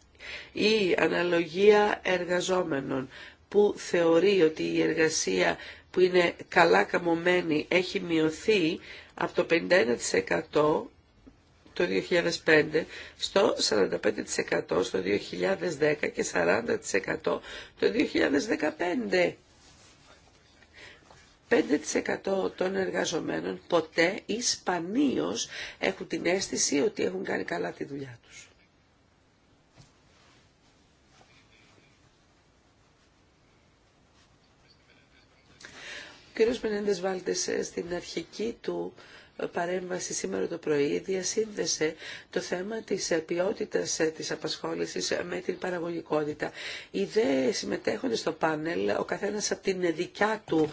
η αναλογία εργαζόμενων που θεωρεί ότι η εργασία που είναι καλά καμωμένη έχει μειωθεί από το 51% το 2005 στο 45% στο 2010 και 40% το 2015. 5% των εργαζομένων ποτέ ή σπανίως έχουν την αίσθηση ότι έχουν κάνει καλά τη δουλειά τους. Ο κύριος Μενέντες Βάλτες ε, στην αρχική του παρέμβαση σήμερα το πρωί διασύνδεσε το θέμα της ε, ποιότητας ε, της απασχόλησης ε, με την παραγωγικότητα. Οι δε συμμετέχοντες στο πάνελ, ο καθένας από την δικιά του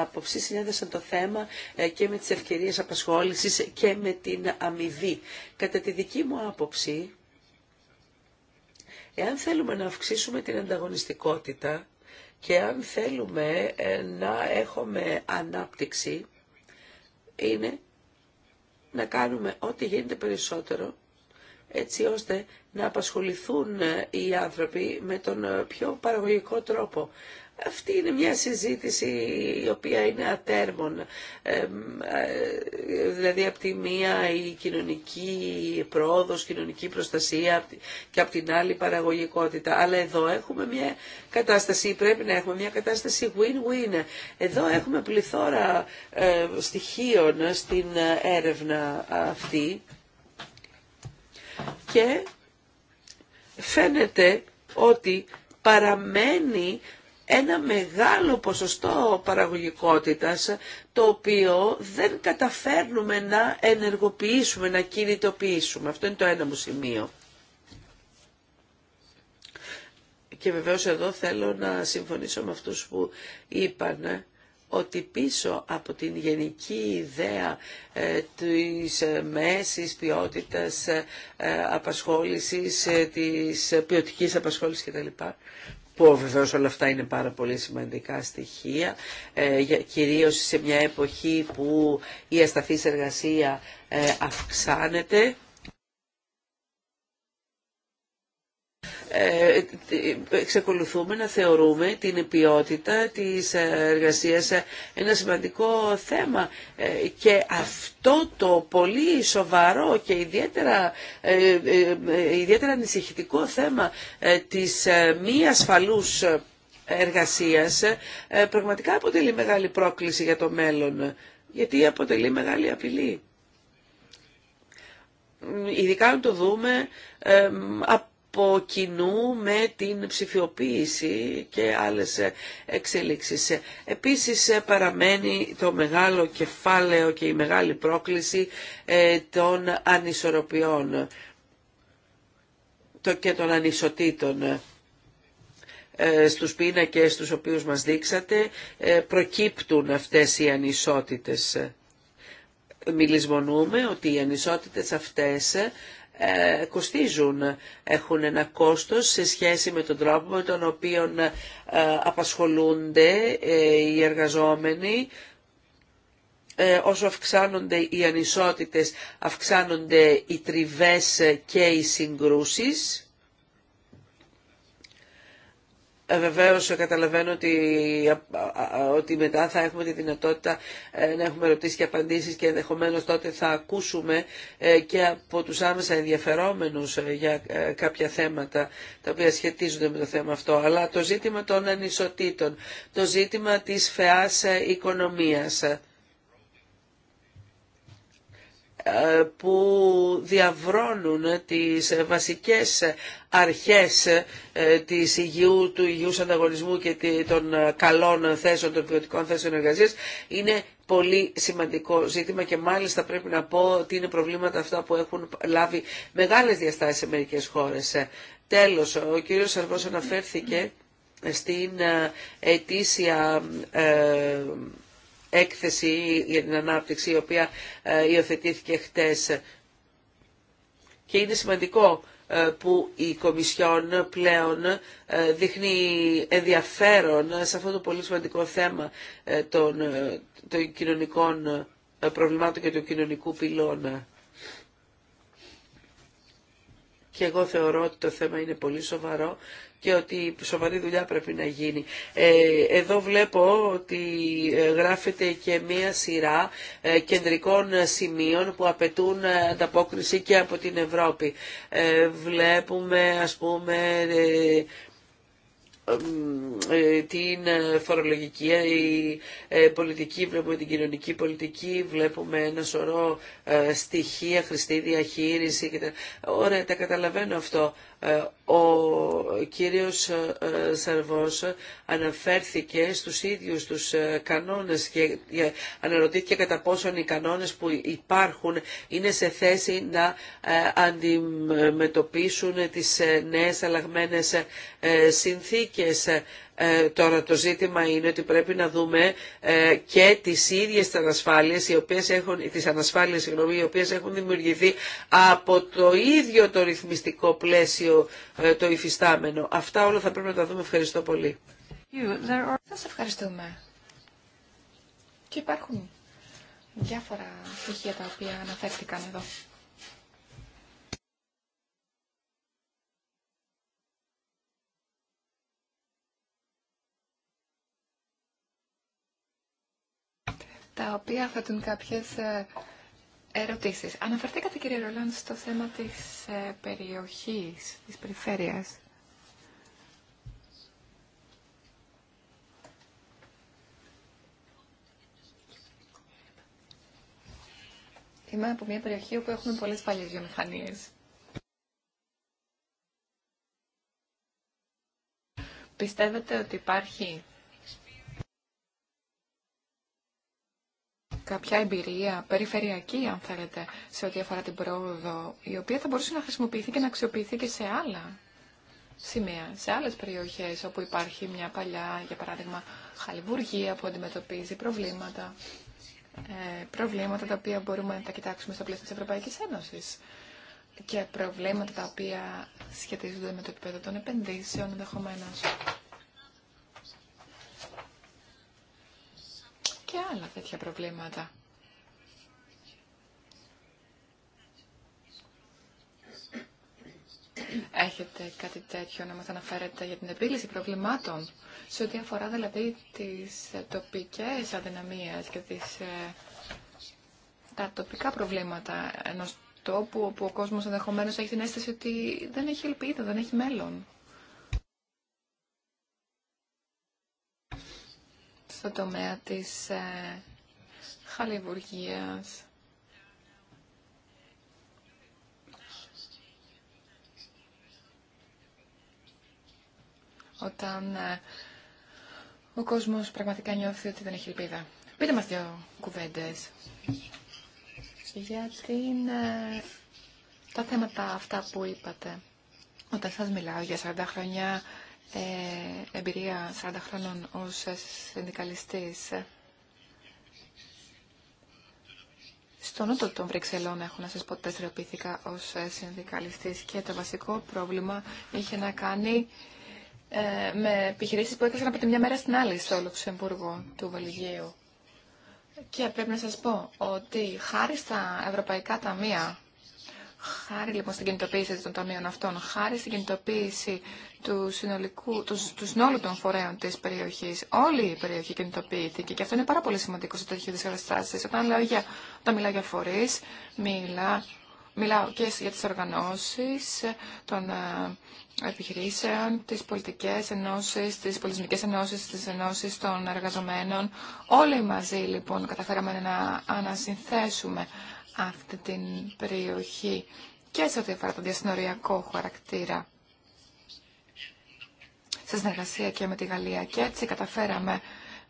άποψη συνέδεσαν το θέμα και με τις ευκαιρίες απασχόλησης και με την αμοιβή. Κατά τη δική μου άποψη, εάν θέλουμε να αυξήσουμε την ανταγωνιστικότητα, και αν θέλουμε να έχουμε ανάπτυξη, είναι να κάνουμε ό,τι γίνεται περισσότερο έτσι ώστε να απασχοληθούν ε, οι άνθρωποι με τον ε, πιο παραγωγικό τρόπο. Αυτή είναι μια συζήτηση η οποία είναι ατέρμον. Ε, δηλαδή από τη μία η κοινωνική πρόοδος, κοινωνική προστασία και από την άλλη η παραγωγικότητα. Αλλά εδώ έχουμε μια κατάσταση, πρέπει να έχουμε μια κατάσταση win-win. Εδώ έχουμε πληθώρα ε, στοιχείων στην έρευνα αυτή και φαίνεται ότι στοιχειων στην ερευνα αυτη και φαινεται οτι παραμενει ένα μεγάλο ποσοστό παραγωγικότητας το οποίο δεν καταφέρνουμε να ενεργοποιήσουμε, να κινητοποιήσουμε. Αυτό είναι το ένα μου σημείο. Και βεβαίως εδώ θέλω να συμφωνήσω με αυτούς που είπαν ε, ότι πίσω από την γενική ιδέα ε, της ε, μέσης ποιότητας ε, ε, απασχόλησης, ε, της ποιοτικής απασχόλησης κτλ που βεβαίως όλα αυτά είναι πάρα πολύ σημαντικά στοιχεία, ε, κυρίως σε μια εποχή που η ασταθής εργασία ε, αυξάνεται Ε, ε, εξεκολουθούμε να θεωρούμε την ποιότητα της εργασίας ένα σημαντικό θέμα ε, και αυτό το πολύ σοβαρό και ιδιαίτερα, ιδιαίτερα ανησυχητικό θέμα της μη ασφαλούς εργασίας πραγματικά αποτελεί μεγάλη πρόκληση για το μέλλον γιατί αποτελεί μεγάλη απειλή. Ειδικά αν το δούμε από κοινού με την ψηφιοποίηση και άλλες εξελίξεις. Επίσης παραμένει το μεγάλο κεφάλαιο και η μεγάλη πρόκληση ε, των ανισορροπιών και των ανισοτήτων ε, στους πίνακες τους οποίους μας δείξατε ε, προκύπτουν αυτές οι ανισότητες. Μιλισμονούμε ότι οι ανισότητες αυτές ε, κοστίζουν, έχουν ένα κόστος σε σχέση με τον τρόπο με τον οποίο ε, απασχολούνται ε, οι εργαζόμενοι, όσο αυξάνονται οι ανισότητες, αυξάνονται οι τριβές και οι συγκρούσεις. Ε, Βεβαίω καταλαβαίνω ότι, ότι μετά θα έχουμε τη δυνατότητα ε, να έχουμε ερωτήσει και απαντήσεις και ενδεχομένω τότε θα ακούσουμε ε, και από τους άμεσα ενδιαφερόμενους για κάποια θέματα τα οποία σχετίζονται με το θέμα αυτό. Αλλά το ζήτημα των ανισοτήτων, το ζήτημα της φαιάς οικονομίας που διαβρώνουν τις βασικές αρχές ε, της υγιού, του υγιούς ανταγωνισμού και των καλών θέσεων, των ποιοτικών θέσεων εργασίας, είναι πολύ σημαντικό ζήτημα και μάλιστα πρέπει να πω ότι είναι προβλήματα αυτά που έχουν λάβει μεγάλες διαστάσεις σε μερικές χώρες. Τέλος, ο κύριος Σαρβός αναφέρθηκε στην ε, ετήσια ε, έκθεση για την ανάπτυξη η οποία ε, υιοθετήθηκε χτες. Και είναι σημαντικό ε, που η Κομισιόν πλέον ε, δείχνει ενδιαφέρον σε αυτό το πολύ σημαντικό θέμα των, των κοινωνικών προβλημάτων και του κοινωνικού πυλώνα. Και εγώ θεωρώ ότι το θέμα είναι πολύ σοβαρό και ότι σοβαρή δουλειά πρέπει να γίνει. Ε, εδώ βλέπω ότι ε, γράφεται και μία σειρά ε, κεντρικών σημείων που απαιτούν ανταπόκριση και από την Ευρώπη. Βλέπουμε, ας πούμε, την φορολογική η πολιτική, βλέπουμε την κοινωνική πολιτική, βλέπουμε ένα σωρό στοιχεία, χρηστή διαχείριση. Ωραία, τα καταλαβαίνω αυτό, ε, ο κύριος ε, Σαρβός αναφέρθηκε στους ίδιους τους ε, κανόνες και αναρωτήθηκε κατά πόσον οι κανόνες που υπάρχουν είναι σε θέση να αντιμετωπίσουν τις νέες αλλαγμένες συνθήκες. Ε, τώρα το ζήτημα είναι ότι πρέπει να δούμε ε, και τις ίδιες τις ανασφάλειες, οι οποίες έχουν, τις οι οποίες έχουν δημιουργηθεί από το ίδιο το ρυθμιστικό πλαίσιο ε, το υφιστάμενο. Αυτά όλα θα πρέπει να τα δούμε. Ευχαριστώ πολύ. Σας ευχαριστούμε. Και υπάρχουν διάφορα στοιχεία τα οποία αναφέρθηκαν εδώ. τα οποία θέτουν κάποιες ε, ερωτήσεις. Αναφερθήκατε κύριε Ρολάν στο θέμα της ε, περιοχής, της περιφέρειας. Είμαι από μια περιοχή όπου έχουμε πολλές παλιές βιομηχανίες. Πιστεύετε ότι υπάρχει κάποια εμπειρία περιφερειακή, αν θέλετε, σε ό,τι αφορά την πρόοδο, η οποία θα μπορούσε να χρησιμοποιηθεί και να αξιοποιηθεί και σε άλλα σημεία, σε άλλε περιοχέ, όπου υπάρχει μια παλιά, για παράδειγμα, χαλιβουργία που αντιμετωπίζει προβλήματα, ε, προβλήματα τα οποία μπορούμε να τα κοιτάξουμε στο πλαίσιο τη Ευρωπαϊκή Ένωση και προβλήματα τα οποία σχετίζονται με το επίπεδο των επενδύσεων ενδεχομένω. και άλλα τέτοια προβλήματα. Έχετε κάτι τέτοιο να μας αναφέρετε για την επίλυση προβλημάτων σε ό,τι αφορά δηλαδή τις ε, τοπικές αδυναμίες και τις, ε, τα τοπικά προβλήματα ενός τόπου όπου ο κόσμος ενδεχομένω έχει την αίσθηση ότι δεν έχει ελπίδα, δεν έχει μέλλον. στο τομέα της ε, χαλιβουργίας. Όταν ε, ο κόσμος πραγματικά νιώθει ότι δεν έχει ελπίδα. Πείτε μας δύο κουβέντες για ε, τα θέματα αυτά που είπατε. Όταν σας μιλάω για 40 χρόνια ε, εμπειρία 40 χρόνων ως συνδικαλιστής. Στο νότο των Βρυξελών έχω να σας πω τεστρεοποιήθηκα ως συνδικαλιστής και το βασικό πρόβλημα είχε να κάνει ε, με επιχειρήσεις που έκαναν από τη μια μέρα στην άλλη στο Λουξεμβούργο του Βαλιγίου Και πρέπει να σας πω ότι χάρη στα ευρωπαϊκά ταμεία Χάρη λοιπόν στην κινητοποίηση των ταμείων αυτών, χάρη στην κινητοποίηση του, συνολικού, του, του συνόλου των φορέων τη περιοχή, όλη η περιοχή κινητοποιήθηκε. Και αυτό είναι πάρα πολύ σημαντικό σε τέτοιου καταστάσει. Όταν λέω για, όταν μιλάω για φορεί, μιλά, μιλάω και για τι οργανώσει των ε, επιχειρήσεων, τι πολιτικέ ενώσει, τι πολιτισμικέ ενώσει, τι ενώσει των εργαζομένων. Όλοι μαζί λοιπόν καταφέραμε να ανασυνθέσουμε αυτή την περιοχή και σε ό,τι αφορά τον διασυνοριακό χαρακτήρα σε συνεργασία και με τη Γαλλία και έτσι καταφέραμε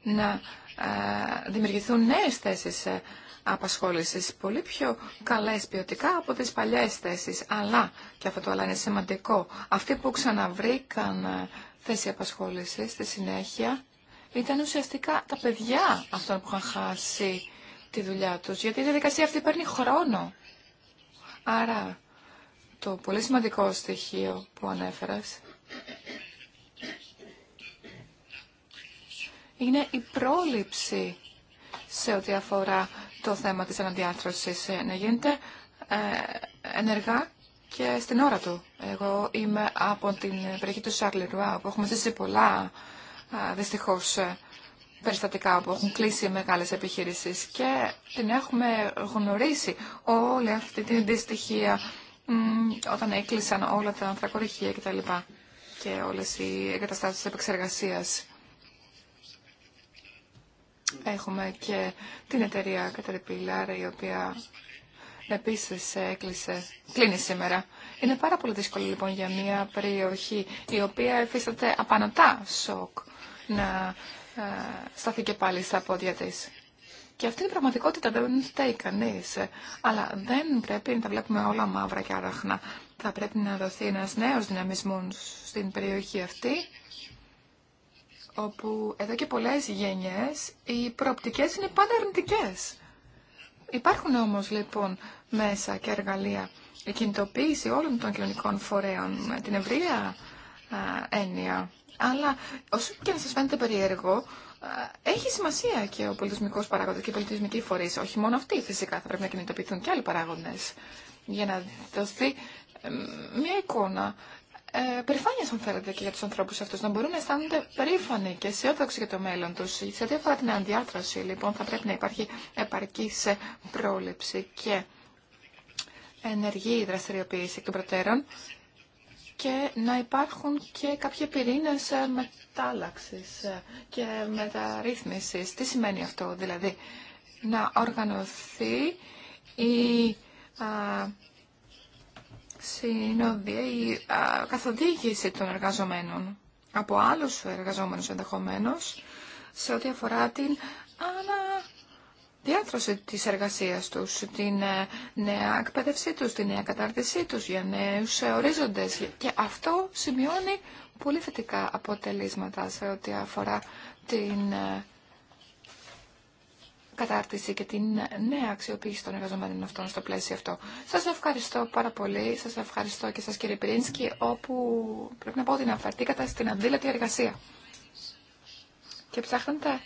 να ε, δημιουργηθούν νέες θέσεις ε, απασχόλησης, πολύ πιο καλές ποιοτικά από τις παλιές θέσεις. Αλλά, και αυτό το άλλο είναι σημαντικό, αυτοί που ξαναβρήκαν ε, θέση απασχόλησης στη συνέχεια ήταν ουσιαστικά τα παιδιά αυτών που είχαν χάσει τη δουλειά τους, γιατί η διαδικασία αυτή παίρνει χρόνο. Άρα, το πολύ σημαντικό στοιχείο που ανέφερες είναι η πρόληψη σε ό,τι αφορά το θέμα της αναδιάρθρωσης ε, να γίνεται ε, ενεργά και στην ώρα του. Εγώ είμαι από την περιοχή του Σαρλυρουά που έχουμε ζήσει πολλά δυστυχώς ε, περιστατικά που έχουν κλείσει μεγάλες επιχειρήσεις και την έχουμε γνωρίσει όλη αυτή την δυστυχία όταν έκλεισαν όλα τα ανθρακοριχεία κτλ. και όλες οι εγκαταστάσεις επεξεργασίας. Έχουμε και την εταιρεία Caterpillar η οποία επίση έκλεισε, κλείνει σήμερα. Είναι πάρα πολύ δύσκολο λοιπόν για μια περιοχή η οποία εφίσταται απανοτά σοκ να ε, και πάλι στα πόδια τη. Και αυτή η πραγματικότητα, δεν φταίει κανεί. Αλλά δεν πρέπει να τα βλέπουμε όλα μαύρα και άραχνα. Θα πρέπει να δοθεί ένα νέο δυναμισμό στην περιοχή αυτή, όπου εδώ και πολλέ γενιές οι προοπτικέ είναι πάντα αρνητικέ. Υπάρχουν όμω λοιπόν μέσα και εργαλεία. Η κινητοποίηση όλων των κοινωνικών φορέων με την ευρεία ε, έννοια αλλά όσο και να σα φαίνεται περίεργο, ε, έχει σημασία και ο πολιτισμικός παράγοντα και οι πολιτισμικοί φορείς. Όχι μόνο αυτοί φυσικά, θα πρέπει να κινητοποιηθούν και άλλοι παράγοντε. για να δοθεί ε, μια εικόνα ε, περηφάνεια, αν θέλετε, και για του ανθρώπου αυτού. Να μπορούν να αισθάνονται περήφανοι και αισιόδοξοι για το μέλλον του. Σε ό,τι αφορά την αντιάθραση, λοιπόν, θα πρέπει να υπάρχει επαρκή σε πρόληψη και ενεργή δραστηριοποίηση εκ των προτέρων και να υπάρχουν και κάποιοι πυρήνε ε, μετάλλαξης ε, και μεταρρύθμιση. Τι σημαίνει αυτό δηλαδή, να οργανωθεί η συνοδεία, η καθοδήγηση των εργαζομένων από άλλους εργαζόμενους ενδεχομένως σε ό,τι αφορά την ανα διάθρωση της εργασίας τους, την ε, νέα εκπαίδευσή τους, την νέα κατάρτισή τους για νέους ορίζοντες. Και αυτό σημειώνει πολύ θετικά αποτελέσματα σε ό,τι αφορά την ε, κατάρτιση και την νέα αξιοποίηση των εργαζομένων αυτών στο πλαίσιο αυτό. Σας ευχαριστώ πάρα πολύ, σας ευχαριστώ και σας κύριε Πρίνσκι, όπου πρέπει να πω ότι αναφερθήκατε στην αντίλατη εργασία. Και ψάχνετε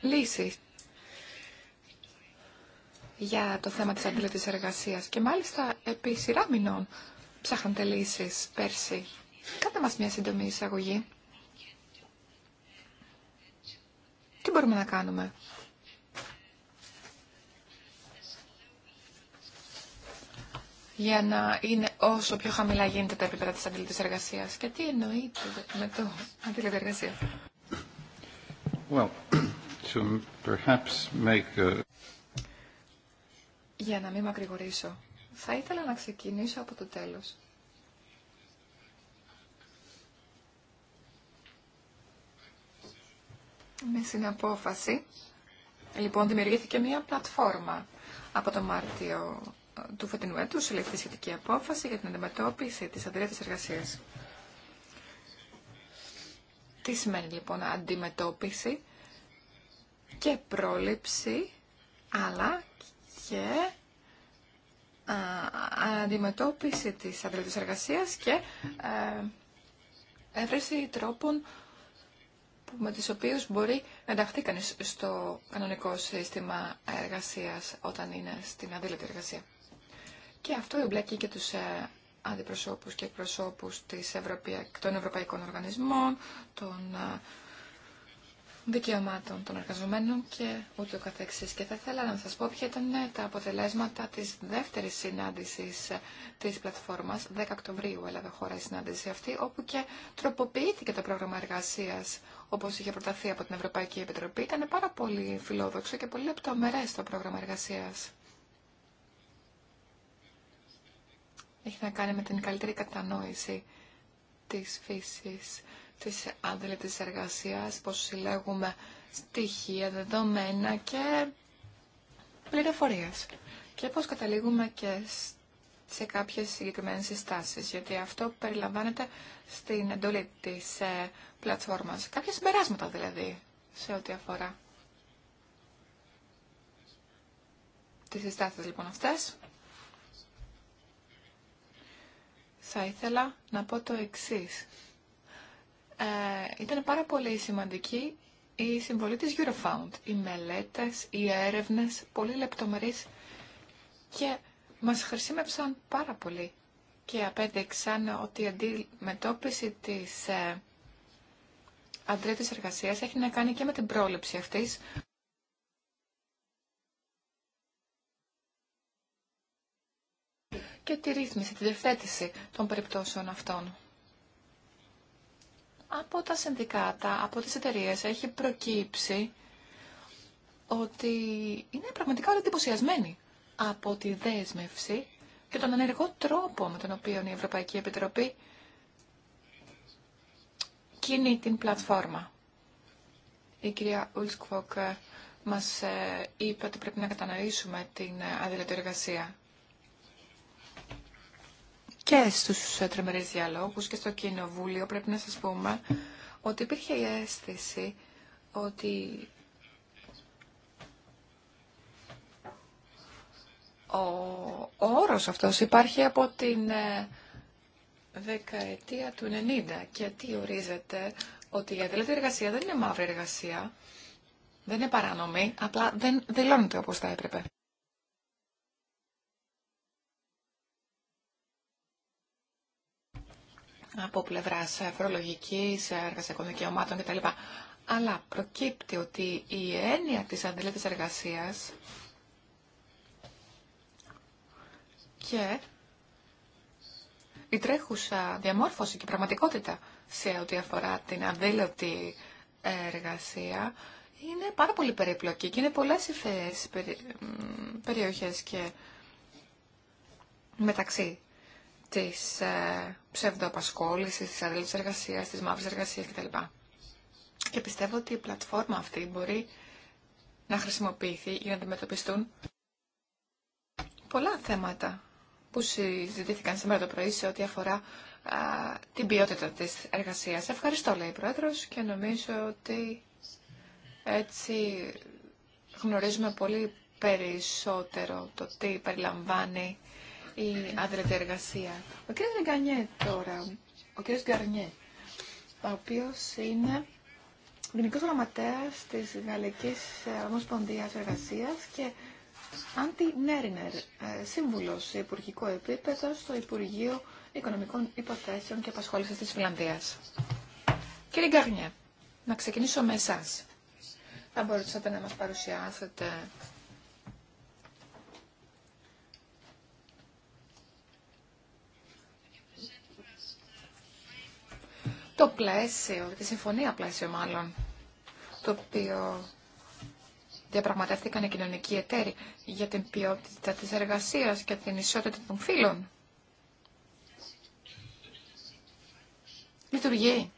λύσεις για το θέμα της αντιληπτής εργασίας και μάλιστα επί σειρά μηνών ψάχνατε λύσεις πέρσι. Κάντε μας μια σύντομη εισαγωγή. Τι μπορούμε να κάνουμε. για να είναι όσο πιο χαμηλά γίνεται τα επίπεδα της αντιληπτής εργασίας. Και τι εννοείται με το αντιληπτή εργασία. Well, to perhaps make a... Για να μην μακρηγορήσω, θα ήθελα να ξεκινήσω από το τέλος. Με συναπόφαση, λοιπόν, δημιουργήθηκε μία πλατφόρμα από το Μάρτιο ε, του φετινού έτους, λεφτή σχετική απόφαση για την αντιμετώπιση της αντίρρητης εργασίας. Τι σημαίνει λοιπόν αντιμετώπιση και πρόληψη, αλλά και α, αντιμετώπιση της αδελφής εργασίας και έβρεση τρόπων με τις οποίους μπορεί να ενταχθεί κανείς στο κανονικό σύστημα εργασίας όταν είναι στην αδελφή εργασία. Και αυτό εμπλέκει και τους ε, αντιπροσώπους και εκπροσώπους της των ευρωπαϊκών οργανισμών, των ε, δικαιωμάτων των εργαζομένων και ούτω καθεξής. Και θα ήθελα να σας πω ποια ήταν τα αποτελέσματα της δεύτερης συνάντησης της πλατφόρμας. 10 Οκτωβρίου έλαβε χώρα η συνάντηση αυτή, όπου και τροποποιήθηκε το πρόγραμμα εργασίας, όπως είχε προταθεί από την Ευρωπαϊκή Επιτροπή. Ήταν πάρα πολύ φιλόδοξο και πολύ λεπτομερές το πρόγραμμα εργασίας. Έχει να κάνει με την καλύτερη κατανόηση της φύσης της τη εργασίας, πώς συλλέγουμε στοιχεία, δεδομένα και πληροφορίες. Και πώς καταλήγουμε και σε κάποιες συγκεκριμένες συστάσεις, γιατί αυτό περιλαμβάνεται στην εντολή της ε, πλατφόρμας. Κάποια συμπεράσματα δηλαδή, σε ό,τι αφορά. Τις συστάσεις λοιπόν αυτές. Θα ήθελα να πω το εξής. Ε, ήταν πάρα πολύ σημαντική η συμβολή της Eurofound. Οι μελέτες, οι έρευνες, πολύ λεπτομερείς και μας χρησιμεύσαν πάρα πολύ και απέδειξαν ότι η αντιμετώπιση της ε, αντρέτης εργασίας έχει να κάνει και με την πρόληψη αυτής. και τη ρύθμιση, τη διευθέτηση των περιπτώσεων αυτών από τα συνδικάτα, από τις εταιρείε έχει προκύψει ότι είναι πραγματικά όλοι εντυπωσιασμένοι από τη δέσμευση και τον ανεργό τρόπο με τον οποίο η Ευρωπαϊκή Επιτροπή κινεί την πλατφόρμα. Η κυρία Ουλσκοκ ε, μας ε, είπε ότι πρέπει να κατανοήσουμε την ε, αδηλωτή εργασία και στους ε, τρεμερείς διαλόγους και στο κοινοβούλιο πρέπει να σας πούμε ότι υπήρχε η αίσθηση ότι ο, ο όρος αυτός υπάρχει από την ε, δεκαετία του 90 και τι ορίζεται ότι η αδελφή εργασία δεν είναι μαύρη εργασία, δεν είναι παράνομη, απλά δεν δηλώνεται όπως θα έπρεπε. από πλευρά φορολογική, εργασιακών δικαιωμάτων κτλ. Αλλά προκύπτει ότι η έννοια της αντιλήτης εργασίας και η τρέχουσα διαμόρφωση και πραγματικότητα σε ό,τι αφορά την αδήλωτη εργασία είναι πάρα πολύ περίπλοκη και είναι πολλές οι περιοχές και μεταξύ της ε, τη της εργασία, εργασίας, της εργασία εργασίας κτλ. Και πιστεύω ότι η πλατφόρμα αυτή μπορεί να χρησιμοποιηθεί για να αντιμετωπιστούν πολλά θέματα που συζητήθηκαν σήμερα το πρωί σε ό,τι αφορά την ποιότητα της εργασίας. Ευχαριστώ, λέει η Πρόεδρος, και νομίζω ότι έτσι γνωρίζουμε πολύ περισσότερο το τι περιλαμβάνει η εργασία. Ο κ. Γκαρνιέ τώρα, ο κ. Γκαρνιέ, ο οποίο είναι γενικό γραμματέα της Γαλλικής Ομοσπονδίας Εργασίας και Άντι Νέρινερ, σύμβουλος σε υπουργικό επίπεδο στο Υπουργείο Οικονομικών Υποθέσεων και Απασχόληση τη Φιλανδίας. Κύριε Γκαρνιέ, να ξεκινήσω με εσάς. Θα μπορούσατε να μας παρουσιάσετε το πλαίσιο, τη συμφωνία πλαίσιο μάλλον, το οποίο διαπραγματεύτηκαν οι κοινωνικοί εταίροι για την ποιότητα της εργασίας και την ισότητα των φύλων. Λειτουργεί.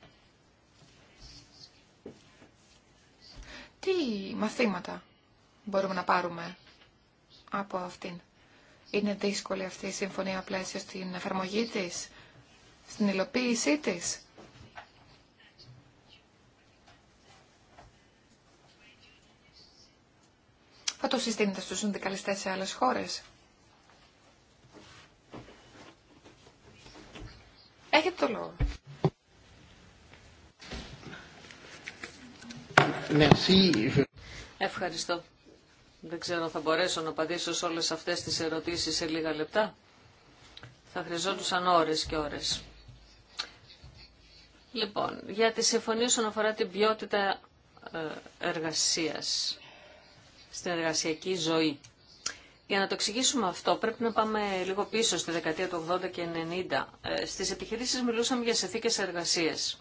Τι μαθήματα μπορούμε να πάρουμε από αυτήν. Είναι δύσκολη αυτή η συμφωνία πλαίσιο στην εφαρμογή της, στην υλοποίησή της. Θα το συστήνετε στους συνδικαλιστές σε άλλες χώρες. Έχετε το λόγο. Ευχαριστώ. Δεν ξέρω θα μπορέσω να απαντήσω σε όλες αυτές τις ερωτήσεις σε λίγα λεπτά. Θα χρειαζόντουσαν ώρες και ώρες. Λοιπόν, για τη συμφωνία όσον αφορά την ποιότητα ε, εργασίας στην εργασιακή ζωή. Για να το εξηγήσουμε αυτό πρέπει να πάμε λίγο πίσω στη δεκαετία του 80 και 90. Ε, στις επιχειρήσεις μιλούσαμε για συνθήκες εργασίας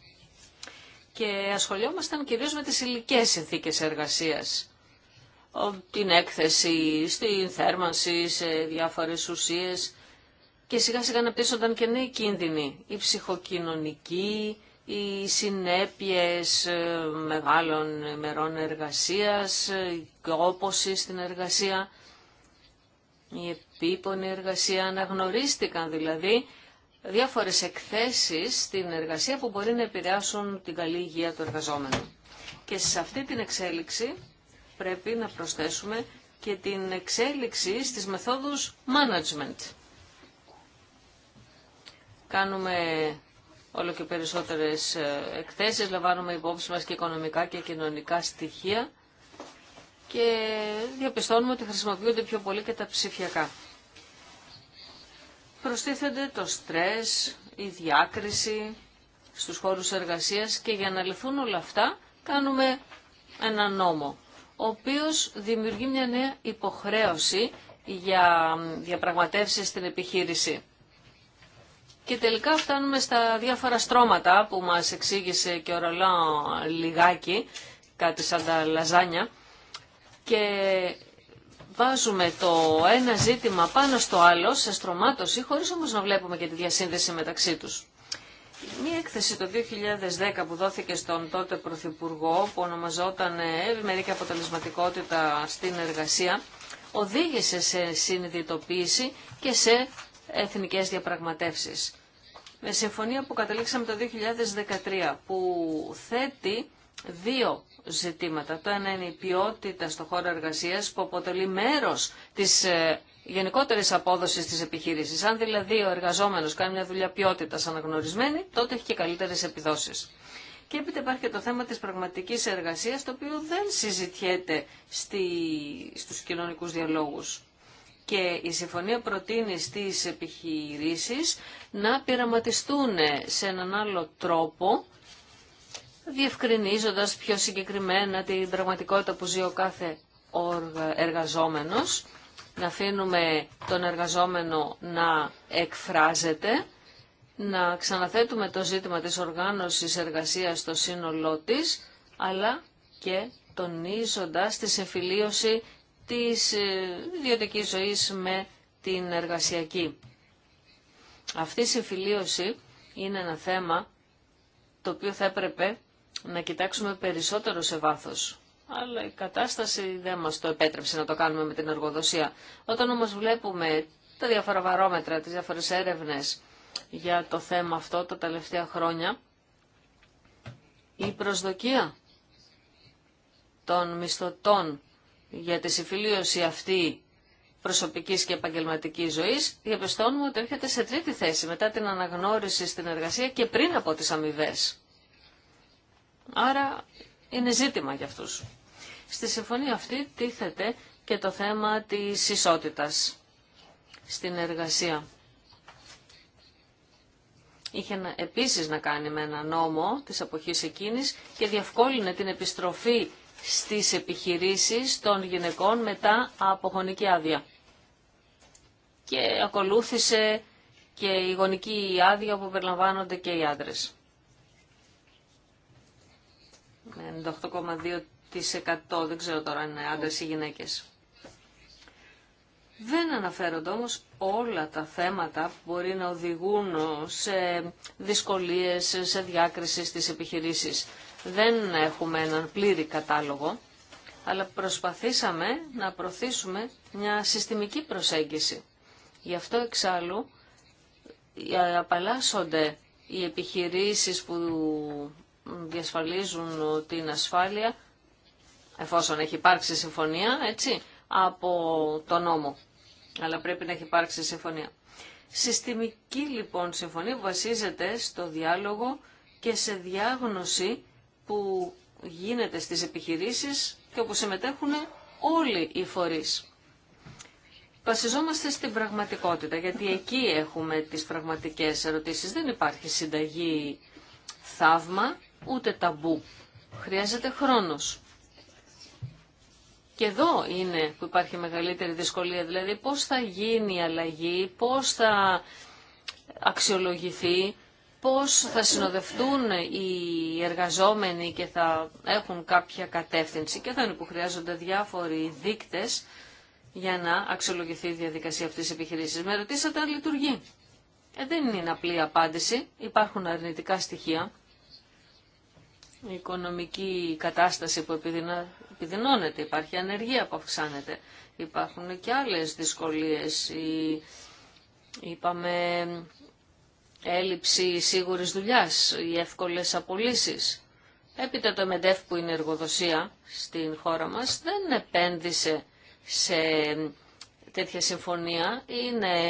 και ασχολιόμασταν κυρίως με τις υλικέ συνθήκες εργασίας. Την έκθεση, στην θέρμανση, σε διάφορες ουσίες και σιγά σιγά αναπτύσσονταν και νέοι κίνδυνοι, η ψυχοκοινωνική, οι συνέπειες ε, μεγάλων μερών εργασίας, η κόποση στην εργασία, η επίπονη εργασία. Αναγνωρίστηκαν δηλαδή διάφορες εκθέσεις στην εργασία που μπορεί να επηρεάσουν την καλή υγεία του εργαζόμενου. Και σε αυτή την εξέλιξη πρέπει να προσθέσουμε και την εξέλιξη στις μεθόδους management. Κάνουμε όλο και περισσότερες ε, εκθέσεις, λαμβάνουμε υπόψη μας και οικονομικά και κοινωνικά στοιχεία και διαπιστώνουμε ότι χρησιμοποιούνται πιο πολύ και τα ψηφιακά. Προστίθενται το στρες, η διάκριση στους χώρους εργασίας και για να λυθούν όλα αυτά κάνουμε ένα νόμο, ο οποίος δημιουργεί μια νέα υποχρέωση για διαπραγματεύσεις στην επιχείρηση. Και τελικά φτάνουμε στα διάφορα στρώματα που μας εξήγησε και ο Ρολό λιγάκι, κάτι σαν τα λαζάνια. Και βάζουμε το ένα ζήτημα πάνω στο άλλο, σε στρωμάτωση, χωρίς όμως να βλέπουμε και τη διασύνδεση μεταξύ τους. Μία έκθεση το 2010 που δόθηκε στον τότε Πρωθυπουργό, που ονομαζόταν «Ευημερική αποτελεσματικότητα στην εργασία», οδήγησε σε συνειδητοποίηση και σε εθνικές διαπραγματεύσεις. Με συμφωνία που καταλήξαμε το 2013 που θέτει δύο ζητήματα. Το ένα είναι η ποιότητα στο χώρο εργασίας που αποτελεί μέρος της ε, γενικότερης απόδοσης της επιχείρησης. Αν δηλαδή ο εργαζόμενος κάνει μια δουλειά ποιότητας αναγνωρισμένη, τότε έχει και καλύτερες επιδόσεις. Και έπειτα υπάρχει και το θέμα της πραγματικής εργασίας, το οποίο δεν συζητιέται στη... στους κοινωνικούς διαλόγους και η συμφωνία προτείνει στις επιχειρήσεις να πειραματιστούν σε έναν άλλο τρόπο διευκρινίζοντας πιο συγκεκριμένα την πραγματικότητα που ζει ο κάθε εργαζόμενος, να αφήνουμε τον εργαζόμενο να εκφράζεται, να ξαναθέτουμε το ζήτημα της οργάνωσης εργασίας στο σύνολό της, αλλά και τονίζοντας τη συμφιλίωση της ε, ιδιωτικής ζωής με την εργασιακή. Αυτή η συμφιλίωση είναι ένα θέμα το οποίο θα έπρεπε να κοιτάξουμε περισσότερο σε βάθος. Αλλά η κατάσταση δεν μας το επέτρεψε να το κάνουμε με την εργοδοσία. Όταν όμως βλέπουμε τα διάφορα βαρόμετρα, τις διάφορες έρευνες για το θέμα αυτό τα τελευταία χρόνια, η προσδοκία των μισθωτών για τη συμφιλίωση αυτή προσωπικής και επαγγελματικής ζωής, διαπιστώνουμε ότι έρχεται σε τρίτη θέση μετά την αναγνώριση στην εργασία και πριν από τις αμοιβέ. Άρα είναι ζήτημα για αυτού. Στη συμφωνία αυτή τίθεται και το θέμα της ισότητας στην εργασία είχε επίσης να κάνει με ένα νόμο της αποχής εκείνης και διευκόλυνε την επιστροφή στις επιχειρήσεις των γυναικών μετά από γονική άδεια. Και ακολούθησε και η γονική άδεια που περιλαμβάνονται και οι άντρες. 98,2% δεν ξέρω τώρα αν είναι άντρες ή γυναίκες. Δεν αναφέρονται όμως όλα τα θέματα που μπορεί να οδηγούν σε δυσκολίες, σε διάκριση στις επιχειρήσεις. Δεν έχουμε έναν πλήρη κατάλογο, αλλά προσπαθήσαμε να προωθήσουμε μια συστημική προσέγγιση. Γι' αυτό εξάλλου ε, απαλλάσσονται οι επιχειρήσεις που διασφαλίζουν την ασφάλεια, εφόσον έχει υπάρξει συμφωνία, έτσι, από το νόμο αλλά πρέπει να έχει υπάρξει συμφωνία. Συστημική λοιπόν συμφωνία βασίζεται στο διάλογο και σε διάγνωση που γίνεται στις επιχειρήσεις και όπου συμμετέχουν όλοι οι φορείς. Βασιζόμαστε στην πραγματικότητα, γιατί εκεί έχουμε τις πραγματικές ερωτήσεις. Δεν υπάρχει συνταγή θαύμα, ούτε ταμπού. Χρειάζεται χρόνος. Και εδώ είναι που υπάρχει μεγαλύτερη δυσκολία, δηλαδή πώς θα γίνει η αλλαγή, πώς θα αξιολογηθεί, πώς θα συνοδευτούν οι εργαζόμενοι και θα έχουν κάποια κατεύθυνση και θα είναι που χρειάζονται διάφοροι δείκτες για να αξιολογηθεί η διαδικασία αυτής της επιχειρήσης. Με ρωτήσατε αν λειτουργεί. Ε, δεν είναι απλή απάντηση. Υπάρχουν αρνητικά στοιχεία. Η οικονομική κατάσταση που επιδεινώνεται, υπάρχει ανεργία που αυξάνεται. Υπάρχουν και άλλες δυσκολίες, η, είπαμε έλλειψη σίγουρης δουλειάς, οι εύκολες απολύσεις. Έπειτα το ΕΜΕΝΤΕΦ που είναι εργοδοσία στην χώρα μας δεν επένδυσε σε τέτοια συμφωνία. Είναι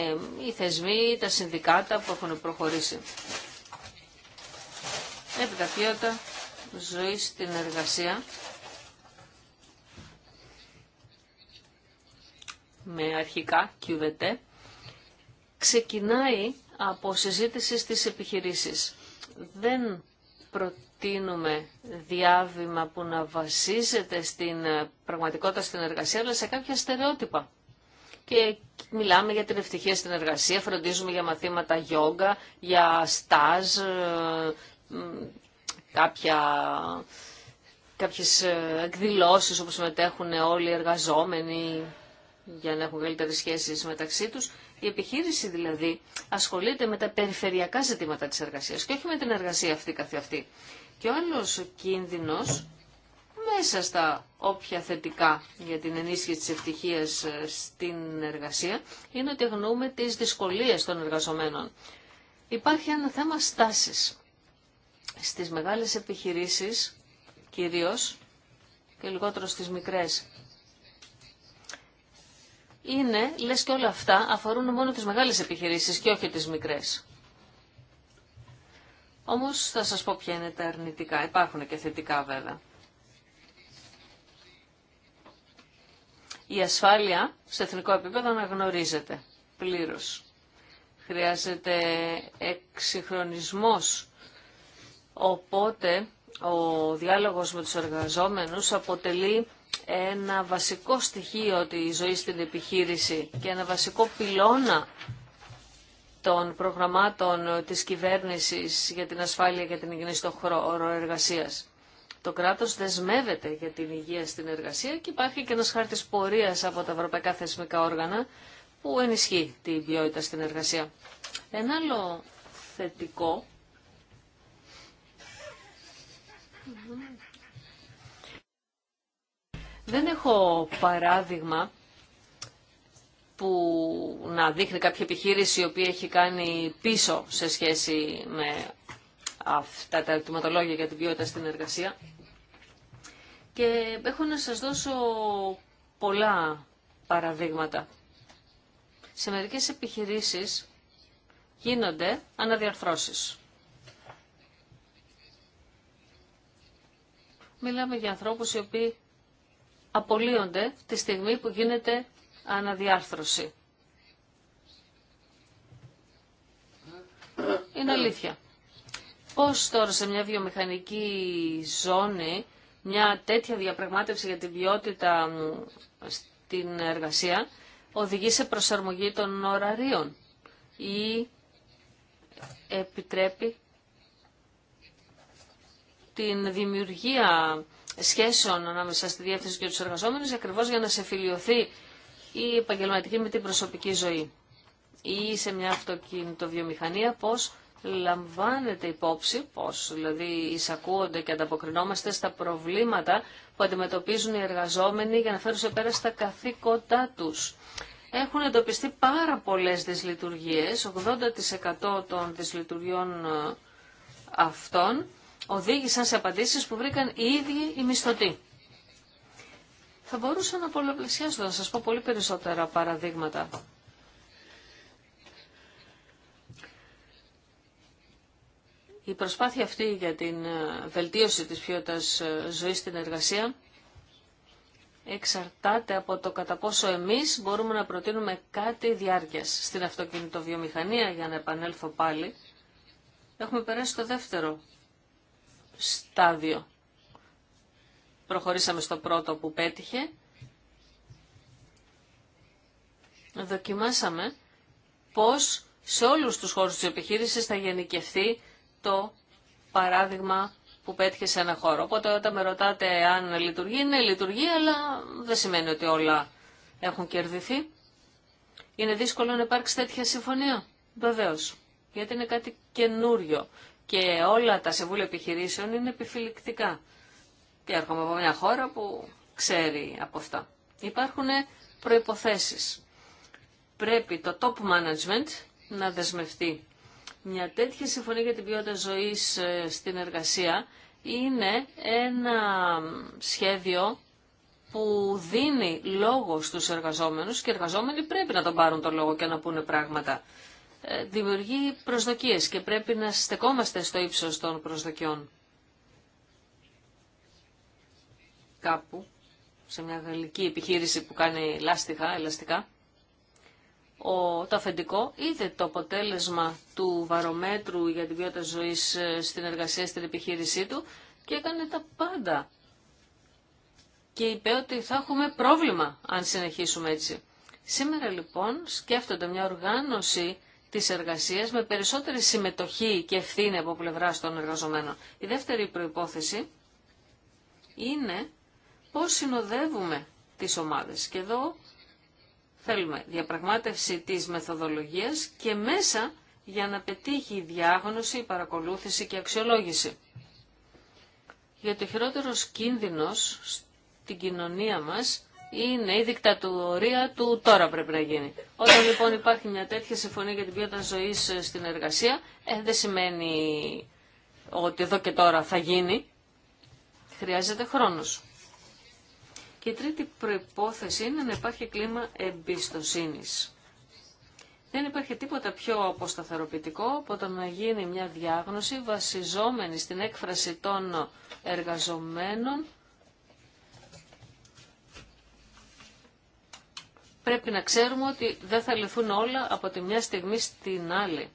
οι θεσμοί, τα συνδικάτα που έχουν προχωρήσει. Έπειτα ποιότητα ζωή στην εργασία με αρχικά QVT, ξεκινάει από συζήτηση στις επιχειρήσεις. Δεν προτείνουμε διάβημα που να βασίζεται στην ε, πραγματικότητα στην εργασία, αλλά σε κάποια στερεότυπα. Και μιλάμε για την ευτυχία στην εργασία, φροντίζουμε για μαθήματα γιόγκα, για στάζ, ε, κάποια, κάποιες ε, εκδηλώσεις όπως συμμετέχουν όλοι οι εργαζόμενοι για να έχουν καλύτερε σχέσει μεταξύ του. Η επιχείρηση δηλαδή ασχολείται με τα περιφερειακά ζητήματα τη εργασία και όχι με την εργασία αυτή καθ' αυτή. Και ο άλλο κίνδυνο μέσα στα όποια θετικά για την ενίσχυση της ευτυχίας ε, στην εργασία είναι ότι αγνοούμε τις δυσκολίες των εργαζομένων. Υπάρχει ένα θέμα στάσης. Στις μεγάλες επιχειρήσεις κυρίως και λιγότερο στις μικρές είναι, λες και όλα αυτά αφορούν μόνο τις μεγάλες επιχειρήσεις και όχι τις μικρές. Όμως θα σας πω ποια είναι τα αρνητικά. Υπάρχουν και θετικά βέβαια. Η ασφάλεια σε εθνικό επίπεδο αναγνωρίζεται πλήρως. Χρειάζεται εξυγχρονισμός. Οπότε ο διάλογος με τους εργαζόμενους αποτελεί ένα βασικό στοιχείο της ζωής στην επιχείρηση και ένα βασικό πυλώνα των προγραμμάτων της κυβέρνησης για την ασφάλεια και την υγιεινή στον χώρο εργασίας. Το κράτος δεσμεύεται για την υγεία στην εργασία και υπάρχει και ένας χάρτης πορείας από τα ευρωπαϊκά θεσμικά όργανα που ενισχύει την ποιότητα στην εργασία. Ένα άλλο θετικό δεν έχω παράδειγμα που να δείχνει κάποια επιχείρηση η οποία έχει κάνει πίσω σε σχέση με αυτά τα ερωτηματολόγια για την ποιότητα στην εργασία. Και έχω να σας δώσω πολλά παραδείγματα. Σε μερικές επιχειρήσεις γίνονται αναδιαρθρώσεις. Μιλάμε για ανθρώπους οι οποίοι απολύονται τη στιγμή που γίνεται αναδιάρθρωση. Είναι αλήθεια. Πώς τώρα σε μια βιομηχανική ζώνη μια τέτοια διαπραγμάτευση για την ποιότητα στην εργασία οδηγεί σε προσαρμογή των ωραρίων ή επιτρέπει την δημιουργία σχέσεων ανάμεσα στη διεύθυνση και του εργαζόμενου ακριβώ για να φιλιωθεί η επαγγελματική με την προσωπική ζωή ή σε μια αυτοκινητοβιομηχανία πώς λαμβάνεται υπόψη, πώς δηλαδή εισακούονται και ανταποκρινόμαστε στα προβλήματα που αντιμετωπίζουν οι εργαζόμενοι για να φέρουν σε πέρα στα καθήκοντά τους. Έχουν εντοπιστεί πάρα πολλέ δυσλειτουργίε, 80% των δυσλειτουργιών ε, αυτών οδήγησαν σε απαντήσεις που βρήκαν οι ίδιοι οι μισθωτοί. Θα μπορούσα να πολλαπλασιάσω, να σας πω πολύ περισσότερα παραδείγματα. Η προσπάθεια αυτή για την ε, βελτίωση της ποιότητας ε, ζωής στην εργασία εξαρτάται από το κατά πόσο εμείς μπορούμε να προτείνουμε κάτι διάρκειας. Στην αυτοκινητοβιομηχανία, για να επανέλθω πάλι, έχουμε περάσει το δεύτερο στάδιο. Προχωρήσαμε στο πρώτο που πέτυχε. Δοκιμάσαμε πώς σε όλους τους χώρους της επιχείρησης θα γενικευθεί το παράδειγμα που πέτυχε σε ένα χώρο. Οπότε όταν με ρωτάτε αν λειτουργεί, ναι λειτουργεί, αλλά δεν σημαίνει ότι όλα έχουν κερδιθεί. Είναι δύσκολο να υπάρξει τέτοια συμφωνία. Βεβαίω. Γιατί είναι κάτι καινούριο και όλα τα συμβούλια επιχειρήσεων είναι επιφυλικτικά. Και έρχομαι από μια χώρα που ξέρει από αυτά. Υπάρχουν προϋποθέσεις. Πρέπει το top management να δεσμευτεί. Μια τέτοια συμφωνία για την ποιότητα ζωής ε, στην εργασία είναι ένα σχέδιο που δίνει λόγο στους εργαζόμενους και οι εργαζόμενοι πρέπει να τον πάρουν το λόγο και να πούνε πράγματα. Ε, δημιουργεί προσδοκίες και πρέπει να στεκόμαστε στο ύψος των προσδοκιών. Κάπου, σε μια γαλλική επιχείρηση που κάνει λάστιχα, ελαστικά, ο, το αφεντικό είδε το αποτέλεσμα του βαρομέτρου για την ποιότητα ζωής ε, στην εργασία, στην επιχείρησή του και έκανε τα πάντα. Και είπε ότι θα έχουμε πρόβλημα αν συνεχίσουμε έτσι. Σήμερα λοιπόν σκέφτονται μια οργάνωση της εργασίας με περισσότερη συμμετοχή και ευθύνη από πλευρά των εργαζομένων. Η δεύτερη προϋπόθεση είναι πώς συνοδεύουμε τις ομάδες. Και εδώ θέλουμε διαπραγμάτευση της μεθοδολογίας και μέσα για να πετύχει η διάγνωση, η παρακολούθηση και αξιολόγηση. Για το χειρότερο κίνδυνος στην κοινωνία μας είναι η δικτατορία του τώρα πρέπει να γίνει. Όταν λοιπόν υπάρχει μια τέτοια συμφωνία για την ποιότητα ζωή ε, στην εργασία, ε, δεν σημαίνει ότι εδώ και τώρα θα γίνει. Χρειάζεται χρόνος. Και η τρίτη προϋπόθεση είναι να υπάρχει κλίμα εμπιστοσύνης. Δεν υπάρχει τίποτα πιο αποσταθεροποιητικό από το να γίνει μια διάγνωση βασιζόμενη στην έκφραση των εργαζομένων πρέπει να ξέρουμε ότι δεν θα λυθούν όλα από τη μια στιγμή στην άλλη.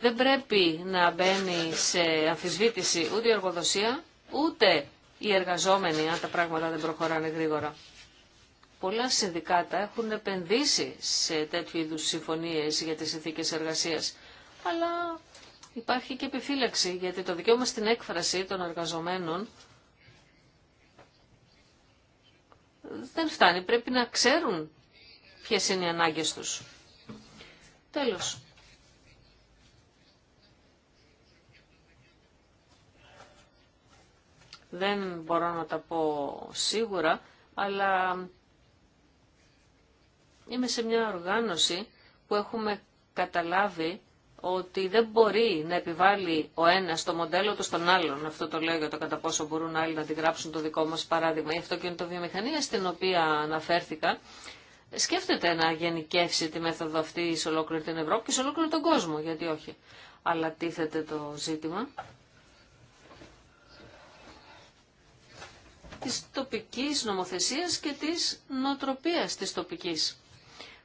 Δεν πρέπει να μπαίνει σε αμφισβήτηση ούτε η εργοδοσία, ούτε οι εργαζόμενοι αν τα πράγματα δεν προχωράνε γρήγορα. Πολλά συνδικάτα έχουν επενδύσει σε τέτοιου είδους συμφωνίες για τις ηθίκες εργασίας, αλλά υπάρχει και επιφύλαξη, γιατί το δικαίωμα στην έκφραση των εργαζομένων δεν φτάνει. Πρέπει να ξέρουν ποιες είναι οι ανάγκες τους. Τέλος. Δεν μπορώ να τα πω σίγουρα, αλλά είμαι σε μια οργάνωση που έχουμε καταλάβει ότι δεν μπορεί να επιβάλλει ο ένα το μοντέλο του στον άλλον. Αυτό το λέω για το κατά πόσο μπορούν άλλοι να αντιγράψουν το δικό μα παράδειγμα. Η αυτοκινητοβιομηχανία στην οποία αναφέρθηκα σκέφτεται να γενικεύσει τη μέθοδο αυτή σε ολόκληρη την Ευρώπη και σε ολόκληρο τον κόσμο, γιατί όχι. Αλλά τίθεται το ζήτημα της τοπικής νομοθεσίας και της νοοτροπίας της τοπικής.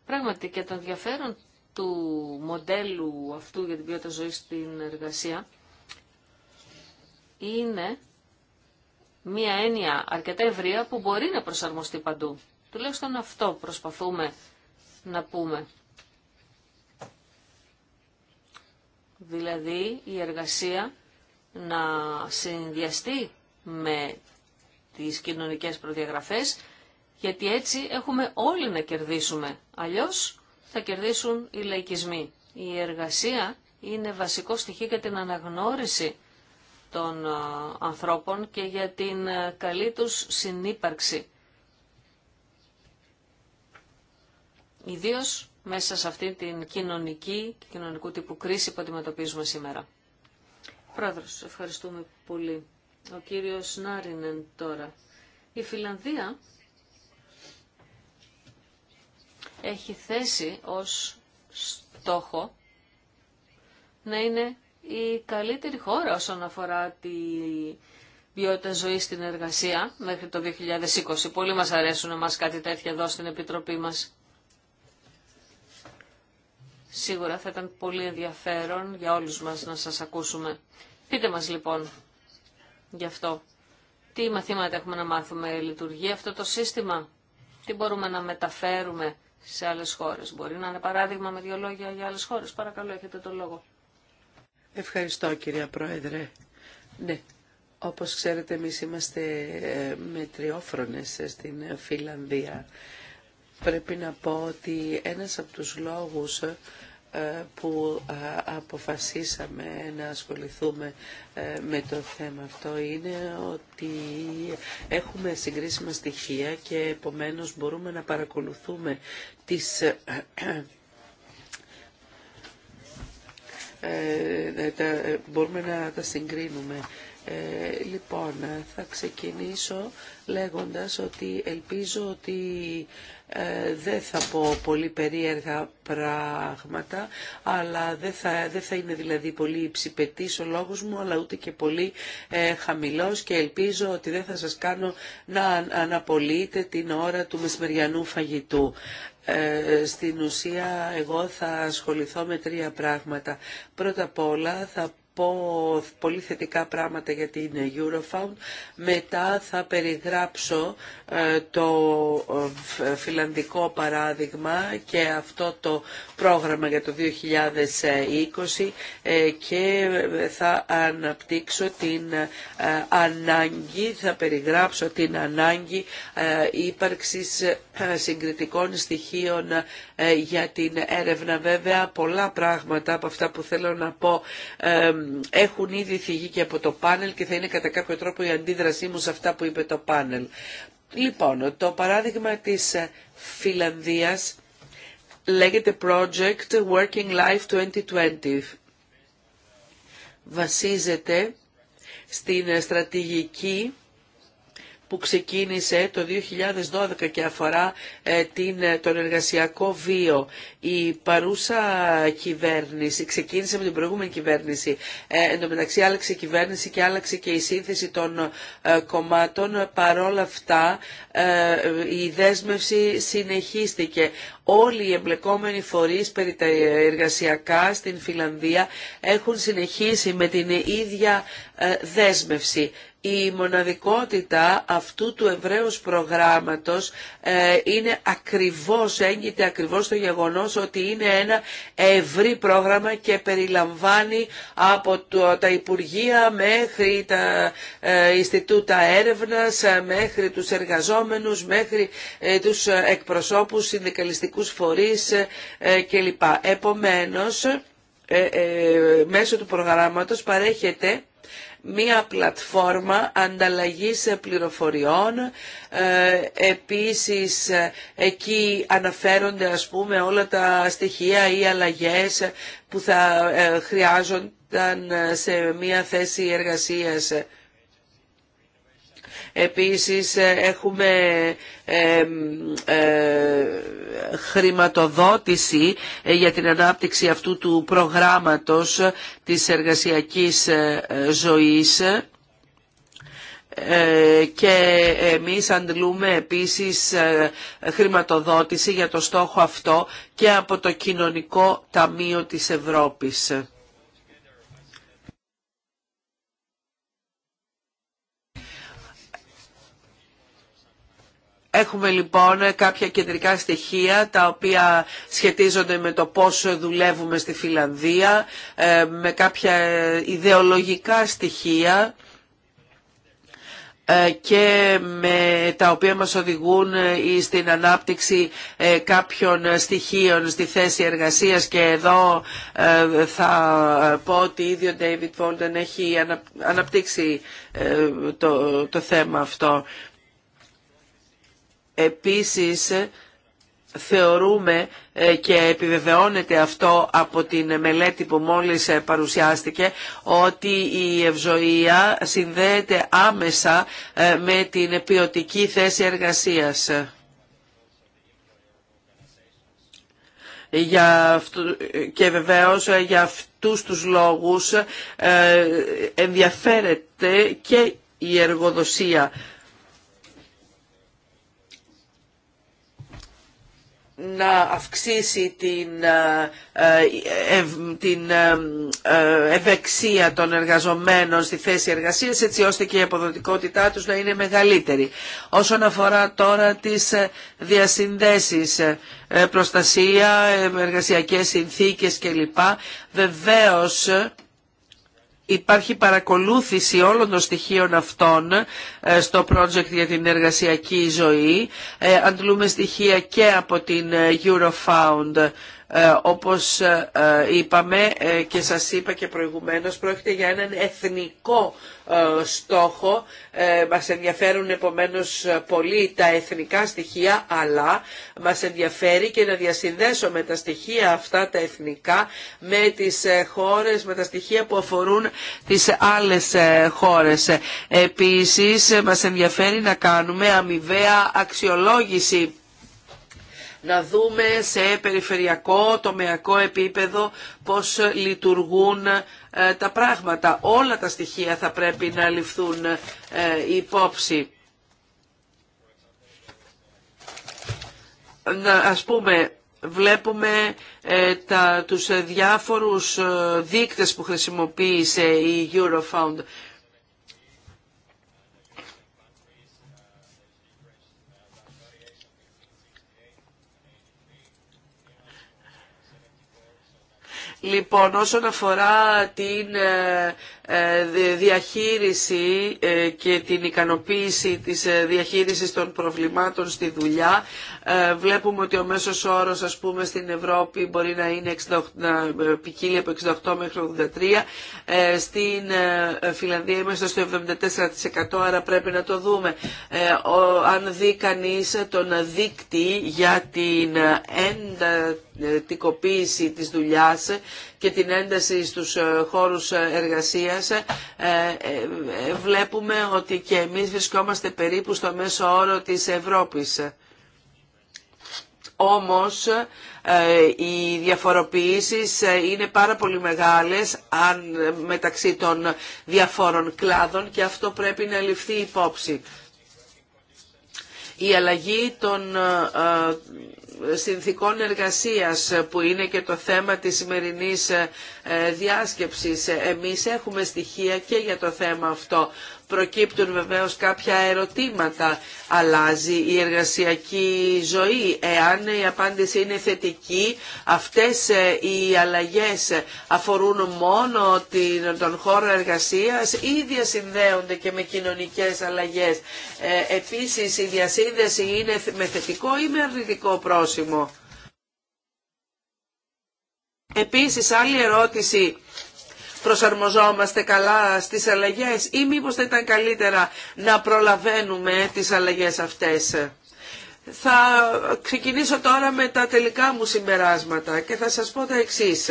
Πράγματι και το ενδιαφέρον του μοντέλου αυτού για την ποιότητα ζωής στην εργασία είναι μία έννοια αρκετά ευρεία που μπορεί να προσαρμοστεί παντού. Τουλάχιστον αυτό προσπαθούμε να πούμε. Δηλαδή η εργασία να συνδυαστεί με τις κοινωνικές προδιαγραφές, γιατί έτσι έχουμε όλοι να κερδίσουμε. Αλλιώς θα κερδίσουν οι λαϊκισμοί. Η εργασία είναι βασικό στοιχείο για την αναγνώριση των ανθρώπων και για την καλή τους συνύπαρξη. Ιδίως μέσα σε αυτή την κοινωνική και κοινωνικού τύπου κρίση που αντιμετωπίζουμε σήμερα. Πρόεδρος, ευχαριστούμε πολύ. Ο κύριος Νάρινεν τώρα. Η Φιλανδία έχει θέσει ως στόχο να είναι η καλύτερη χώρα όσον αφορά τη ποιότητα ζωής στην εργασία μέχρι το 2020. Πολύ μας αρέσουν μας κάτι τέτοια εδώ στην Επιτροπή μας. Σίγουρα θα ήταν πολύ ενδιαφέρον για όλους μας να σας ακούσουμε. Πείτε μας λοιπόν γι' αυτό. Τι μαθήματα έχουμε να μάθουμε, λειτουργεί αυτό το σύστημα, τι μπορούμε να μεταφέρουμε σε άλλες χώρες. Μπορεί να είναι παράδειγμα με δύο λόγια για άλλες χώρες. Παρακαλώ, έχετε το λόγο. Ευχαριστώ, κυρία Πρόεδρε. Ναι, όπως ξέρετε, εμείς είμαστε ε, μετριόφρονες ε, στην Φιλανδία. Πρέπει να πω ότι ένας από τους λόγους ε, ε, που ε, αποφασίσαμε να ασχοληθούμε ε, με το θέμα αυτό είναι ότι έχουμε συγκρίσιμα στοιχεία και επομένως μπορούμε να παρακολουθούμε τις μπορούμε να τα συγκρίνουμε. Ε, λοιπόν, θα ξεκινήσω λέγοντας ότι ελπίζω ότι ε, δεν θα πω πολύ περίεργα πράγματα, αλλά δεν θα, δεν θα είναι δηλαδή πολύ υψηπετής ο λόγος μου, αλλά ούτε και πολύ ε, χαμηλός και ελπίζω ότι δεν θα σας κάνω να αναπολύετε την ώρα του μεσημεριανού φαγητού. Ε, στην ουσία εγώ θα ασχοληθώ με τρία πράγματα. Πρώτα απ' όλα θα πω πολύ θετικά πράγματα για την Eurofound. Μετά θα περιγράψω ε, το ε, ε, φιλανδικό παράδειγμα και αυτό το πρόγραμμα για το 2020 και θα αναπτύξω την ανάγκη, θα περιγράψω την ανάγκη ύπαρξης συγκριτικών στοιχείων για την έρευνα. Βέβαια πολλά πράγματα από αυτά που θέλω να πω έχουν ήδη θυγεί και από το πάνελ και θα είναι κατά κάποιο τρόπο η αντίδρασή μου σε αυτά που είπε το πάνελ. Λοιπόν, το παράδειγμα της ε, Φιλανδίας λέγεται Project Working Life 2020. Βασίζεται στην ε, στρατηγική που ξεκίνησε το 2012 και αφορά ε, την, ε, τον εργασιακό βίο. Η παρούσα κυβέρνηση ξεκίνησε με την προηγούμενη κυβέρνηση. Ε, εν τω μεταξύ άλλαξε η κυβέρνηση και άλλαξε και η σύνθεση των ε, κομμάτων. Παρόλα αυτά η δέσμευση συνεχίστηκε. Όλοι οι εμπλεκόμενοι φορείς περί τα εργασιακά στην Φιλανδία έχουν συνεχίσει με την ίδια δέσμευση η μοναδικότητα αυτού του Εβραίους προγράμματος ε, είναι ακριβώς, έγκυται ακριβώς το γεγονός ότι είναι ένα ευρύ πρόγραμμα και περιλαμβάνει από το, τα Υπουργεία μέχρι τα Ιστιτούτα ε, Ινστιτούτα Έρευνας, μέχρι τους εργαζόμενους, μέχρι ε, τους εκπροσώπους, συνδικαλιστικούς φορείς ε, κλπ. Επομένως, μέσω του προγράμματος παρέχεται μία πλατφόρμα ανταλλαγής πληροφοριών. Ε, επίσης ε, εκεί αναφέρονται ας πούμε όλα τα στοιχεία ή αλλαγές που θα ε, χρειάζονταν σε μία θέση εργασίας. Επίσης ε, έχουμε ε, ε, χρηματοδότηση για την ανάπτυξη αυτού του προγράμματος της εργασιακής ζωής και εμείς αντλούμε επίσης χρηματοδότηση για το στόχο αυτό και από το Κοινωνικό Ταμείο της Ευρώπης. Έχουμε λοιπόν κάποια κεντρικά στοιχεία τα οποία σχετίζονται με το πόσο δουλεύουμε στη Φιλανδία, ε, με κάποια ιδεολογικά στοιχεία ε, και με τα οποία μας οδηγούν ε, στην ανάπτυξη κάποιων στοιχείων στη θέση εργασίας και εδώ θα πω ότι ήδη ο David Βόλτεν έχει αναπτύξει το, το θέμα αυτό. Επίσης, θεωρούμε ε, και επιβεβαιώνεται αυτό από την μελέτη που μόλις ε, παρουσιάστηκε ότι η ευζοία συνδέεται άμεσα ε, με την ποιοτική θέση εργασίας. Για και βεβαίως για αυτούς τους λόγους ενδιαφέρεται και η εργοδοσία να αυξήσει την, ε, ε, την ε, ευεξία των εργαζομένων στη θέση εργασίας έτσι ώστε και η αποδοτικότητά τους να είναι μεγαλύτερη. Όσον αφορά τώρα τις διασυνδέσεις, προστασία, εργασιακές συνθήκες κλπ. Βεβαίως υπάρχει παρακολούθηση όλων των στοιχείων αυτών ε, στο project για την εργασιακή ζωή. Ε, αντλούμε στοιχεία και από την ε, Eurofound ε, όπως ε, ε, είπαμε και σας είπα και προηγουμένως, πρόκειται για έναν εθνικό στόχο. Μας ενδιαφέρουν επομένως πολύ τα εθνικά στοιχεία, αλλά μας ενδιαφέρει και να διασυνδέσουμε τα στοιχεία αυτά τα εθνικά με τις χώρες, με τα στοιχεία που αφορούν τις άλλες χώρες. Επίσης, μας ενδιαφέρει να κάνουμε αμοιβαία αξιολόγηση να δούμε σε περιφερειακό, τομεακό επίπεδο πώς λειτουργούν ε, τα πράγματα. Όλα τα στοιχεία θα πρέπει να ληφθούν ε, υπόψη. Να, ας πούμε, βλέπουμε ε, τα, τους διάφορους δείκτες που χρησιμοποίησε η Eurofound. Λοιπόν, όσον αφορά την ε, ε, διαχείριση ε, και την ικανοποίηση της διαχείρισης των προβλημάτων στη δουλειά, ε, βλέπουμε ότι ο μέσος όρος ας πούμε στην Ευρώπη μπορεί να, είναι 68, ε, από 68 μέχρι 83. Ε, στην Φιλανδία είμαστε στο 74% άρα πρέπει να το δούμε. Αν δει κανείς τον δίκτυ για την εντατικοποίηση της δουλειάς και την ένταση στους χώρους εργασίας βλέπουμε ότι και εμείς βρισκόμαστε περίπου στο μέσο όρο της Ευρώπης όμως ε, οι διαφοροποιήσεις ε, είναι πάρα πολύ μεγάλες αν, ε, μεταξύ των διαφόρων κλάδων και αυτό πρέπει να ληφθεί υπόψη. Η αλλαγή των συνθήκων εργασίας που είναι και το θέμα της σημερινής διάσκεψης. Εμείς έχουμε στοιχεία και για το θέμα αυτό προκύπτουν βεβαίως κάποια ερωτήματα. Αλλάζει η εργασιακή ζωή. Εάν η απάντηση είναι θετική, αυτές ε, οι αλλαγές αφορούν μόνο τον χώρο εργασίας ή διασυνδέονται και με κοινωνικές αλλαγές. Ε, επίσης η διασύνδεση είναι με θετικό ή με αρνητικό πρόσημο. Επίσης άλλη ερώτηση προσαρμοζόμαστε καλά στις αλλαγές ή μήπως θα ήταν καλύτερα να προλαβαίνουμε τις αλλαγές αυτές. Θα ξεκινήσω τώρα με τα τελικά μου συμπεράσματα και θα σας πω τα εξής.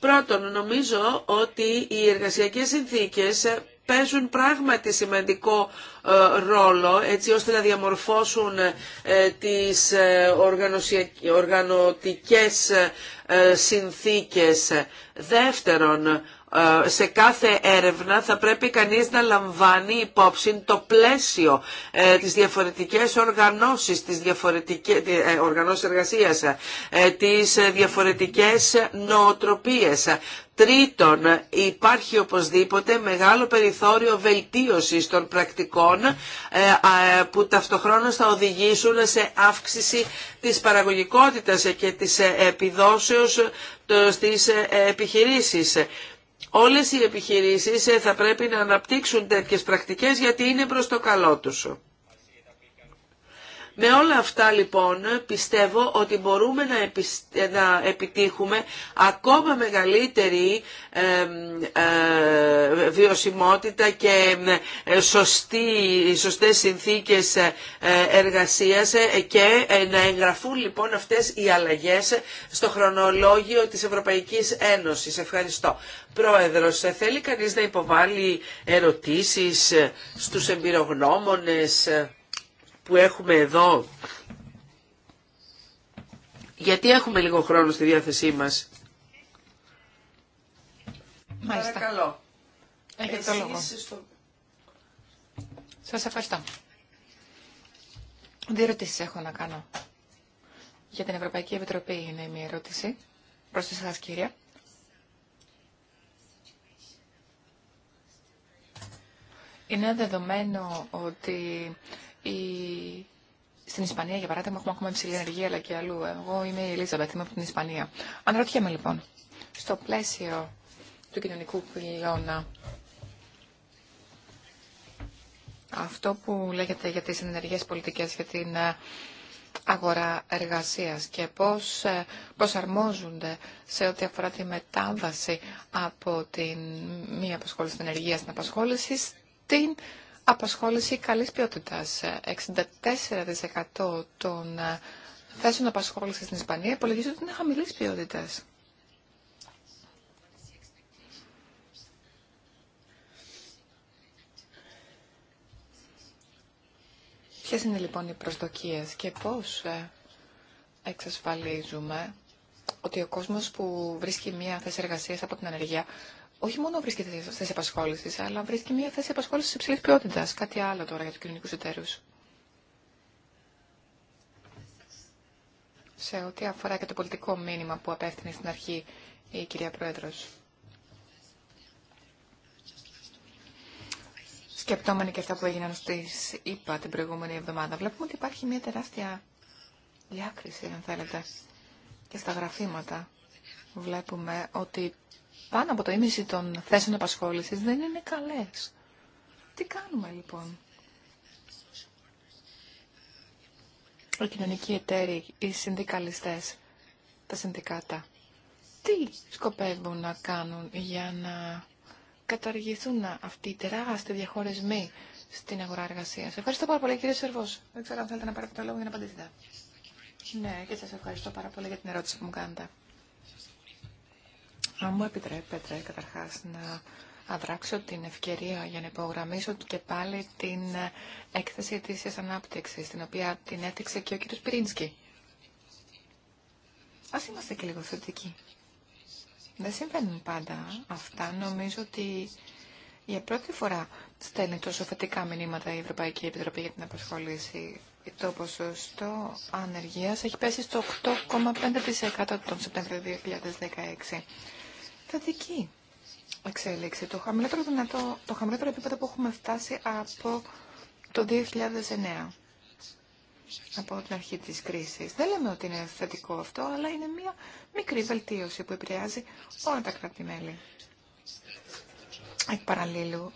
Πρώτον, νομίζω ότι οι εργασιακές συνθήκες παίζουν πράγματι σημαντικό ε, ρόλο έτσι ώστε να διαμορφώσουν ε, τις ε, οργανωτικές συνθήκες. Δεύτερον, σε κάθε έρευνα θα πρέπει κανείς να λαμβάνει υπόψη το πλαίσιο, της διαφορετικές οργανώσεις, τις διαφορετικές οργανώσεις εργασίας, τις διαφορετικές νοοτροπίες, Τρίτον, υπάρχει οπωσδήποτε μεγάλο περιθώριο βελτίωσης των πρακτικών ε, ε, που ταυτοχρόνως θα οδηγήσουν σε αύξηση της παραγωγικότητας και της ε, επιδόσεως στις επιχειρήσεις. Όλες οι επιχειρήσεις θα πρέπει να αναπτύξουν τέτοιες πρακτικές γιατί είναι προς το καλό τους. Με όλα αυτά λοιπόν πιστεύω ότι μπορούμε να επιτύχουμε ακόμα μεγαλύτερη ε, βιωσιμότητα και ε, σωστή, σωστές συνθήκες ε, εργασίας και να εγγραφούν λοιπόν αυτές οι αλλαγές στο χρονολόγιο της Ευρωπαϊκής Ένωσης. Ευχαριστώ. Πρόεδρος, θέλει κανείς να υποβάλει ερωτήσεις στους εμπειρογνώμονες που έχουμε εδώ, γιατί έχουμε λίγο χρόνο στη διάθεσή μας. Μάλιστα. Παρακαλώ. Έχετε το λόγο. Στο... Σας ευχαριστώ. Δύο ερωτήσει έχω να κάνω. Για την Ευρωπαϊκή Επιτροπή είναι μια ερώτηση. Προς εσάς κύρια. Είναι δεδομένο ότι στην Ισπανία, για παράδειγμα, έχουμε ακόμα υψηλή ενεργία, αλλά και αλλού. Εγώ είμαι η Ελίζα είμαι από την Ισπανία. Αναρωτιέμαι λοιπόν, στο πλαίσιο του κοινωνικού πυλώνα, αυτό που λέγεται για τις ενεργές πολιτικές, για την ε, αγορά εργασίας και πώς ε, προσαρμόζονται σε ό,τι αφορά τη μετάβαση από την μη απασχόληση στην ενεργεία στην απασχόληση στην απασχόληση καλής ποιότητας. 64% ε, των ε, θέσεων απασχόλησης στην Ισπανία υπολογίζονται ότι είναι χαμηλής ποιότητας. Ποιες είναι λοιπόν οι προσδοκίες και πώς ε, εξασφαλίζουμε ότι ο κόσμος που βρίσκει μία θέση εργασίας από την ανεργία όχι μόνο βρίσκεται θέση απασχόληση, αλλά βρίσκει μια θέση απασχόληση υψηλή ποιότητα. Κάτι άλλο τώρα για του κοινωνικού εταίρου. Σε ό,τι αφορά και το πολιτικό μήνυμα που απέφτεινε στην αρχή η κυρία Πρόεδρο. Σκεπτόμενοι και αυτά που έγιναν στις ΕΠΑ την προηγούμενη εβδομάδα, βλέπουμε ότι υπάρχει μια τεράστια διάκριση, αν θέλετε, και στα γραφήματα. Βλέπουμε ότι πάνω από το ίμιση των θέσεων απασχόληση, δεν είναι καλέ. Τι κάνουμε λοιπόν. Οι κοινωνικοί εταίροι, οι συνδικαλιστές, τα συνδικάτα, τι σκοπεύουν να κάνουν για να καταργηθούν αυτοί οι τεράστιοι διαχωρισμοί στην αγορά εργασία. Ευχαριστώ πάρα πολύ, κύριε Σερβό. Δεν ξέρω αν θέλετε να πάρετε το λόγο για να απαντήσετε. Ναι, και σα ευχαριστώ πάρα πολύ για την ερώτηση που μου κάνετε. Αν μου επιτρέπετε καταρχάς να αδράξω την ευκαιρία για να υπογραμμίσω και πάλι την έκθεση της ανάπτυξης, την οποία την έθιξε και ο κ. Πυρίνσκι. Ας είμαστε και λίγο θετικοί. Δεν συμβαίνουν πάντα αυτά. Νομίζω ότι για πρώτη φορά στέλνει τόσο θετικά μηνύματα η Ευρωπαϊκή Επιτροπή για την απασχόληση. Το ποσοστό ανεργίας έχει πέσει στο 8,5% τον Σεπτέμβριο 2016 θετική εξέλιξη. Το χαμηλότερο, δυνατό, το χαμηλότερο επίπεδο που έχουμε φτάσει από το 2009, από την αρχή της κρίσης. Δεν λέμε ότι είναι θετικό αυτό, αλλά είναι μια μικρή βελτίωση που επηρεάζει όλα τα κράτη-μέλη. Εκ παραλλήλου,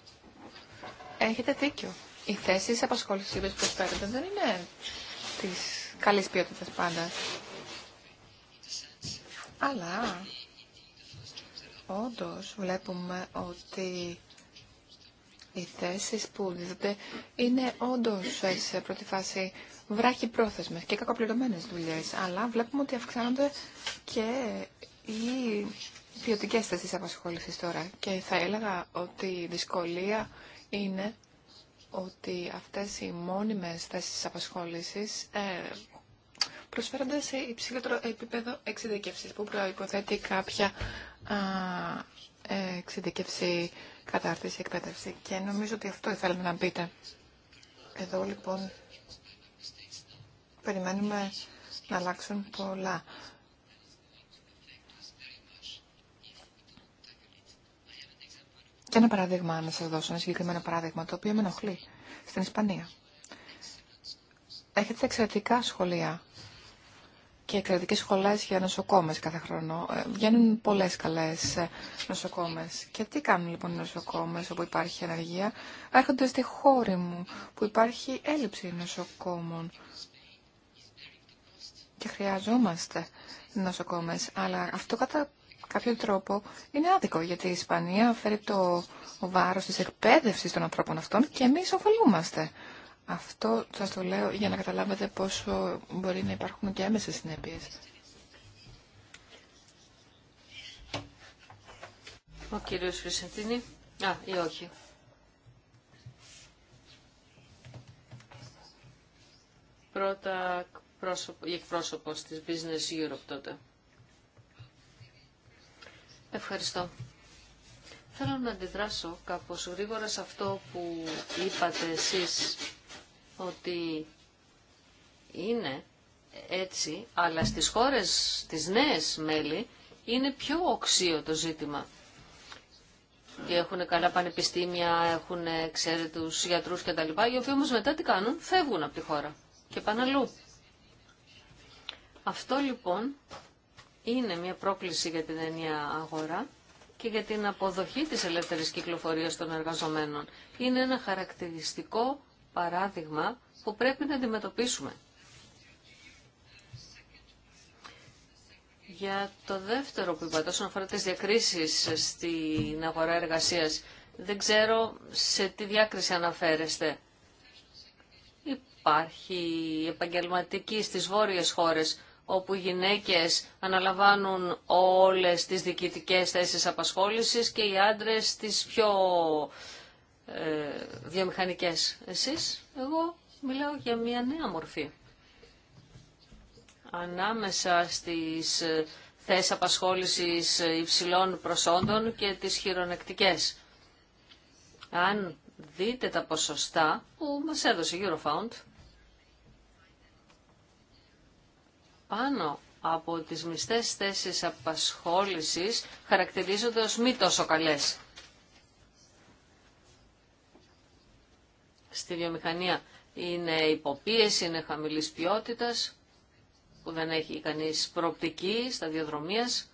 έχετε δίκιο. Οι θέσεις απασχόλησης που προσφέρονται δεν είναι της καλής ποιότητας πάντα. Αλλά Όντως βλέπουμε ότι οι θέσεις που δίδονται είναι όντως σε πρώτη φάση βράχοι πρόθεσμες και κακοπληρωμένες δουλειές, αλλά βλέπουμε ότι αυξάνονται και οι ποιοτικέ θέσει απασχόληση τώρα. Και θα έλεγα ότι η δυσκολία είναι ότι αυτές οι μόνιμες θέσεις απασχόλησης ε, προσφέρονται σε υψηλότερο επίπεδο εξειδικεύσης που προϋποθέτει κάποια α, εξειδικεύση, κατάρτιση, εκπαίδευση. Και νομίζω ότι αυτό ήθελα να πείτε. Εδώ λοιπόν περιμένουμε να αλλάξουν πολλά. Και ένα παράδειγμα να σας δώσω, ένα συγκεκριμένο παράδειγμα, το οποίο με ενοχλεί στην Ισπανία. Έχετε εξαιρετικά σχολεία και κρατικές σχολές για νοσοκόμες κάθε χρόνο. Ε, βγαίνουν πολλές καλές ε, νοσοκόμες. Και τι κάνουν λοιπόν οι νοσοκόμες όπου υπάρχει ανεργία. Έρχονται στη χώρα μου που υπάρχει έλλειψη νοσοκόμων. Και χρειαζόμαστε νοσοκόμες. Αλλά αυτό κατά κάποιο τρόπο είναι άδικο γιατί η Ισπανία φέρει το βάρος της εκπαίδευσης των ανθρώπων αυτών και εμείς ωφελούμαστε. Αυτό σας το λέω για να καταλάβετε πόσο μπορεί να υπάρχουν και έμεσες συνέπειες. Ο κύριος Χρυσαντίνη. Α, ή όχι. Πρώτα πρόσωπο, η εκπρόσωπος της Business Europe τότε. Ευχαριστώ. Θέλω να αντιδράσω κάπως γρήγορα σε αυτό που είπατε εσείς ότι είναι έτσι, αλλά στις χώρες, τις νέες μέλη, είναι πιο οξύο το ζήτημα. Έχουν καλά πανεπιστήμια, έχουν εξαίρετους γιατρούς κτλ. Οι οποίοι όμως μετά τι κάνουν, φεύγουν από τη χώρα και πάνε αλλού. Αυτό λοιπόν είναι μια πρόκληση για την ενιαία αγορά και για την αποδοχή της ελεύθερης κυκλοφορίας των εργαζομένων. Είναι ένα χαρακτηριστικό παράδειγμα που πρέπει να αντιμετωπίσουμε. Για το δεύτερο που είπατε, όσον αφορά τις διακρίσεις στην αγορά εργασίας, δεν ξέρω σε τι διάκριση αναφέρεστε. Υπάρχει επαγγελματική στις βόρειες χώρες, όπου οι γυναίκες αναλαμβάνουν όλες τις διοικητικές θέσεις απασχόλησης και οι άντρες τις πιο ε, βιομηχανικές. Εσείς, εγώ μιλάω για μια νέα μορφή. Ανάμεσα στις ε, θέσεις απασχόλησης ε, υψηλών προσόντων και τις χειρονεκτικές. Αν δείτε τα ποσοστά που μας έδωσε η Eurofound, πάνω από τις μισθές θέσεις απασχόλησης χαρακτηρίζονται ως μη τόσο καλές. στη βιομηχανία είναι υποπίεση, είναι χαμηλής ποιότητας, που δεν έχει κανείς προοπτική σταδιοδρομίας.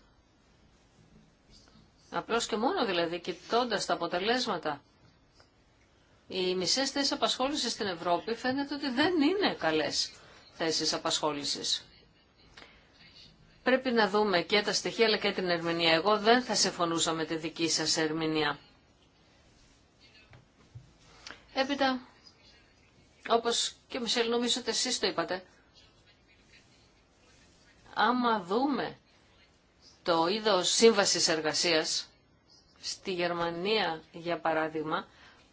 Απλώς και μόνο δηλαδή, κοιτώντα τα αποτελέσματα. Οι μισές θέσει απασχόλησης στην Ευρώπη φαίνεται ότι δεν είναι καλές θέσεις απασχόλησης. Πρέπει να δούμε και τα στοιχεία αλλά και την ερμηνεία. Εγώ δεν θα συμφωνούσα με τη δική σας ερμηνεία. Έπειτα, όπως και Μισελ νομίζω ότι εσείς το είπατε. Άμα δούμε το είδο σύμβαση εργασίας, στη Γερμανία για παράδειγμα,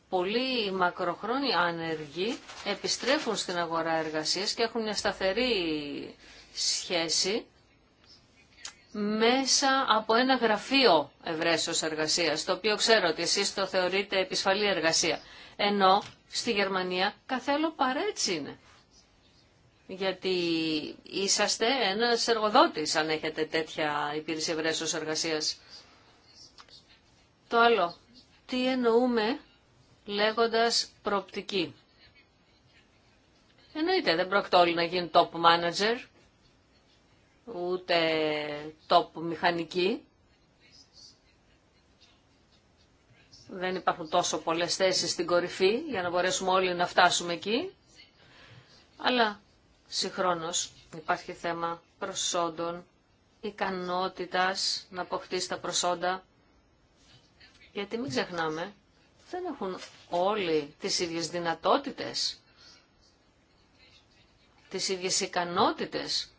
πολλοί μακροχρόνιοι άνεργοι επιστρέφουν στην αγορά εργασίας και έχουν μια σταθερή σχέση μέσα από ένα γραφείο ευρέσεως εργασίας, το οποίο ξέρω ότι εσείς το θεωρείτε επισφαλή εργασία. Ενώ στη Γερμανία καθέλω παρέτσι είναι. Γιατί είσαστε ένας εργοδότης αν έχετε τέτοια υπηρεσία βρέσεως εργασίας. Το άλλο, τι εννοούμε λέγοντας προοπτική. Εννοείται, δεν πρόκειται όλοι να γίνουν top manager, ούτε top μηχανική, δεν υπάρχουν τόσο πολλές θέσεις στην κορυφή για να μπορέσουμε όλοι να φτάσουμε εκεί. Αλλά συγχρόνως υπάρχει θέμα προσόντων, ικανότητας να αποκτήσει τα προσόντα. Γιατί μην ξεχνάμε, δεν έχουν όλοι τις ίδιες δυνατότητες, τις ίδιες ικανότητες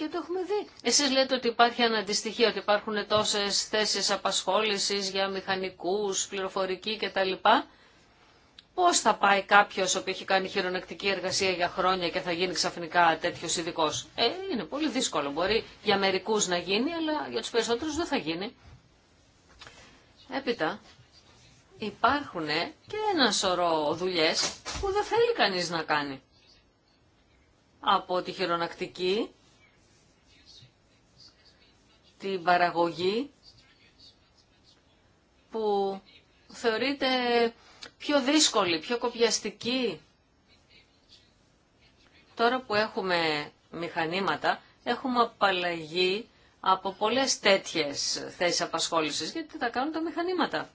και το έχουμε δει. Εσεί λέτε ότι υπάρχει αναντιστοιχία, ότι υπάρχουν τόσε θέσει απασχόληση για μηχανικού, πληροφορική κτλ. Πώ θα πάει κάποιος που έχει κάνει χειρονακτική εργασία για χρόνια και θα γίνει ξαφνικά τέτοιο ειδικό. Ε, είναι πολύ δύσκολο. Μπορεί για μερικού να γίνει, αλλά για του περισσότερου δεν θα γίνει. Έπειτα, υπάρχουν και ένα σωρό δουλειέ που δεν θέλει κανεί να κάνει. Από τη χειρονακτική την παραγωγή που θεωρείται πιο δύσκολη, πιο κοπιαστική. Τώρα που έχουμε μηχανήματα, έχουμε απαλλαγή από πολλές τέτοιες θέσεις απασχόλησης, γιατί τα κάνουν τα μηχανήματα.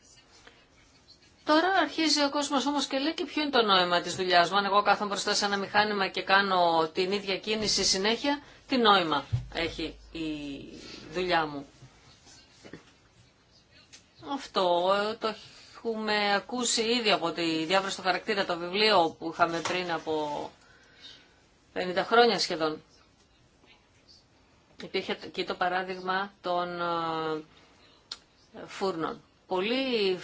Τώρα αρχίζει ο κόσμος όμως και λέει και ποιο είναι το νόημα της δουλειάς μου. Αν εγώ κάθομαι μπροστά σε ένα μηχάνημα και κάνω την ίδια κίνηση συνέχεια, τι νόημα έχει η δουλειά Αυτό ε, το έχουμε ακούσει ήδη από τη διάβρωση του χαρακτήρα το βιβλίο που είχαμε πριν από 50 χρόνια σχεδόν. Υπήρχε και το παράδειγμα των ε, φούρνων. Πολλοί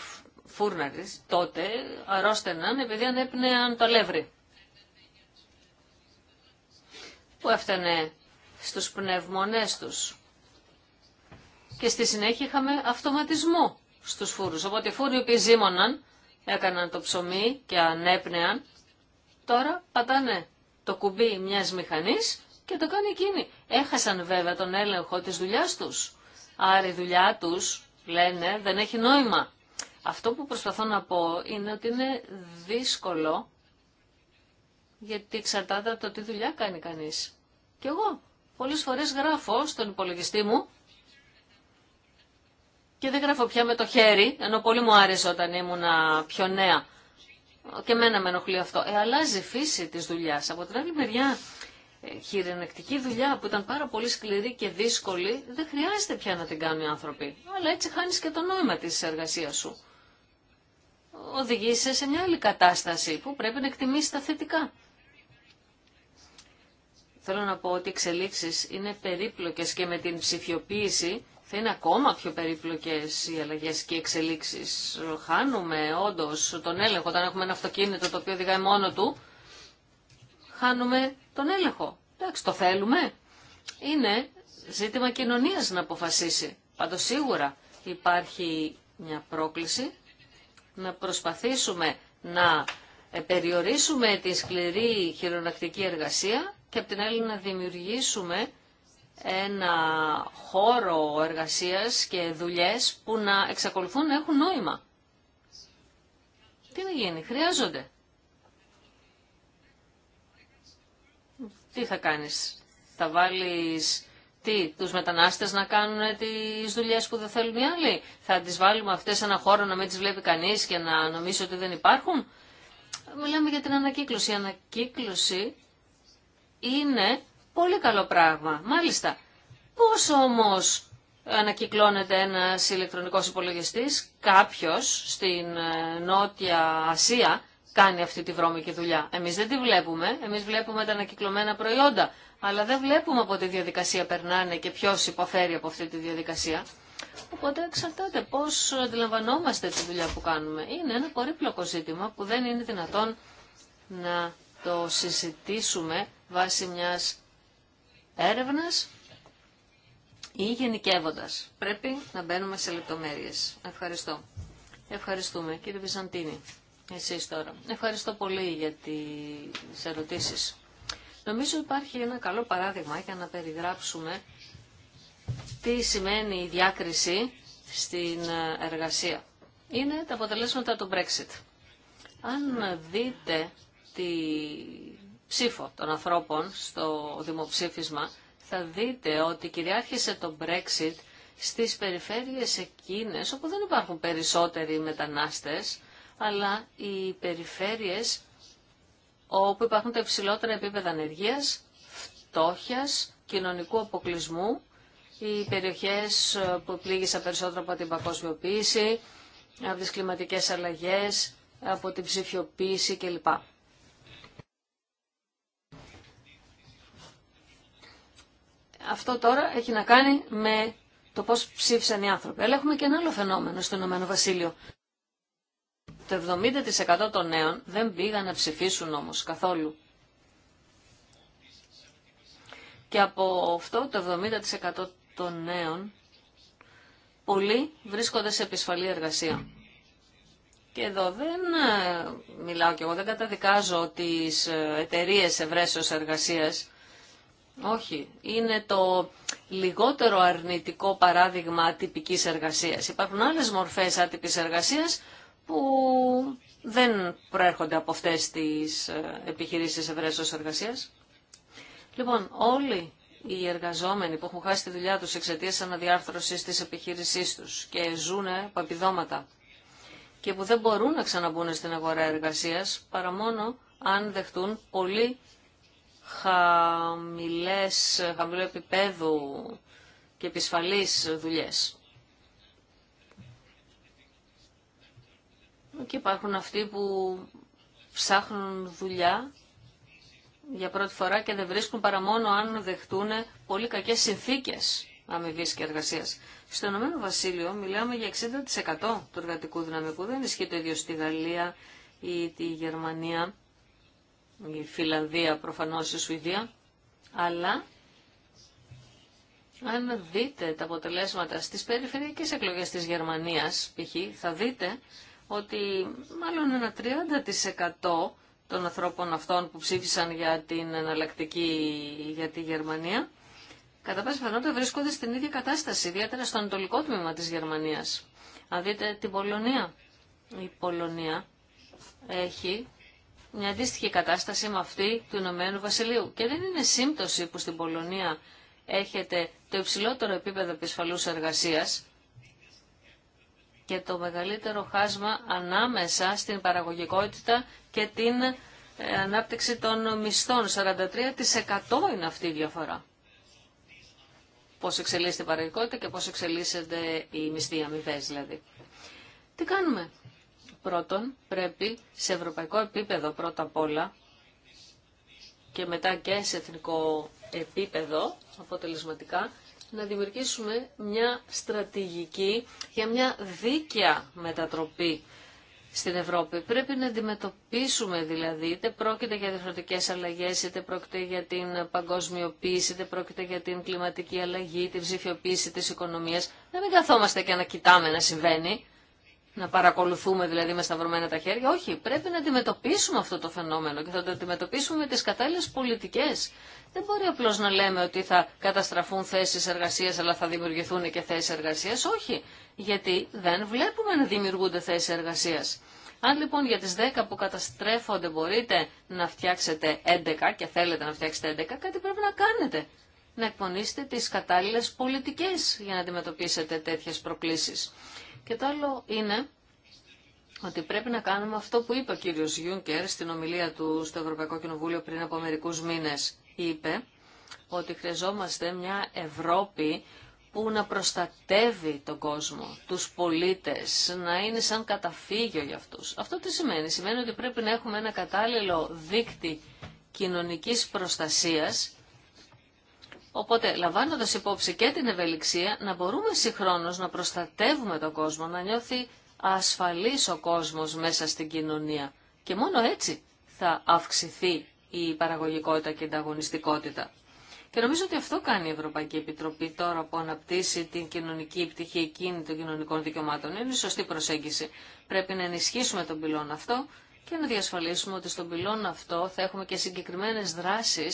φούρναρες τότε αρρώστεναν επειδή ανέπνεαν το αλεύρι. Που έφτανε στους πνευμονές τους και στη συνέχεια είχαμε αυτοματισμό στους φούρους. Οπότε οι φούροι που ζήμωναν, έκαναν το ψωμί και ανέπνεαν, τώρα πατάνε το κουμπί μιας μηχανής και το κάνει εκείνη. Έχασαν βέβαια τον έλεγχο της δουλειάς τους. Άρα η δουλειά τους, λένε, δεν έχει νόημα. Αυτό που προσπαθώ να πω είναι ότι είναι δύσκολο γιατί εξαρτάται από το τι δουλειά κάνει κανείς. Και εγώ πολλές φορές γράφω στον υπολογιστή μου και δεν γράφω πια με το χέρι, ενώ πολύ μου άρεσε όταν ήμουν πιο νέα. Και μένα με ενοχλεί αυτό. Ε, αλλάζει η φύση της δουλειάς. Από την άλλη μεριά, ε, χειρενεκτική δουλειά που ήταν πάρα πολύ σκληρή και δύσκολη, δεν χρειάζεται πια να την κάνουν οι άνθρωποι. Αλλά έτσι χάνεις και το νόημα της εργασίας σου. Οδηγείσαι σε μια άλλη κατάσταση που πρέπει να εκτιμήσεις τα θετικά. Θέλω να πω ότι οι εξελίξεις είναι περίπλοκες και με την ψηφιοποίηση θα είναι ακόμα πιο περίπλοκες οι αλλαγές και οι εξελίξεις. Χάνουμε όντως τον έλεγχο. Όταν έχουμε ένα αυτοκίνητο το οποίο οδηγάει μόνο του, χάνουμε τον έλεγχο. Εντάξει, το θέλουμε. Είναι ζήτημα κοινωνίας να αποφασίσει. Πάντως σίγουρα υπάρχει μια πρόκληση να προσπαθήσουμε να περιορίσουμε τη σκληρή χειρονακτική εργασία και απ' την άλλη να δημιουργήσουμε ένα χώρο εργασίας και δουλειές που να εξακολουθούν να έχουν νόημα. Τι να γίνει, χρειάζονται. Τι θα κάνεις, θα βάλεις τι, τους μετανάστες να κάνουν τις δουλειές που δεν θέλουν οι άλλοι. Θα τις βάλουμε αυτές σε ένα χώρο να μην τις βλέπει κανείς και να νομίζει ότι δεν υπάρχουν. Μιλάμε για την ανακύκλωση. Η ανακύκλωση είναι Πολύ καλό πράγμα. Μάλιστα. Πώς όμως ανακυκλώνεται ένας ηλεκτρονικός υπολογιστής, κάποιος στην ε, Νότια Ασία κάνει αυτή τη βρώμικη δουλειά. Εμείς δεν τη βλέπουμε, εμείς βλέπουμε τα ανακυκλωμένα προϊόντα, αλλά δεν βλέπουμε από τη διαδικασία περνάνε και ποιος υποφέρει από αυτή τη διαδικασία. Οπότε εξαρτάται πω αντιλαμβανόμαστε τη δουλειά που κάνουμε. Είναι ένα πολύπλοκο ζήτημα που δεν είναι δυνατόν να το συζητήσουμε βάσει μιας έρευνας ή γενικεύοντας. Πρέπει να μπαίνουμε σε λεπτομέρειες. Ευχαριστώ. Ευχαριστούμε. Κύριε Βυζαντίνη, εσείς τώρα. Ευχαριστώ πολύ για τις ερωτήσεις. Νομίζω υπάρχει ένα καλό παράδειγμα για να περιγράψουμε τι σημαίνει η διάκριση στην εργασία. Είναι τα αποτελέσματα του Brexit. Αν δείτε τη ψήφο των ανθρώπων στο δημοψήφισμα, θα δείτε ότι κυριάρχησε το Brexit στις περιφέρειες εκείνες όπου δεν υπάρχουν περισσότεροι μετανάστες, αλλά οι περιφέρειες όπου υπάρχουν τα υψηλότερα επίπεδα ανεργίας, φτώχειας, κοινωνικού αποκλεισμού, οι περιοχές που πλήγησαν περισσότερο από την παγκοσμιοποίηση, από τις κλιματικές αλλαγές, από την ψηφιοποίηση κλπ. Αυτό τώρα έχει να κάνει με το πώς ψήφισαν οι άνθρωποι. Αλλά έχουμε και ένα άλλο φαινόμενο στο Ηνωμένο Βασίλειο. Το 70% των νέων δεν πήγαν να ψηφίσουν όμως καθόλου. Και από αυτό το 70% των νέων πολλοί βρίσκονται σε επισφαλή εργασία. Και εδώ δεν ε, μιλάω κι εγώ, δεν καταδικάζω τις ε, εταιρείε ευρέσεως εργασίας. Όχι, είναι το λιγότερο αρνητικό παράδειγμα ατυπικής εργασίας. Υπάρχουν άλλες μορφές άτυπης εργασίας που δεν προέρχονται από αυτές τις ε, επιχειρήσεις ευρέσεως εργασίας. Λοιπόν, όλοι οι εργαζόμενοι που έχουν χάσει τη δουλειά τους εξαιτίας αναδιάρθρωσης της επιχείρησής τους και ζουν επιδόματα και που δεν μπορούν να ξαναμπούν στην αγορά εργασίας παρά μόνο αν δεχτούν πολύ χαμηλές, χαμηλού επίπεδου και επισφαλείς δουλειές. Και υπάρχουν αυτοί που ψάχνουν δουλειά για πρώτη φορά και δεν βρίσκουν παρά μόνο αν δεχτούν πολύ κακές συνθήκες αμοιβή και εργασία. Στο Ηνωμένο Βασίλειο μιλάμε για 60% του εργατικού δυναμικού. Δεν ισχύει το ίδιο στη Γαλλία ή τη Γερμανία η Φιλανδία προφανώς η Σουηδία, αλλά αν δείτε τα αποτελέσματα στις περιφερειακές εκλογές της Γερμανίας, π.χ., θα δείτε ότι μάλλον ένα 30% των ανθρώπων αυτών που ψήφισαν για την εναλλακτική για τη Γερμανία, κατά πάση πιθανότητα βρίσκονται στην ίδια κατάσταση, ιδιαίτερα στο ανατολικό τμήμα της Γερμανίας. Αν δείτε την Πολωνία, η Πολωνία έχει μια αντίστοιχη κατάσταση με αυτή του Ηνωμένου Βασιλείου. Και δεν είναι σύμπτωση που στην Πολωνία έχετε το υψηλότερο επίπεδο επισφαλούς εργασίας και το μεγαλύτερο χάσμα ανάμεσα στην παραγωγικότητα και την ε, ανάπτυξη των μισθών. 43% είναι αυτή η διαφορά. Πώς εξελίσσεται η παραγωγικότητα και πώς εξελίσσεται η μισθή αμοιβές δηλαδή. Τι κάνουμε. Πρώτον, πρέπει σε ευρωπαϊκό επίπεδο πρώτα απ' όλα και μετά και σε εθνικό επίπεδο αποτελεσματικά να δημιουργήσουμε μια στρατηγική για μια δίκαια μετατροπή στην Ευρώπη. Πρέπει να αντιμετωπίσουμε δηλαδή, είτε πρόκειται για διαφορετικές αλλαγές, είτε πρόκειται για την παγκοσμιοποίηση, είτε πρόκειται για την κλιματική αλλαγή, την ψηφιοποίηση της οικονομίας. Να μην καθόμαστε και να κοιτάμε να συμβαίνει να παρακολουθούμε δηλαδή με σταυρωμένα τα χέρια. Όχι, πρέπει να αντιμετωπίσουμε αυτό το φαινόμενο και θα το αντιμετωπίσουμε με τις κατάλληλες πολιτικές. Δεν μπορεί απλώς να λέμε ότι θα καταστραφούν θέσεις εργασίας αλλά θα δημιουργηθούν και θέσεις εργασίας. Όχι, γιατί δεν βλέπουμε να δημιουργούνται θέσεις εργασίας. Αν λοιπόν για τις 10 που καταστρέφονται μπορείτε να φτιάξετε 11 και θέλετε να φτιάξετε 11, κάτι πρέπει να κάνετε. Να εκπονήσετε τις κατάλληλε πολιτικές για να αντιμετωπίσετε τέτοιες προκλήσεις. Και το άλλο είναι ότι πρέπει να κάνουμε αυτό που είπε ο κύριος Γιούνκερ στην ομιλία του στο Ευρωπαϊκό Κοινοβούλιο πριν από μερικούς μήνες. Είπε ότι χρειαζόμαστε μια Ευρώπη που να προστατεύει τον κόσμο, τους πολίτες, να είναι σαν καταφύγιο για αυτούς. Αυτό τι σημαίνει. Σημαίνει ότι πρέπει να έχουμε ένα κατάλληλο δίκτυ κοινωνικής προστασίας Οπότε, λαμβάνοντα υπόψη και την ευελιξία, να μπορούμε συγχρόνω να προστατεύουμε τον κόσμο, να νιώθει ασφαλή ο κόσμο μέσα στην κοινωνία. Και μόνο έτσι θα αυξηθεί η παραγωγικότητα και η ανταγωνιστικότητα. Και νομίζω ότι αυτό κάνει η Ευρωπαϊκή Επιτροπή τώρα που αναπτύσσει την κοινωνική πτυχή εκείνη των κοινωνικών δικαιωμάτων. Είναι η σωστή προσέγγιση. Πρέπει να ενισχύσουμε τον πυλόν αυτό και να διασφαλίσουμε ότι στον πυλόν αυτό θα έχουμε και συγκεκριμένε δράσει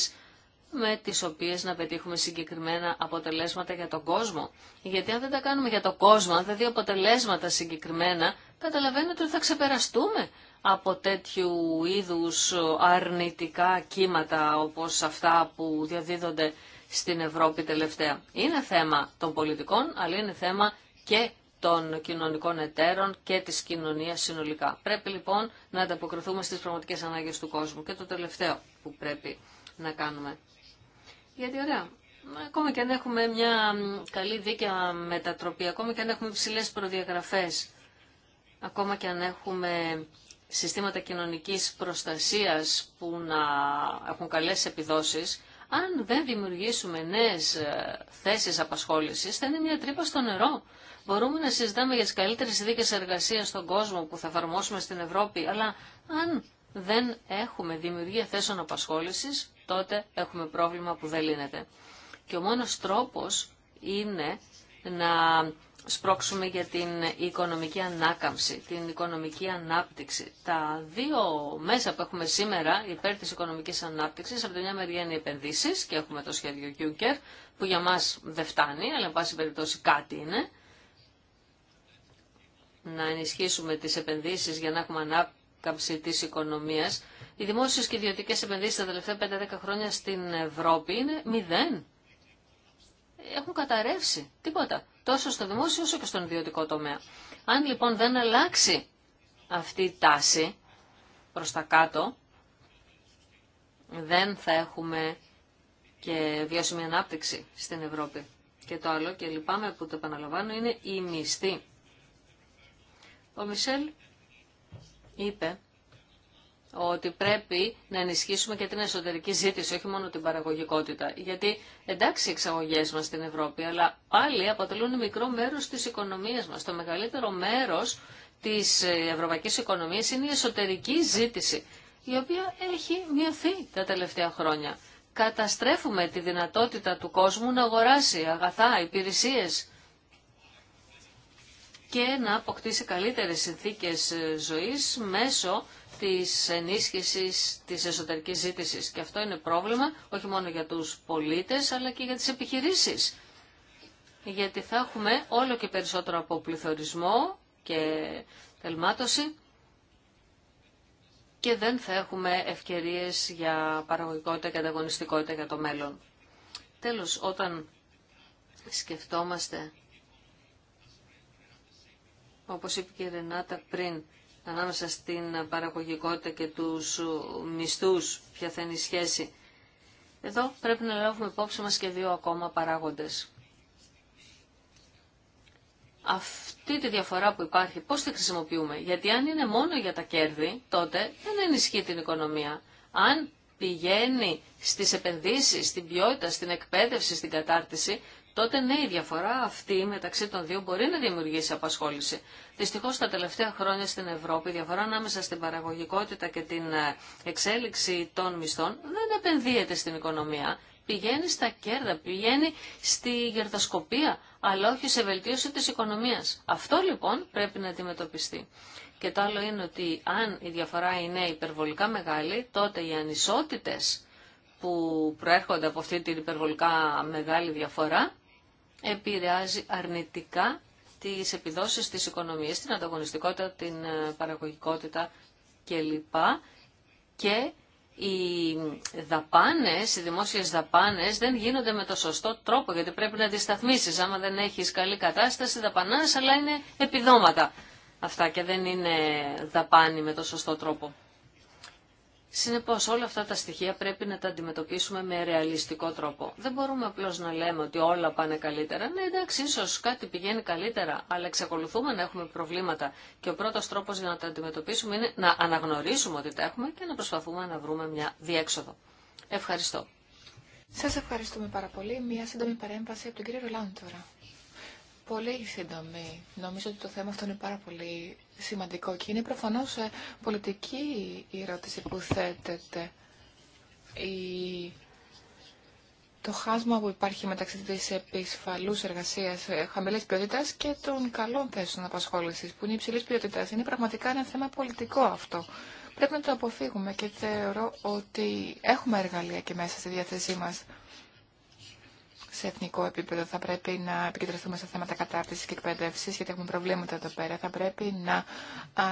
με τις οποίες να πετύχουμε συγκεκριμένα αποτελέσματα για τον κόσμο. Γιατί αν δεν τα κάνουμε για τον κόσμο, αν δεν δει αποτελέσματα συγκεκριμένα, καταλαβαίνετε ότι θα ξεπεραστούμε από τέτοιου είδους αρνητικά κύματα όπως αυτά που διαδίδονται στην Ευρώπη τελευταία. Είναι θέμα των πολιτικών, αλλά είναι θέμα και των κοινωνικών εταίρων και της κοινωνίας συνολικά. Πρέπει λοιπόν να ανταποκριθούμε στις πραγματικές ανάγκες του κόσμου. Και το τελευταίο που πρέπει να κάνουμε γιατί ωραία, ακόμα και αν έχουμε μια καλή δίκαια μετατροπή, ακόμα και αν έχουμε υψηλέ προδιαγραφές, ακόμα και αν έχουμε συστήματα κοινωνικής προστασίας που να έχουν καλές επιδόσεις, αν δεν δημιουργήσουμε νέες ε, θέσεις απασχόλησης, θα είναι μια τρύπα στο νερό. Μπορούμε να συζητάμε για τι καλύτερε συνθήκε εργασία στον κόσμο που θα εφαρμόσουμε στην Ευρώπη, αλλά αν δεν έχουμε δημιουργία θέσεων απασχόλησης, τότε έχουμε πρόβλημα που δεν λύνεται. Και ο μόνος τρόπος είναι να σπρώξουμε για την οικονομική ανάκαμψη, την οικονομική ανάπτυξη. Τα δύο μέσα που έχουμε σήμερα υπέρ της οικονομικής ανάπτυξης, από τη μια μεριά είναι οι επενδύσεις και έχουμε το σχέδιο Juncker, που για μας δεν φτάνει, αλλά εν πάση περιπτώσει κάτι είναι. Να ενισχύσουμε τις επενδύσεις για να έχουμε ανάκαμψη της οικονομίας οι δημόσιε και ιδιωτικέ επενδύσει τα τελευταία 5-10 χρόνια στην Ευρώπη είναι μηδέν. Έχουν καταρρεύσει. Τίποτα. Τόσο στο δημόσιο όσο και στον ιδιωτικό τομέα. Αν λοιπόν δεν αλλάξει αυτή η τάση προς τα κάτω, δεν θα έχουμε και βιώσιμη ανάπτυξη στην Ευρώπη. Και το άλλο, και λυπάμαι που το επαναλαμβάνω, είναι η μισθή. Ο Μισελ είπε ότι πρέπει να ενισχύσουμε και την εσωτερική ζήτηση, όχι μόνο την παραγωγικότητα. Γιατί εντάξει οι εξαγωγέ μα στην Ευρώπη, αλλά πάλι αποτελούν μικρό μέρο τη οικονομία μα. Το μεγαλύτερο μέρο τη ε, ευρωπαϊκή οικονομία είναι η εσωτερική ζήτηση, η οποία έχει μειωθεί τα τελευταία χρόνια. Καταστρέφουμε τη δυνατότητα του κόσμου να αγοράσει αγαθά, υπηρεσίε. και να αποκτήσει καλύτερες συνθήκες ε, ζωής μέσω της ενίσχυσης της εσωτερικής ζήτησης. Και αυτό είναι πρόβλημα όχι μόνο για τους πολίτες αλλά και για τις επιχειρήσεις. Γιατί θα έχουμε όλο και περισσότερο από πληθωρισμό και τελμάτωση και δεν θα έχουμε ευκαιρίες για παραγωγικότητα και ανταγωνιστικότητα για το μέλλον. Τέλος, όταν σκεφτόμαστε, όπως είπε και η Ρενάτα πριν, ανάμεσα στην παραγωγικότητα και τους ε, μισθούς, ποια θα είναι η σχέση. Εδώ πρέπει να λάβουμε υπόψη μας και δύο ακόμα παράγοντες. Αυτή τη διαφορά που υπάρχει, πώς τη χρησιμοποιούμε. Γιατί αν είναι μόνο για τα κέρδη, τότε δεν ενισχύει την οικονομία. Αν πηγαίνει στις επενδύσεις, στην ποιότητα, στην εκπαίδευση, στην κατάρτιση, τότε ναι, η διαφορά αυτή μεταξύ των δύο μπορεί να δημιουργήσει απασχόληση. Δυστυχώ τα τελευταία χρόνια στην Ευρώπη η διαφορά ανάμεσα στην παραγωγικότητα και την ε, εξέλιξη των μισθών δεν επενδύεται στην οικονομία. Πηγαίνει στα κέρδα, πηγαίνει στη γερδοσκοπία, αλλά όχι σε βελτίωση τη οικονομία. Αυτό λοιπόν πρέπει να αντιμετωπιστεί. Και το άλλο είναι ότι αν η διαφορά είναι υπερβολικά μεγάλη, τότε οι ανισότητε που προέρχονται από αυτή την υπερβολικά μεγάλη διαφορά επηρεάζει αρνητικά τις επιδόσεις της οικονομίας, την ανταγωνιστικότητα, την ε, παραγωγικότητα κλπ. Και οι δαπάνες, οι δημόσιες δαπάνες δεν γίνονται με το σωστό τρόπο γιατί πρέπει να τις σταθμίσεις. Άμα δεν έχεις καλή κατάσταση δαπανάς αλλά είναι επιδόματα αυτά και δεν είναι δαπάνη με το σωστό τρόπο. Συνεπώς όλα αυτά τα στοιχεία πρέπει να τα αντιμετωπίσουμε με ρεαλιστικό τρόπο. Δεν μπορούμε απλώς να λέμε ότι όλα πάνε καλύτερα. Ναι εντάξει ίσως κάτι πηγαίνει καλύτερα, αλλά εξακολουθούμε να έχουμε προβλήματα και ο πρώτος τρόπος για να τα αντιμετωπίσουμε είναι να αναγνωρίσουμε ότι τα έχουμε και να προσπαθούμε να βρούμε μια διέξοδο. Ευχαριστώ. Σας ευχαριστούμε πάρα πολύ. Μια σύντομη παρέμβαση από τον κύριο Ρολάν τώρα πολύ σύντομη. Νομίζω ότι το θέμα αυτό είναι πάρα πολύ σημαντικό και είναι προφανώς ε, πολιτική η ερώτηση που θέτεται. Η... Το χάσμα που υπάρχει μεταξύ της επισφαλούς εργασίας ε, χαμηλής ποιότητας και των καλών θέσεων απασχόλησης που είναι υψηλής ποιότητας είναι πραγματικά ένα θέμα πολιτικό αυτό. Πρέπει να το αποφύγουμε και θεωρώ ότι έχουμε εργαλεία και μέσα στη διάθεσή μας σε εθνικό επίπεδο. Θα πρέπει να επικεντρωθούμε σε θέματα κατάρτιση και εκπαίδευση, γιατί έχουμε προβλήματα εδώ πέρα. Θα πρέπει να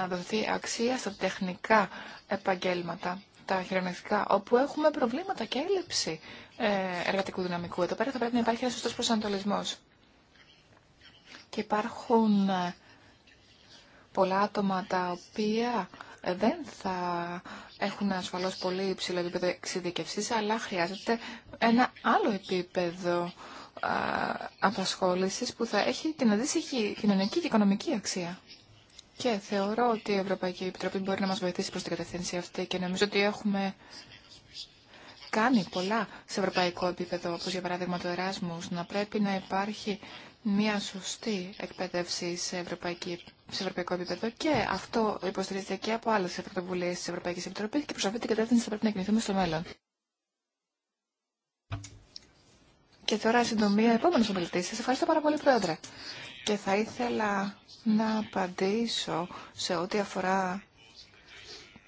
δοθεί αξία στα τεχνικά επαγγέλματα, τα χειρονακτικά, όπου έχουμε προβλήματα και έλλειψη ε, εργατικού δυναμικού. Εδώ πέρα θα πρέπει να υπάρχει ένα σωστό προσανατολισμό. Και υπάρχουν ε, πολλά άτομα τα οποία δεν θα έχουν ασφαλώς πολύ υψηλό επίπεδο εξειδικευσής, αλλά χρειάζεται ένα άλλο επίπεδο απασχόλησης που θα έχει την αντίστοιχη κοινωνική και οικονομική αξία. Και θεωρώ ότι η Ευρωπαϊκή Επιτροπή μπορεί να μας βοηθήσει προς την κατευθύνση αυτή και νομίζω ότι έχουμε κάνει πολλά σε ευρωπαϊκό επίπεδο, όπως για παράδειγμα το Εράσμους, να πρέπει να υπάρχει μια σωστή εκπαίδευση σε, ευρωπαϊκή, σε ευρωπαϊκό επίπεδο και αυτό υποστηρίζεται και από άλλε πρωτοβουλίε τη Ευρωπαϊκή Επιτροπή και προ αυτή την κατεύθυνση θα πρέπει να κινηθούμε στο μέλλον. Και τώρα, συντομία, επόμενο ομιλητή. Σα ευχαριστώ πάρα πολύ, Πρόεδρε. Και θα ήθελα να απαντήσω σε ό,τι αφορά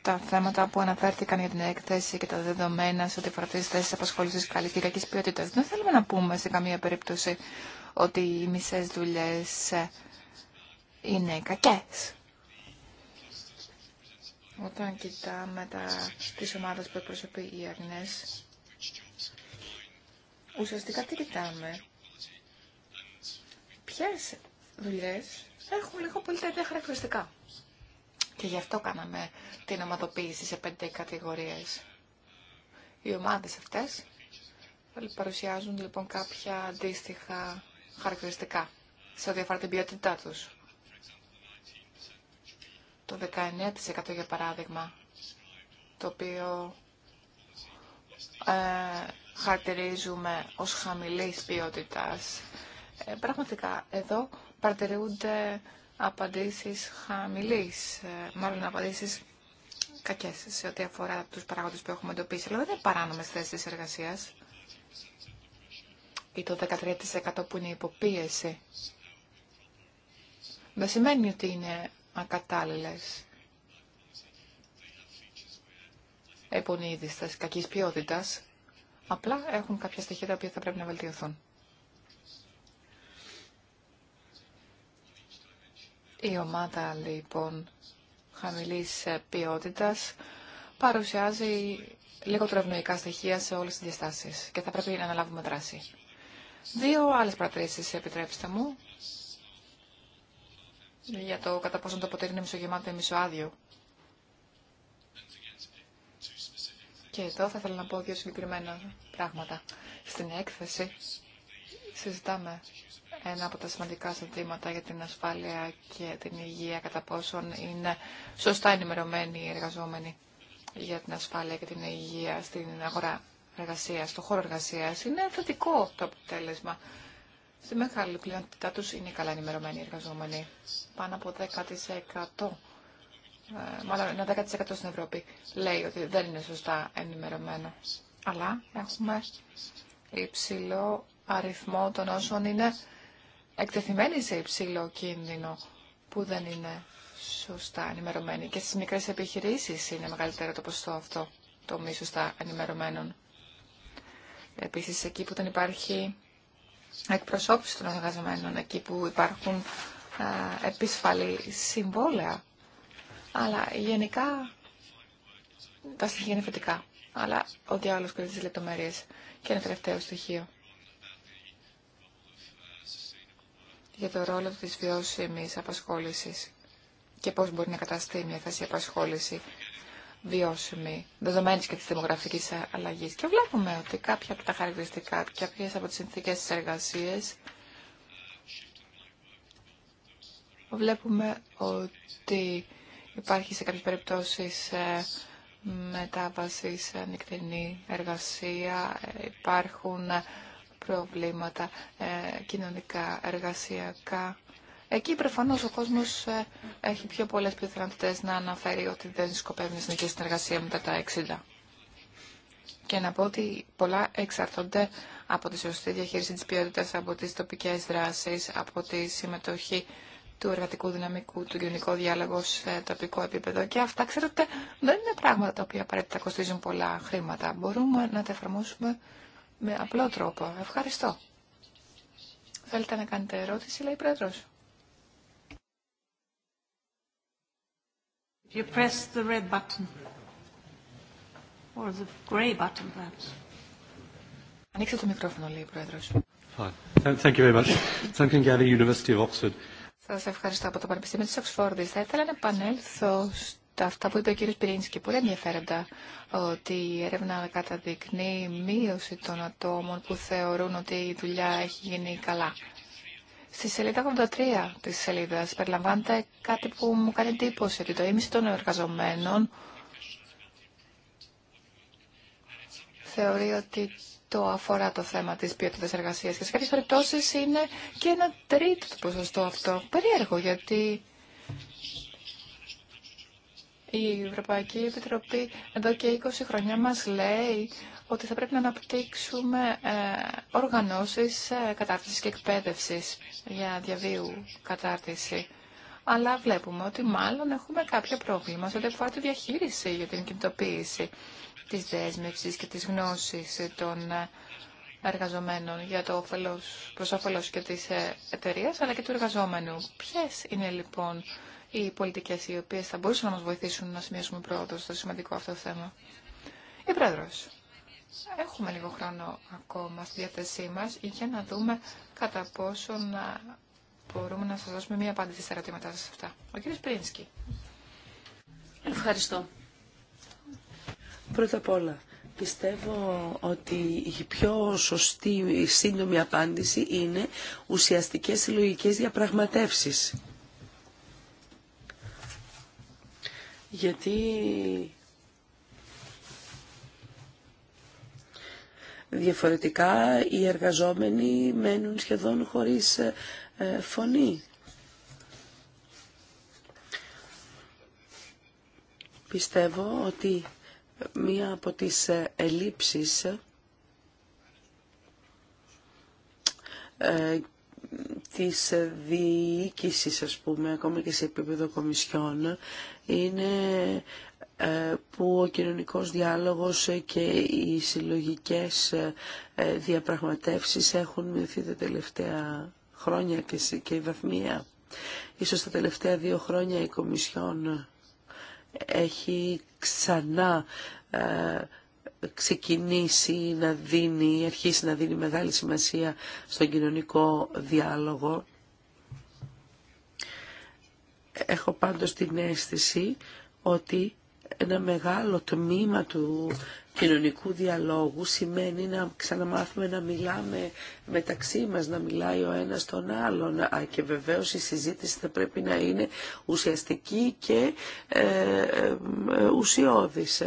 τα θέματα που αναφέρθηκαν για την έκθεση και τα δεδομένα σε ό,τι αφορά τι θέσει απασχόληση καλή και κακή ποιότητα. Δεν θέλουμε να πούμε σε καμία περίπτωση ότι οι μισές δουλειές ε, είναι κακές. Όταν κοιτάμε τα, τις ομάδες που εκπροσωπεί η Αγνές, ουσιαστικά τι κοιτάμε. Ποιες δουλειές έχουν λίγο πολύ τέτοια χαρακτηριστικά. Και γι' αυτό κάναμε την ομαδοποίηση σε πέντε κατηγορίες. Οι ομάδες αυτές παρουσιάζουν λοιπόν κάποια αντίστοιχα χαρακτηριστικά σε ό,τι αφορά την ποιότητά του. Το 19% για παράδειγμα, το οποίο ε, χαρακτηρίζουμε ως χαμηλής ποιότητας. Ε, πραγματικά, εδώ παρατηρούνται απαντήσεις χαμηλής, ε, μάλλον απαντήσεις κακές σε ό,τι αφορά τους παράγοντες που έχουμε εντοπίσει. Αλλά δεν είναι παράνομες θέσεις εργασίας ή το 13% που είναι υποπίεση, δεν σημαίνει ότι είναι ακατάλληλες στις κακής ποιότητας, απλά έχουν κάποια στοιχεία τα οποία θα πρέπει να βελτιωθούν. Η ομάδα λοιπόν χαμηλής ποιότητας παρουσιάζει λίγο τρευνοϊκά στοιχεία σε όλες τις διαστάσεις και θα πρέπει να αναλάβουμε δράση. Δύο άλλες παρατηρήσεις, επιτρέψτε μου, για το κατά πόσο το ποτήρι είναι μισογεμάτο ή μισοάδιο. Και εδώ θα ήθελα να πω δύο συγκεκριμένα πράγματα. Στην έκθεση συζητάμε ένα από τα σημαντικά ζητήματα για την ασφάλεια και την υγεία, κατά πόσον είναι σωστά ενημερωμένοι οι εργαζόμενοι για την ασφάλεια και την υγεία στην αγορά εργασία, στον χώρο εργασία, Είναι θετικό το αποτέλεσμα. Στη μεγάλη πλειονότητά του είναι καλά ενημερωμένοι οι εργαζόμενοι. Πάνω από 10% ε, μάλλον ένα 10% στην Ευρώπη λέει ότι δεν είναι σωστά ενημερωμένο. Αλλά έχουμε υψηλό αριθμό των όσων είναι εκτεθειμένοι σε υψηλό κίνδυνο που δεν είναι σωστά ενημερωμένοι. Και στις μικρές επιχειρήσεις είναι μεγαλύτερο το ποσοστό αυτό το μη σωστά ενημερωμένων. Επίσης, εκεί που δεν υπάρχει εκπροσώπηση των εργαζομένων, εκεί που υπάρχουν επισφαλή συμβόλαια, αλλά γενικά τα στοιχεία είναι Αλλά ο διάολος κρίνει τις λεπτομέρειες και ένα τελευταίο στοιχείο. για το ρόλο της βιώσιμης απασχόλησης και πώς μπορεί να καταστεί μια θέση απασχόληση βιώσιμη, δεδομένη και τη δημογραφική αλλαγή. Και βλέπουμε ότι κάποια από τα χαρακτηριστικά, κάποιε από τι συνθήκε τη εργασία, βλέπουμε ότι υπάρχει σε κάποιε περιπτώσει ε, μετάβαση σε νυχτερινή εργασία, ε, υπάρχουν ε, προβλήματα κοινωνικά, εργασιακά Εκεί προφανώ ο κόσμο ε, έχει πιο πολλέ πιθανότητε να αναφέρει ότι δεν σκοπεύει να συνεχίσει εργασία μετά τα 60. Και να πω ότι πολλά εξαρτώνται από τη σωστή διαχείριση τη ποιότητα, από τι τοπικέ δράσει, από τη συμμετοχή του εργατικού δυναμικού, του κοινωνικού διάλογου σε τοπικό επίπεδο. Και αυτά, ξέρετε, δεν είναι πράγματα τα οποία απαραίτητα κοστίζουν πολλά χρήματα. Μπορούμε να τα εφαρμόσουμε με απλό τρόπο. Ευχαριστώ. Θέλετε να κάνετε ερώτηση, λέει η Πρόεδρος. You press the red button. Or the button, perhaps. Ανοίξτε το μικρόφωνο, λέει η Πρόεδρος. Thank you very much. University of Oxford. Σας ευχαριστώ από το Πανεπιστήμιο της Οξφόρδης. Θα ήθελα να επανέλθω στα αυτά που είπε ο κύριος Πυρίνσκι, πολύ ενδιαφέροντα, ότι η έρευνα καταδεικνύει μείωση των ατόμων που θεωρούν ότι η δουλειά έχει γίνει καλά. Στη σελίδα 83 της σελίδας περιλαμβάνεται κάτι που μου κάνει εντύπωση, ότι το ίμιση των εργαζομένων θεωρεί ότι το αφορά το θέμα της ποιότητας εργασίας και σε κάποιες περιπτώσεις είναι και ένα τρίτο το ποσοστό αυτό. Περίεργο γιατί η Ευρωπαϊκή Επιτροπή εδώ και 20 χρόνια μας λέει ότι θα πρέπει να αναπτύξουμε ε, οργανώσεις ε, κατάρτισης και εκπαίδευσης για διαβίου κατάρτιση. Αλλά βλέπουμε ότι μάλλον έχουμε κάποιο πρόβλημα σε ό,τι αφορά τη διαχείριση για την κινητοποίηση της δέσμευσης και της γνώσης των ε, εργαζομένων για το όφελος, προς όφελος και της εταιρεία, αλλά και του εργαζόμενου. Ποιες είναι λοιπόν οι πολιτικές οι οποίες θα μπορούσαν να μας βοηθήσουν να σημειώσουμε πρόοδο στο σημαντικό αυτό θέμα. Η Πρόεδρος έχουμε λίγο χρόνο ακόμα στη διάθεσή μας για να δούμε κατά πόσο να μπορούμε να σας δώσουμε μία απάντηση στα ερωτήματά σας αυτά. Ο κύριος Πρίνσκι. Ευχαριστώ. Πρώτα απ' όλα, πιστεύω ότι η πιο σωστή η σύντομη απάντηση είναι ουσιαστικές συλλογικές διαπραγματεύσεις. Γιατί Διαφορετικά οι εργαζόμενοι μένουν σχεδόν χωρίς ε, φωνή. Πιστεύω ότι μία από τις ε, ελλείψεις ε, της διοίκησης, ας πούμε, ακόμα και σε επίπεδο κομισιών, είναι ε, που ο κοινωνικός διάλογος και οι συλλογικές ε, ε, διαπραγματεύσεις έχουν μειωθεί τα τελευταία χρόνια και η βαθμία. Ίσως τα τελευταία δύο χρόνια η Κομισιόν έχει ξανά ξεκινήσει να δίνει, αρχίσει να δίνει μεγάλη σημασία στον κοινωνικό διάλογο. Έχω πάντως την αίσθηση ότι ένα μεγάλο τμήμα του κοινωνικού διαλόγου σημαίνει να ξαναμάθουμε να μιλάμε μεταξύ μας, να μιλάει ο ένας τον άλλον και βεβαίως η συζήτηση θα πρέπει να είναι ουσιαστική και ε, ε, ε ουσιώδης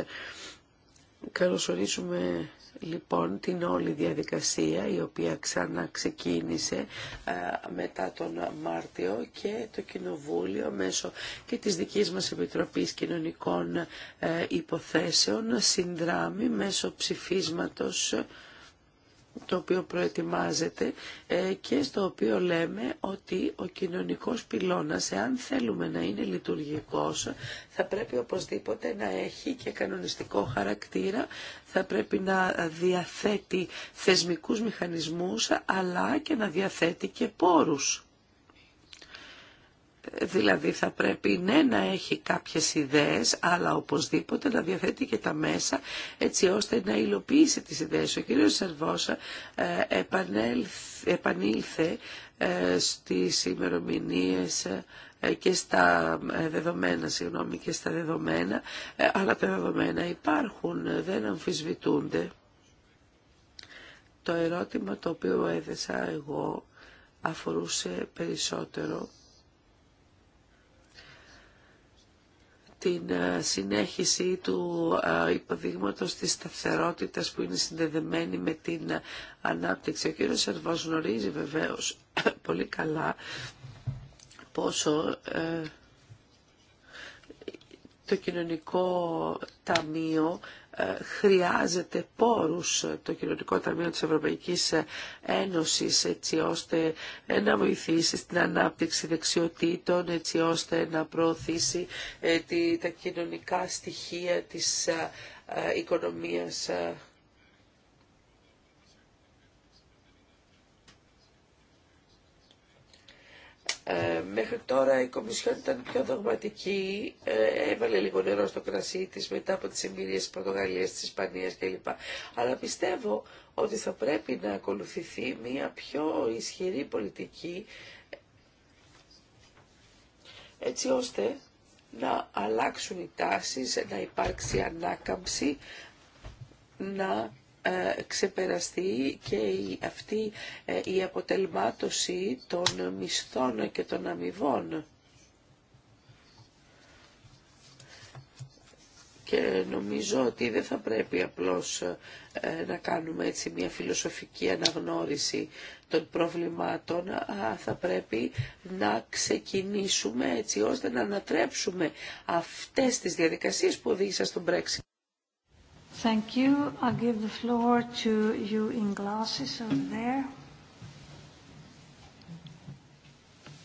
λοιπόν την όλη διαδικασία η οποία ξεκίνησε ε, μετά τον Μάρτιο και το Κοινοβούλιο μέσω και της δικής μας Επιτροπής Κοινωνικών ε, Υποθέσεων συνδράμει μέσω ψηφίσματος το οποίο προετοιμάζεται ε, και στο οποίο λέμε ότι ο κοινωνικός πυλώνας, εάν θέλουμε να είναι λειτουργικός, θα πρέπει οπωσδήποτε να έχει και κανονιστικό χαρακτήρα, θα πρέπει να διαθέτει θεσμικούς μηχανισμούς, αλλά και να διαθέτει και πόρους. Δηλαδή θα πρέπει ναι να έχει κάποιες ιδέες, αλλά οπωσδήποτε να διαθέτει και τα μέσα έτσι ώστε να υλοποιήσει τις ιδέες. Ο κύριος Σερβόσα ε, επανήλθε ε, στις ημερομηνίε ε, και στα δεδομένα, συγγνώμη, και στα δεδομένα, αλλά τα δεδομένα υπάρχουν, δεν αμφισβητούνται. Το ερώτημα το οποίο έδεσα εγώ αφορούσε περισσότερο την ε, συνέχιση του ε, υποδείγματος της σταθερότητας που είναι συνδεδεμένη με την ε, ανάπτυξη. Ο κ. Σερβός γνωρίζει βεβαίως πολύ καλά πόσο το κοινωνικό ταμείο ε, χρειάζεται πόρους ε, το Κοινωνικό Ταμείο της Ευρωπαϊκής ε, Ένωσης έτσι ώστε να βοηθήσει στην ανάπτυξη δεξιοτήτων, έτσι ώστε να προωθήσει τα κοινωνικά στοιχεία της οικονομίας Ε, μέχρι τώρα η Κομισιόν ήταν πιο δογματική, ε, έβαλε λίγο νερό στο κρασί της μετά από τις εμπειρίες της Πορτογαλίας, της Ισπανίας κλπ. Αλλά πιστεύω ότι θα πρέπει να ακολουθηθεί μια πιο ισχυρή πολιτική έτσι ώστε να αλλάξουν οι τάσεις, να υπάρξει ανάκαμψη, να ε, ξεπεραστεί και αυτή ε, η αποτελμάτωση των μισθών και των αμοιβών. και νομίζω ότι δεν θα πρέπει απλώς ε, να κάνουμε έτσι μια φιλοσοφική αναγνώριση των προβλημάτων, α, θα πρέπει να ξεκινήσουμε έτσι ώστε να ανατρέψουμε αυτές τις διαδικασίες που οδήγησαν στον Brexit. Thank you. I'll give the floor to you in glasses over there.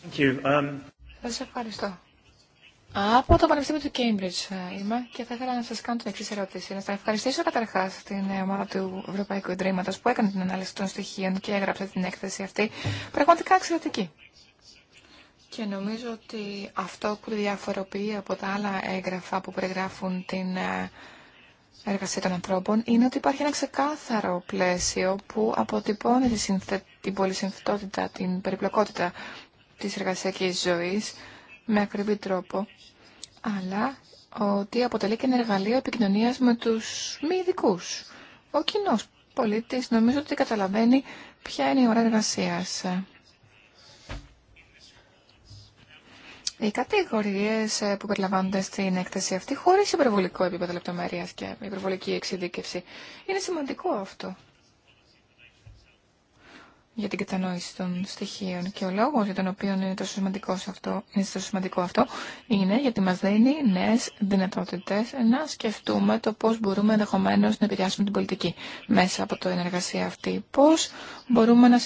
Thank you. Um, σας ευχαριστώ. Από το Πανεπιστήμιο του Cambridge ε, είμαι και θα ήθελα να σας κάνω την εξή ερώτηση. Να σας ευχαριστήσω καταρχάς την ε, ομάδα του Ευρωπαϊκού Ιδρύματος που έκανε την ανάλυση των στοιχείων και έγραψε την έκθεση αυτή. Πραγματικά εξαιρετική. Και νομίζω ότι αυτό που διαφοροποιεί από τα άλλα έγγραφα που περιγράφουν την ε, εργασία των ανθρώπων είναι ότι υπάρχει ένα ξεκάθαρο πλαίσιο που αποτυπώνει τη συνθε... την πολυσυνθετότητα, την περιπλοκότητα της εργασιακής ζωής με ακριβή τρόπο, αλλά ότι αποτελεί και ένα εργαλείο επικοινωνίας με τους μη ειδικού. Ο κοινό πολίτης νομίζω ότι καταλαβαίνει ποια είναι η ώρα εργασίας. οι κατηγορίε ε, που περιλαμβάνονται στην έκθεση αυτή χωρί υπερβολικό επίπεδο λεπτομέρεια και υπερβολική εξειδίκευση. Είναι σημαντικό αυτό για την κατανόηση των στοιχείων. Και ο λόγο για τον οποίο είναι τόσο σημαντικό αυτό, είναι τόσο σημαντικό αυτό είναι γιατί μα δίνει νέε δυνατότητε να σκεφτούμε το πώ μπορούμε ενδεχομένω να επηρεάσουμε την πολιτική μέσα από το ενεργασία αυτή. Πώ μπορούμε να,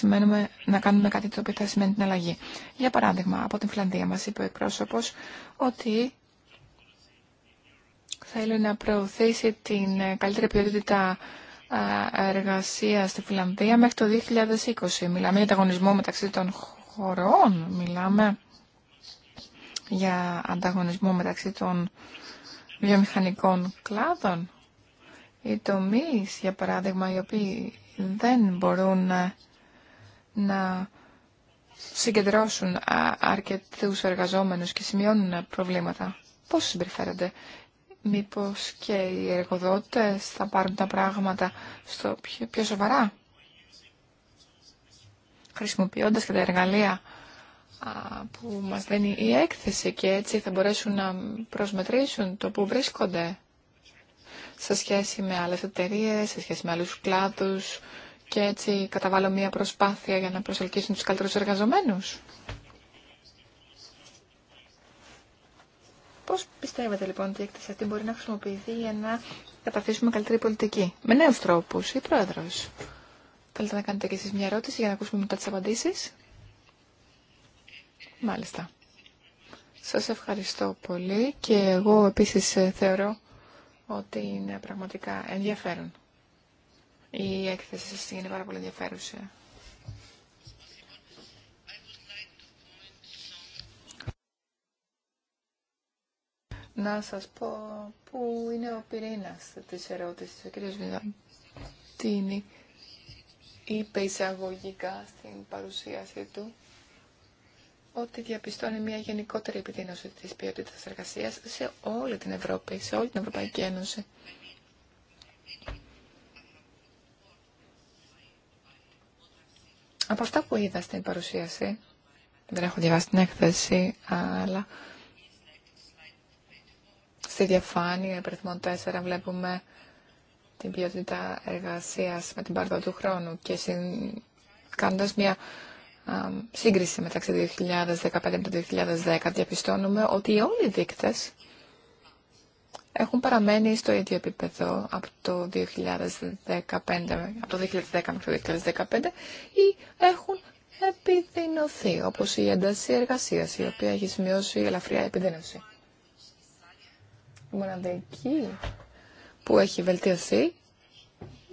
να κάνουμε κάτι το οποίο θα σημαίνει την αλλαγή. Για παράδειγμα, από την Φιλανδία μα είπε ο εκπρόσωπο ότι θέλει να προωθήσει την ε, καλύτερη ποιότητα ε, εργασία στη Φιλανδία μέχρι το 2020. Μιλάμε για ανταγωνισμό μεταξύ των χωρών, μιλάμε για ανταγωνισμό μεταξύ των βιομηχανικών κλάδων. Οι τομεί, για παράδειγμα, οι οποίοι δεν μπορούν ε, να συγκεντρώσουν ε, αρκετούς εργαζόμενους και σημειώνουν προβλήματα. Πώς συμπεριφέρονται Μήπως και οι εργοδότες θα πάρουν τα πράγματα στο πιο, πιο σοβαρά, χρησιμοποιώντας και τα εργαλεία που μας δίνει η έκθεση και έτσι θα μπορέσουν να προσμετρήσουν το που βρίσκονται σε σχέση με άλλες εταιρείε, σε σχέση με άλλους κλάδους και έτσι καταβάλω μία προσπάθεια για να προσελκύσουν τους καλύτερους εργαζομένους. Πώς πιστεύετε λοιπόν ότι η έκθεση αυτή μπορεί να χρησιμοποιηθεί για να καταφύσουμε καλύτερη πολιτική, με νέους τρόπους ή πρόεδρος. Θέλετε να κάνετε και εσείς μια ερώτηση για να ακούσουμε μετά τις απαντήσεις. Μάλιστα. Σας ευχαριστώ πολύ και εγώ επίσης ε, θεωρώ ότι είναι πραγματικά ενδιαφέρον. Η έκθεση σας είναι πάρα πολύ ενδιαφέρουσα. να σας πω πού είναι ο πυρήνας της ερώτησης. Ο κ. Βιδάν είπε εισαγωγικά στην παρουσίαση του ότι διαπιστώνει μια γενικότερη επιδείνωση της ποιότητας εργασίας σε όλη την Ευρώπη, σε όλη την Ευρωπαϊκή Ένωση. Από αυτά που είδα στην παρουσίαση, δεν έχω διαβάσει την έκθεση, αλλά Στη διαφάνεια υπερθυμών 4 βλέπουμε την ποιότητα εργασίας με την πάρδο του χρόνου και συν... κάνοντας μια σύγκριση μεταξύ 2015 με το 2010 διαπιστώνουμε ότι όλοι οι δείκτες έχουν παραμένει στο ίδιο επίπεδο από το 2015, από το 2010 μέχρι το 2015 ή έχουν επιδεινωθεί, όπως η ένταση εργασίας, η οποία έχει σημειώσει ελαφριά επιδείνωση. Η μοναδική που έχει βελτιωθεί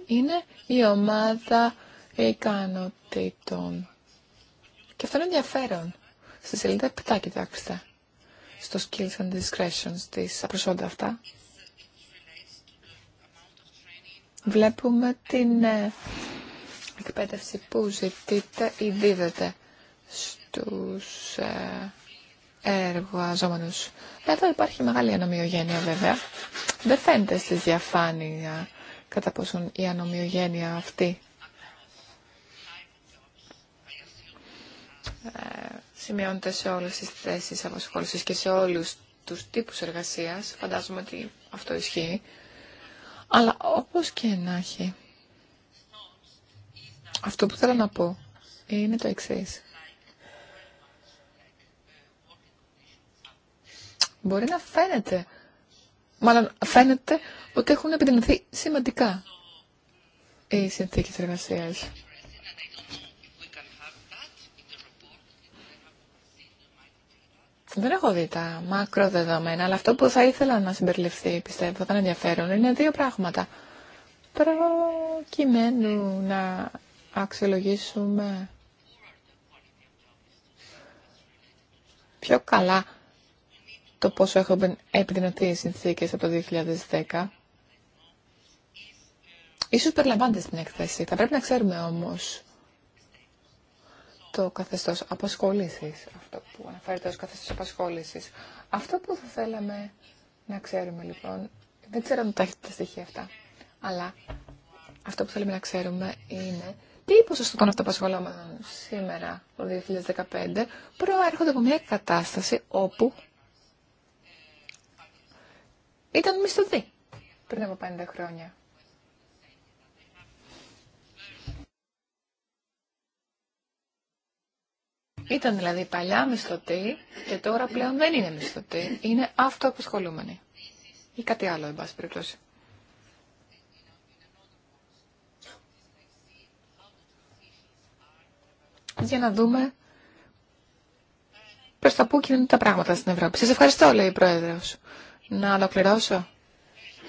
είναι η ομάδα ικανοτήτων. Και αυτό είναι ενδιαφέρον. Στη σελίδα 7, κοιτάξτε, στο skills and discretions της προσόντα αυτά. Βλέπουμε την ε, εκπαίδευση που ζητείτε ή δίδεται στους ε, εργαζόμενου. Εδώ υπάρχει μεγάλη ανομοιογένεια βέβαια. Δεν φαίνεται στη διαφάνεια κατά πόσον η ανομοιογένεια αυτή ε, σημειώνεται σε όλες τις θέσεις απασχόλησης και σε όλους τους τύπους εργασίας. Φαντάζομαι ότι αυτό ισχύει. Αλλά όπως και να έχει, αυτό που θέλω να πω είναι το εξής. μπορεί να φαίνεται, μάλλον φαίνεται ότι έχουν επιδεινωθεί σημαντικά οι συνθήκε εργασίας. Δεν έχω δει τα μακροδεδομένα, αλλά αυτό που θα ήθελα να συμπεριληφθεί, πιστεύω, θα είναι ενδιαφέρον, είναι δύο πράγματα. Προκειμένου να αξιολογήσουμε πιο καλά το πόσο έχουν επιδεινωθεί οι συνθήκες από το 2010. Ίσως περιλαμβάνεται στην έκθεση. Θα πρέπει να ξέρουμε όμως το καθεστώς απασχόλησης, αυτό που αναφέρεται ως καθεστώς απασχόλησης. Αυτό που θα θέλαμε να ξέρουμε λοιπόν, δεν ξέρω αν τα έχετε τα στοιχεία αυτά, αλλά αυτό που θέλουμε να ξέρουμε είναι τι ποσοστό των αυτοπασχολόμενων σήμερα το 2015 προέρχονται από μια κατάσταση όπου ήταν μισθωτή πριν από 50 χρόνια. Ήταν δηλαδή παλιά μισθωτή και τώρα πλέον δεν είναι μισθωτή. είναι αυτοαπασχολούμενη. Ή κάτι άλλο, εν πάση περιπτώσει. Για να δούμε προς τα πού κινούνται τα πράγματα στην Ευρώπη. Σας ευχαριστώ, λέει η Πρόεδρος να ολοκληρώσω.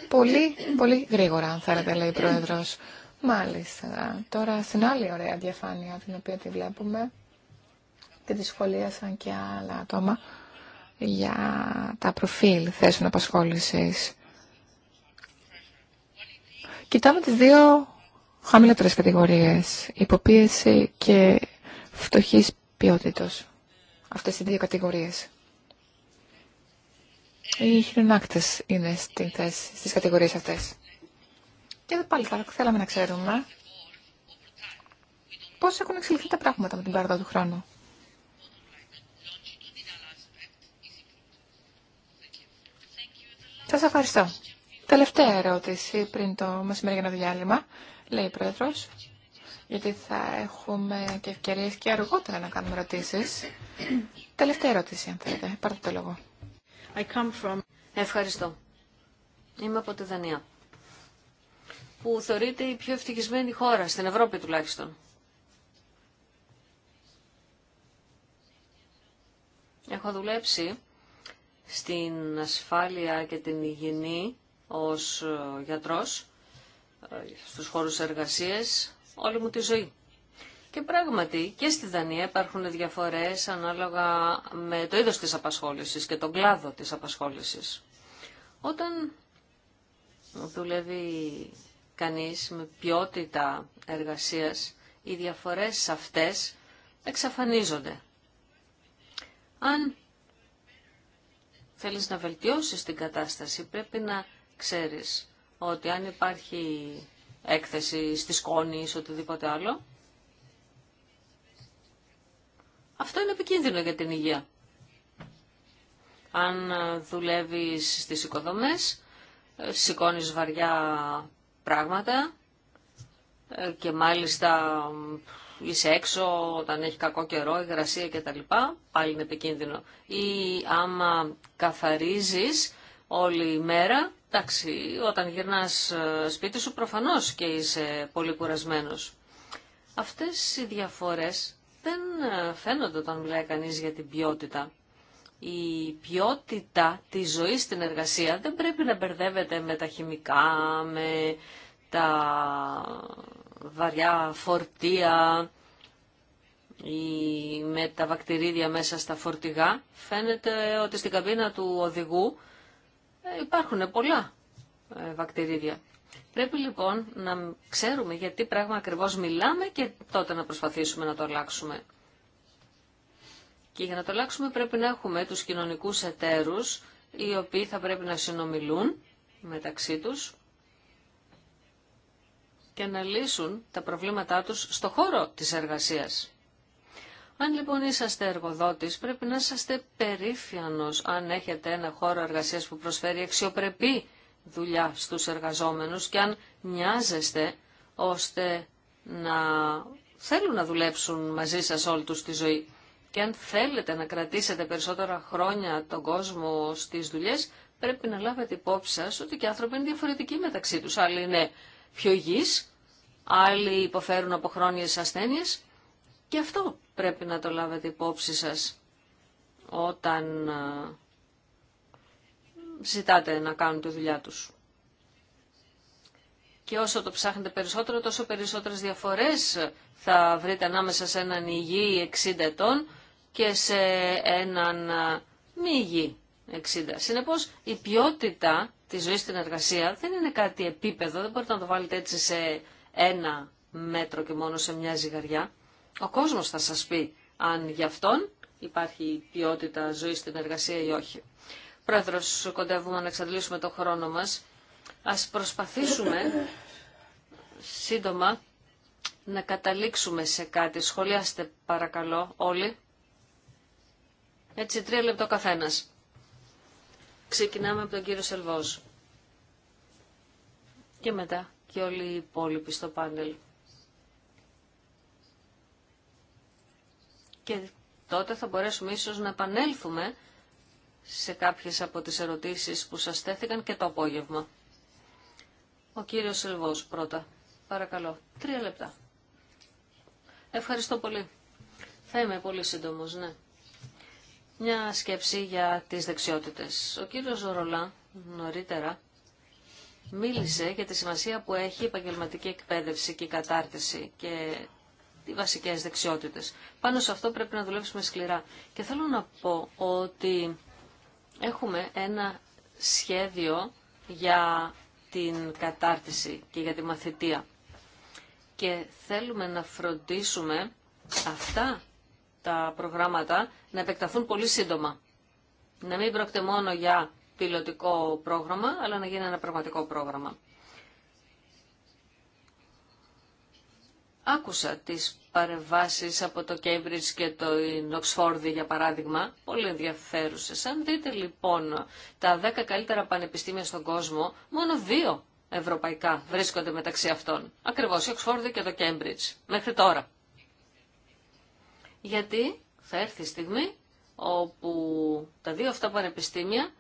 Πολύ, πολύ γρήγορα, αν θέλετε, λέει η Πρόεδρος. Μάλιστα. Τώρα στην άλλη ωραία διαφάνεια, την οποία τη βλέπουμε και τη σχολίασαν και άλλα άτομα για τα προφίλ θέσεων απασχόλησης. Κοιτάμε τις δύο χαμηλότερες κατηγορίες, υποπίεση και φτωχής ποιότητος. Αυτές οι δύο κατηγορίες. Οι χειρονάκτε είναι στις, κατηγορίε κατηγορίες αυτές. Και πάλι θα θέλαμε να ξέρουμε πώ έχουν εξελιχθεί τα πράγματα με την παράδοση του χρόνου. Σας ευχαριστώ. Τελευταία ερώτηση πριν το μεσημερινό διάλειμμα, λέει η Πρόεδρος, γιατί θα έχουμε και ευκαιρίε και αργότερα να κάνουμε ερωτήσει. Τελευταία ερώτηση, αν θέλετε. Πάρτε το λόγο. Ευχαριστώ. Είμαι από τη Δανία, που θεωρείται η πιο ευτυχισμένη χώρα, στην Ευρώπη τουλάχιστον. Έχω δουλέψει στην ασφάλεια και την υγιεινή ως ε, γιατρός, ε, στους χώρους εργασίες, όλη μου τη ζωή. Και πράγματι και στη Δανία υπάρχουν διαφορές ανάλογα με το είδος της απασχόλησης και τον κλάδο της απασχόλησης. Όταν δουλεύει κανείς με ποιότητα εργασίας, οι διαφορές αυτές εξαφανίζονται. Αν θέλεις να βελτιώσεις την κατάσταση, πρέπει να ξέρεις ότι αν υπάρχει έκθεση στη σκόνη ή οτιδήποτε άλλο, Αυτό είναι επικίνδυνο για την υγεία. Αν δουλεύεις στις οικοδομές, σηκώνει βαριά πράγματα ε, και μάλιστα είσαι έξω όταν έχει κακό καιρό, υγρασία κτλ. Πάλι είναι επικίνδυνο. Ή άμα καθαρίζεις όλη η μέρα, εντάξει, όταν γυρνάς ε, σπίτι σου προφανώς και είσαι πολύ κουρασμένος. Αυτές οι διαφορές δεν ε, φαίνονται όταν μιλάει κανείς για την ποιότητα. Η ποιότητα της ζωής στην εργασία δεν πρέπει να μπερδεύεται με τα χημικά, με τα βαριά φορτία ή με τα βακτηρίδια μέσα στα φορτηγά. Φαίνεται ότι στην καμπίνα του οδηγού ε, υπάρχουν πολλά ε, βακτηρίδια. Πρέπει λοιπόν να ξέρουμε για τι πράγμα ακριβώς μιλάμε και τότε να προσπαθήσουμε να το αλλάξουμε. Και για να το αλλάξουμε πρέπει να έχουμε τους κοινωνικούς εταίρους, οι οποίοι θα πρέπει να συνομιλούν μεταξύ τους και να λύσουν τα προβλήματά τους στο χώρο της εργασίας. Αν λοιπόν είσαστε εργοδότης, πρέπει να είσαστε περήφιανος αν έχετε ένα χώρο εργασίας που προσφέρει αξιοπρεπή δουλειά στους εργαζόμενους και αν νοιάζεστε ώστε να θέλουν να δουλέψουν μαζί σας όλη τους τη ζωή. Και αν θέλετε να κρατήσετε περισσότερα χρόνια τον κόσμο στις δουλειές, πρέπει να λάβετε υπόψη σας ότι και οι άνθρωποι είναι διαφορετικοί μεταξύ τους. Άλλοι είναι πιο υγιείς, άλλοι υποφέρουν από χρόνιες ασθένειες και αυτό πρέπει να το λάβετε υπόψη σας όταν ζητάτε να κάνουν τη δουλειά τους. Και όσο το ψάχνετε περισσότερο, τόσο περισσότερες διαφορές θα βρείτε ανάμεσα σε έναν υγιή 60 ετών και σε έναν μη υγιή 60. Συνεπώς, η ποιότητα της ζωής στην εργασία δεν είναι κάτι επίπεδο, δεν μπορείτε να το βάλετε έτσι σε ένα μέτρο και μόνο σε μια ζυγαριά. Ο κόσμος θα σας πει αν γι' αυτόν υπάρχει ποιότητα ζωής στην εργασία ή όχι. Πρόεδρος, κοντεύουμε να εξαντλήσουμε το χρόνο μας. Ας προσπαθήσουμε σύντομα να καταλήξουμε σε κάτι. Σχολιάστε παρακαλώ όλοι. Έτσι τρία λεπτό καθένας. Ξεκινάμε από τον κύριο Σελβός. Και μετά και όλοι οι υπόλοιποι στο πάνελ. Και τότε θα μπορέσουμε ίσως να επανέλθουμε σε κάποιες από τις ερωτήσεις που σας τέθηκαν και το απόγευμα. Ο κύριος Σελβός πρώτα. Παρακαλώ. Τρία λεπτά. Ευχαριστώ πολύ. Θα είμαι πολύ σύντομος, ναι. Μια σκέψη για τις δεξιότητες. Ο κύριος Ζωρολά νωρίτερα μίλησε για τη σημασία που έχει η επαγγελματική εκπαίδευση και η κατάρτιση και οι βασικές δεξιότητες. Πάνω σε αυτό πρέπει να δουλέψουμε σκληρά. Και θέλω να πω ότι έχουμε ένα σχέδιο για την κατάρτιση και για τη μαθητεία. Και θέλουμε να φροντίσουμε αυτά τα προγράμματα να επεκταθούν πολύ σύντομα. Να μην πρόκειται μόνο για πιλωτικό πρόγραμμα, αλλά να γίνει ένα πραγματικό πρόγραμμα. Άκουσα τις παρεμβάσεις από το Cambridge και το Oxford για παράδειγμα, πολύ ενδιαφέρουσες. Αν δείτε λοιπόν τα 10 καλύτερα πανεπιστήμια στον κόσμο, μόνο δύο ευρωπαϊκά βρίσκονται μεταξύ αυτών. Ακριβώς, η Oxford και το Cambridge, μέχρι τώρα. Γιατί θα έρθει η στιγμή όπου τα δύο αυτά πανεπιστήμια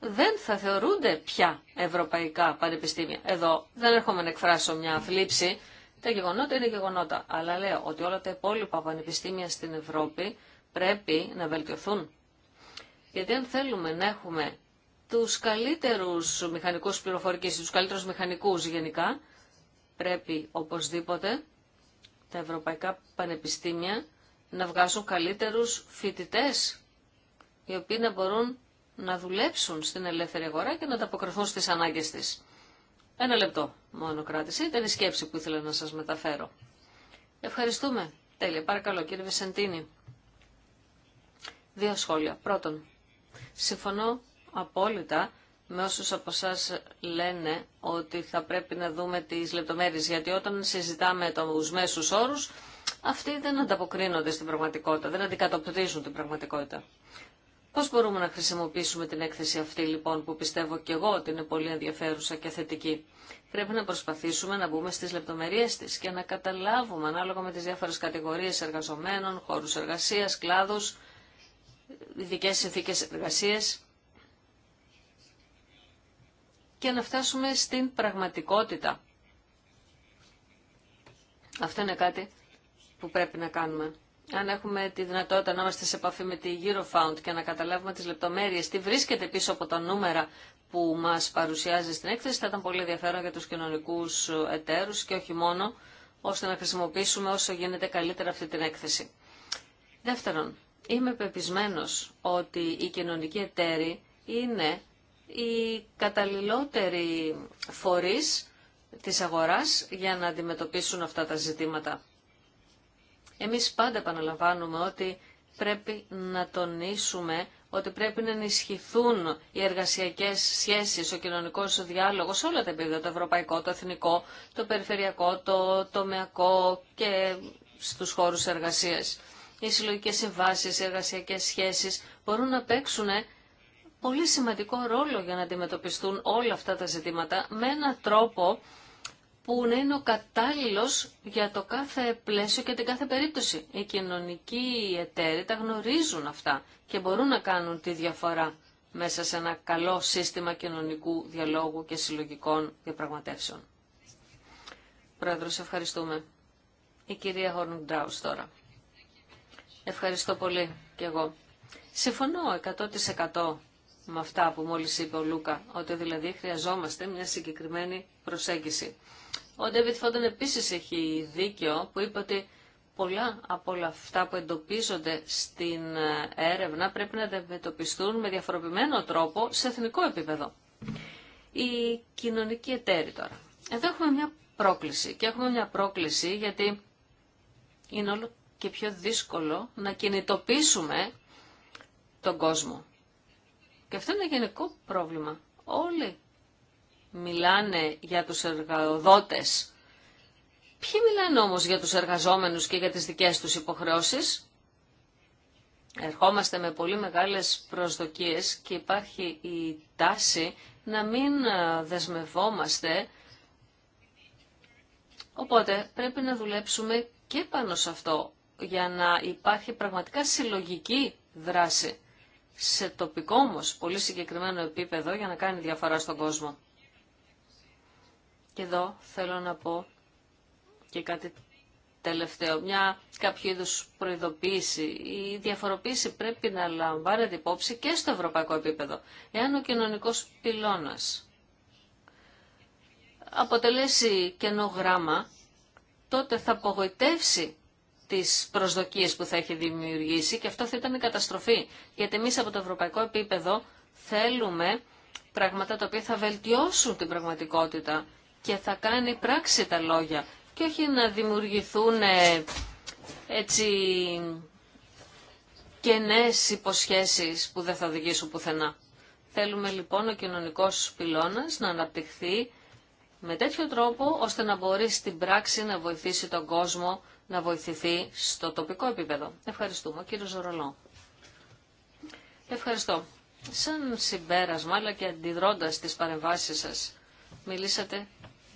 δεν θα θεωρούνται πια ευρωπαϊκά πανεπιστήμια. Εδώ δεν έρχομαι να εκφράσω μια θλίψη, τα γεγονότα είναι γεγονότα, αλλά λέω ότι όλα τα υπόλοιπα πανεπιστήμια στην Ευρώπη πρέπει να βελτιωθούν. Γιατί αν θέλουμε να έχουμε τους καλύτερους μηχανικούς πληροφορικής, τους καλύτερους μηχανικούς γενικά, πρέπει οπωσδήποτε τα ευρωπαϊκά πανεπιστήμια να βγάζουν καλύτερους φοιτητές, οι οποίοι να μπορούν να δουλέψουν στην ελεύθερη αγορά και να ανταποκριθούν στις ανάγκες της. Ένα λεπτό μόνο κράτησε. Ήταν η σκέψη που ήθελα να σας μεταφέρω. Ευχαριστούμε. Τέλεια. Παρακαλώ κύριε Βεσεντίνη. Δύο σχόλια. Πρώτον, συμφωνώ απόλυτα με όσους από εσά λένε ότι θα πρέπει να δούμε τις λεπτομέρειες, γιατί όταν συζητάμε τους μέσους όρους, αυτοί δεν ανταποκρίνονται στην πραγματικότητα, δεν αντικατοπτρίζουν την πραγματικότητα. Πώς μπορούμε να χρησιμοποιήσουμε την έκθεση αυτή λοιπόν που πιστεύω και εγώ ότι είναι πολύ ενδιαφέρουσα και θετική. Πρέπει να προσπαθήσουμε να μπούμε στις λεπτομερίες της και να καταλάβουμε ανάλογα με τις διάφορες κατηγορίες εργαζομένων, χώρους εργασίας, κλάδους, ειδικέ συνθήκε εργασίας και να φτάσουμε στην πραγματικότητα. Αυτό είναι κάτι που πρέπει να κάνουμε αν έχουμε τη δυνατότητα να είμαστε σε επαφή με τη Eurofound και να καταλάβουμε τις λεπτομέρειες, τι βρίσκεται πίσω από τα νούμερα που μας παρουσιάζει στην έκθεση, θα ήταν πολύ ενδιαφέρον για τους κοινωνικούς εταίρους και όχι μόνο, ώστε να χρησιμοποιήσουμε όσο γίνεται καλύτερα αυτή την έκθεση. Δεύτερον, είμαι πεπισμένος ότι οι κοινωνικοί εταίροι είναι οι καταλληλότεροι φορείς της αγοράς για να αντιμετωπίσουν αυτά τα ζητήματα. Εμείς πάντα επαναλαμβάνουμε ότι πρέπει να τονίσουμε ότι πρέπει να ενισχυθούν οι εργασιακές σχέσεις, ο κοινωνικός διάλογος, όλα τα επίπεδα, το ευρωπαϊκό, το εθνικό, το περιφερειακό, το τομεακό και στους χώρους εργασίας. Οι συλλογικέ συμβάσει, οι εργασιακές σχέσεις μπορούν να παίξουν πολύ σημαντικό ρόλο για να αντιμετωπιστούν όλα αυτά τα ζητήματα με έναν τρόπο που να είναι ο κατάλληλο για το κάθε πλαίσιο και την κάθε περίπτωση. Οι κοινωνικοί εταίροι τα γνωρίζουν αυτά και μπορούν να κάνουν τη διαφορά μέσα σε ένα καλό σύστημα κοινωνικού διαλόγου και συλλογικών διαπραγματεύσεων. Πρόεδρο, ευχαριστούμε. Η κυρία Χόρνουγκ τώρα. Ευχαριστώ πολύ και εγώ. Συμφωνώ 100% με αυτά που μόλις είπε ο Λούκα, ότι δηλαδή χρειαζόμαστε μια συγκεκριμένη προσέγγιση. Ο Ντέβιτ Φόντεν επίσης έχει δίκιο που είπε ότι πολλά από όλα αυτά που εντοπίζονται στην ε, έρευνα πρέπει να αντιμετωπιστούν με διαφοροποιημένο τρόπο σε εθνικό επίπεδο. Η κοινωνική εταίρη τώρα. Εδώ έχουμε μια πρόκληση και έχουμε μια πρόκληση γιατί είναι όλο και πιο δύσκολο να κινητοποιήσουμε τον κόσμο. Και αυτό είναι ένα γενικό πρόβλημα. Όλοι μιλάνε για τους εργαδότες. Ποιοι μιλάνε όμως για τους εργαζόμενους και για τις δικές τους υποχρεώσεις. Ερχόμαστε με πολύ μεγάλες προσδοκίες και υπάρχει η τάση να μην ε, δεσμευόμαστε. Οπότε πρέπει να δουλέψουμε και πάνω σε αυτό για να υπάρχει πραγματικά συλλογική δράση σε τοπικό όμω πολύ συγκεκριμένο επίπεδο για να κάνει διαφορά στον κόσμο. Και εδώ θέλω να πω και κάτι τελευταίο, μια κάποιο είδου προειδοποίηση. Η διαφοροποίηση πρέπει να λαμβάνεται υπόψη και στο ευρωπαϊκό επίπεδο. Εάν ο κοινωνικός πυλώνας αποτελέσει κενό γράμμα, τότε θα απογοητεύσει τις προσδοκίες που θα έχει δημιουργήσει και αυτό θα ήταν η καταστροφή. Γιατί εμείς από το ευρωπαϊκό επίπεδο θέλουμε πράγματα τα οποία θα βελτιώσουν την πραγματικότητα και θα κάνει πράξη τα λόγια και όχι να δημιουργηθούν ε, έτσι κενές υποσχέσεις που δεν θα οδηγήσουν πουθενά. Θέλουμε λοιπόν ο κοινωνικός πυλώνας να αναπτυχθεί με τέτοιο τρόπο ώστε να μπορεί στην πράξη να βοηθήσει τον κόσμο να βοηθηθεί στο τοπικό επίπεδο. Ευχαριστούμε. Κύριο Ζωρολό. Ευχαριστώ. Σαν συμπέρασμα αλλά και αντιδρώντας τις παρεμβάσεις σας μιλήσατε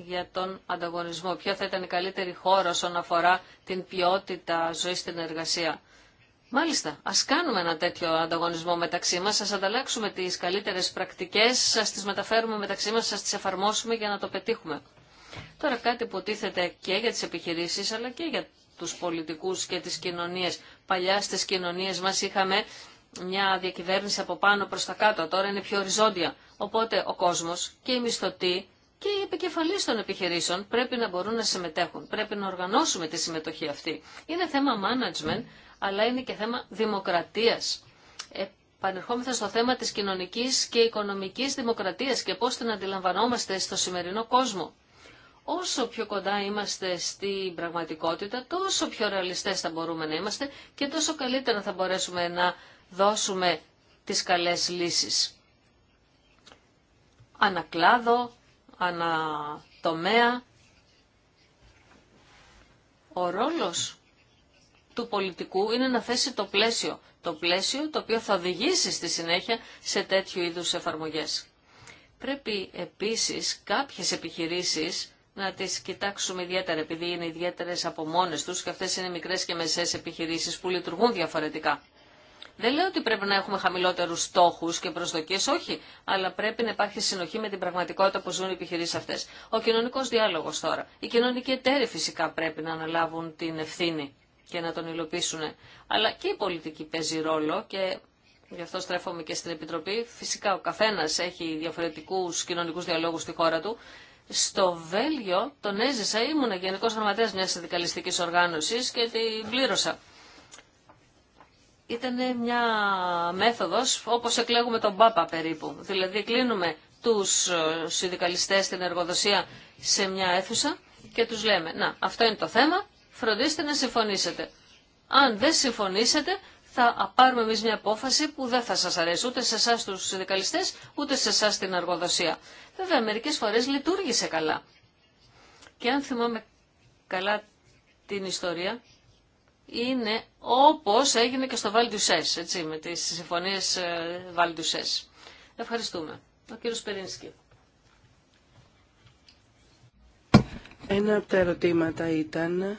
για τον ανταγωνισμό. Ποια θα ήταν η καλύτερη χώρα όσον αφορά την ποιότητα ζωή στην εργασία. Μάλιστα, α κάνουμε ένα τέτοιο ανταγωνισμό μεταξύ μα, ας ανταλλάξουμε τι καλύτερε πρακτικέ, ας τι μεταφέρουμε μεταξύ μα, ας τι εφαρμόσουμε για να το πετύχουμε. Τώρα κάτι που τίθεται και για τις επιχειρήσεις αλλά και για τους πολιτικούς και τις κοινωνίες. Παλιά στις κοινωνίες μας είχαμε μια διακυβέρνηση από πάνω προς τα κάτω, τώρα είναι πιο οριζόντια. Οπότε ο κόσμος και οι μισθωτοί και οι επικεφαλείς των επιχειρήσεων πρέπει να μπορούν να συμμετέχουν. Πρέπει να οργανώσουμε τη συμμετοχή αυτή. Είναι θέμα management, αλλά είναι και θέμα δημοκρατία. Επανερχόμεθα στο θέμα τη κοινωνική και οικονομική δημοκρατία και πώ την αντιλαμβανόμαστε στο σημερινό κόσμο. Όσο πιο κοντά είμαστε στην πραγματικότητα, τόσο πιο ρεαλιστές θα μπορούμε να είμαστε και τόσο καλύτερα θα μπορέσουμε να δώσουμε τις καλές λύσεις. Ανακλάδο, ανατομέα. Ο ρόλος του πολιτικού είναι να θέσει το πλαίσιο. Το πλαίσιο το οποίο θα οδηγήσει στη συνέχεια σε τέτοιου είδους εφαρμογές. Πρέπει επίσης κάποιες επιχειρήσεις να τις κοιτάξουμε ιδιαίτερα, επειδή είναι ιδιαίτερες από μόνες τους και αυτές είναι μικρές και μεσαίες επιχειρήσεις που λειτουργούν διαφορετικά. Δεν λέω ότι πρέπει να έχουμε χαμηλότερου στόχου και προσδοκίε όχι, αλλά πρέπει να υπάρχει συνοχή με την πραγματικότητα που ζουν οι επιχειρήσεις αυτές. Ο κοινωνικό διάλογο τώρα. Οι κοινωνικοί εταίροι φυσικά πρέπει να αναλάβουν την ευθύνη και να τον υλοποιήσουν. Αλλά και η πολιτική παίζει ρόλο και γι' αυτό στρέφομαι και στην Επιτροπή. Φυσικά ο καθένα έχει διαφορετικού κοινωνικού διαλόγου στη χώρα του. Στο Βέλγιο τον έζησα, ήμουν, γενικό γραμματέα μια συνδικαλιστική οργάνωση και την πλήρωσα ήταν μια μέθοδος όπως εκλέγουμε τον Πάπα περίπου. Δηλαδή κλείνουμε τους ε, συνδικαλιστές στην εργοδοσία σε μια αίθουσα και τους λέμε «Να, αυτό είναι το θέμα, φροντίστε να συμφωνήσετε». Αν δεν συμφωνήσετε θα πάρουμε εμεί μια απόφαση που δεν θα σας αρέσει ούτε σε εσά τους συνδικαλιστές ούτε σε εσά την εργοδοσία. Βέβαια μερικές φορές λειτουργήσε καλά. Και αν θυμάμαι καλά την ιστορία, είναι όπως έγινε και στο Βαλντουσές, έτσι, με τις συμφωνίες ΣΕΣ. Ευχαριστούμε. Ο κύριος Περίνσκι. Ένα από τα ερωτήματα ήταν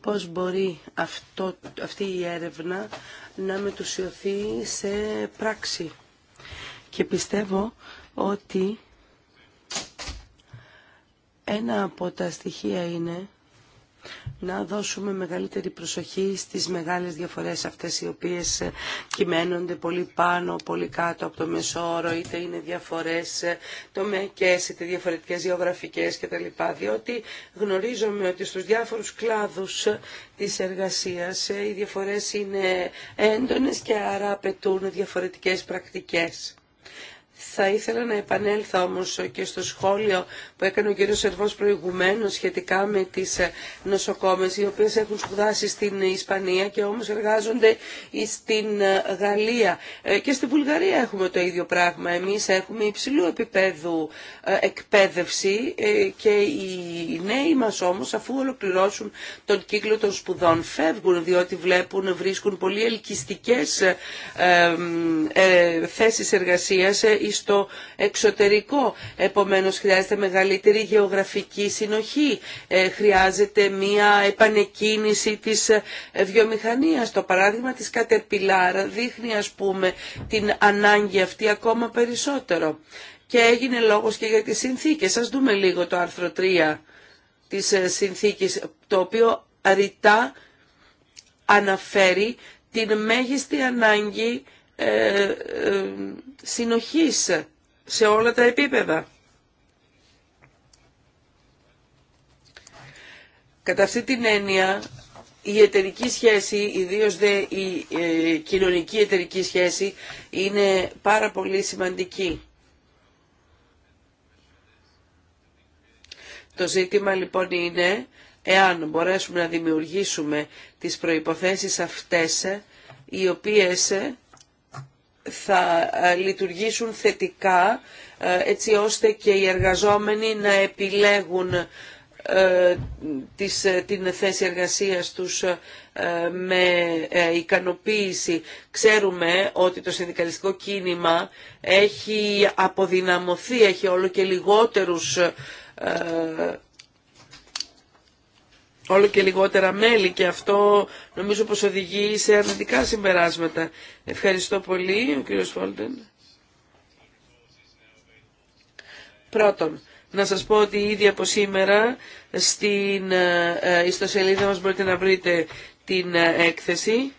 πώς μπορεί αυτό, αυτή η έρευνα να μετουσιωθεί σε πράξη. Και πιστεύω ότι ένα από τα στοιχεία είναι να δώσουμε μεγαλύτερη προσοχή στις μεγάλες διαφορές αυτές οι οποίες ε, κυμαίνονται πολύ πάνω, πολύ κάτω από το μεσόωρο, είτε είναι διαφορές ε, τομεακές, είτε διαφορετικές γεωγραφικές κτλ. Διότι γνωρίζουμε ότι στους διάφορους κλάδους ε, της εργασίας οι διαφορές είναι έντονες και άρα απαιτούν διαφορετικές πρακτικές. Θα ήθελα να επανέλθω όμως και στο σχόλιο που έκανε ο κ. Σερβός προηγουμένως σχετικά με τις ε, νοσοκόμες οι οποίες έχουν σπουδάσει στην Ισπανία και όμως εργάζονται στην ε, Γαλλία. Ε, και στην Βουλγαρία έχουμε το ίδιο πράγμα. Εμείς έχουμε υψηλού επίπεδου εκπαίδευση και οι νέοι μας όμως αφού ολοκληρώσουν τον κύκλο των σπουδών φεύγουν διότι βλέπουν, βρίσκουν πολύ ελκυστικές θέσεις εργασίας στο εξωτερικό. Επομένως χρειάζεται μεγαλύτερη γεωγραφική συνοχή, ε, χρειάζεται μία επανεκκίνηση της ε, βιομηχανίας. Το παράδειγμα της Κατερπιλάρα δείχνει ας πούμε την ανάγκη αυτή ακόμα περισσότερο. Και έγινε λόγος και για τις συνθήκες. Ας δούμε λίγο το άρθρο 3 της ε, συνθήκης, το οποίο ρητά αναφέρει την μέγιστη ανάγκη ε, ε, συνοχής σε όλα τα επίπεδα. Κατά αυτή την έννοια, η εταιρική σχέση, ιδίως η ε, κοινωνική εταιρική σχέση, είναι πάρα πολύ σημαντική. Το ζήτημα λοιπόν είναι εάν μπορέσουμε να δημιουργήσουμε τις προϋποθέσεις αυτές οι οποίες θα ε, λειτουργήσουν θετικά ε, έτσι ώστε και οι εργαζόμενοι να επιλέγουν ε, την θέση εργασίας τους με ικανοποίηση. Ξέρουμε ότι το συνδικαλιστικό κίνημα έχει αποδυναμωθεί, έχει όλο και λιγότερους όλο και λιγότερα μέλη και αυτό νομίζω πως οδηγεί σε αρνητικά συμπεράσματα. Ευχαριστώ πολύ, ο κύριος Φόλτεν. Πρώτον, να σας πω ότι ήδη από σήμερα στην ε, ε, ιστοσελίδα μας μπορείτε να βρείτε την ε, έκθεση.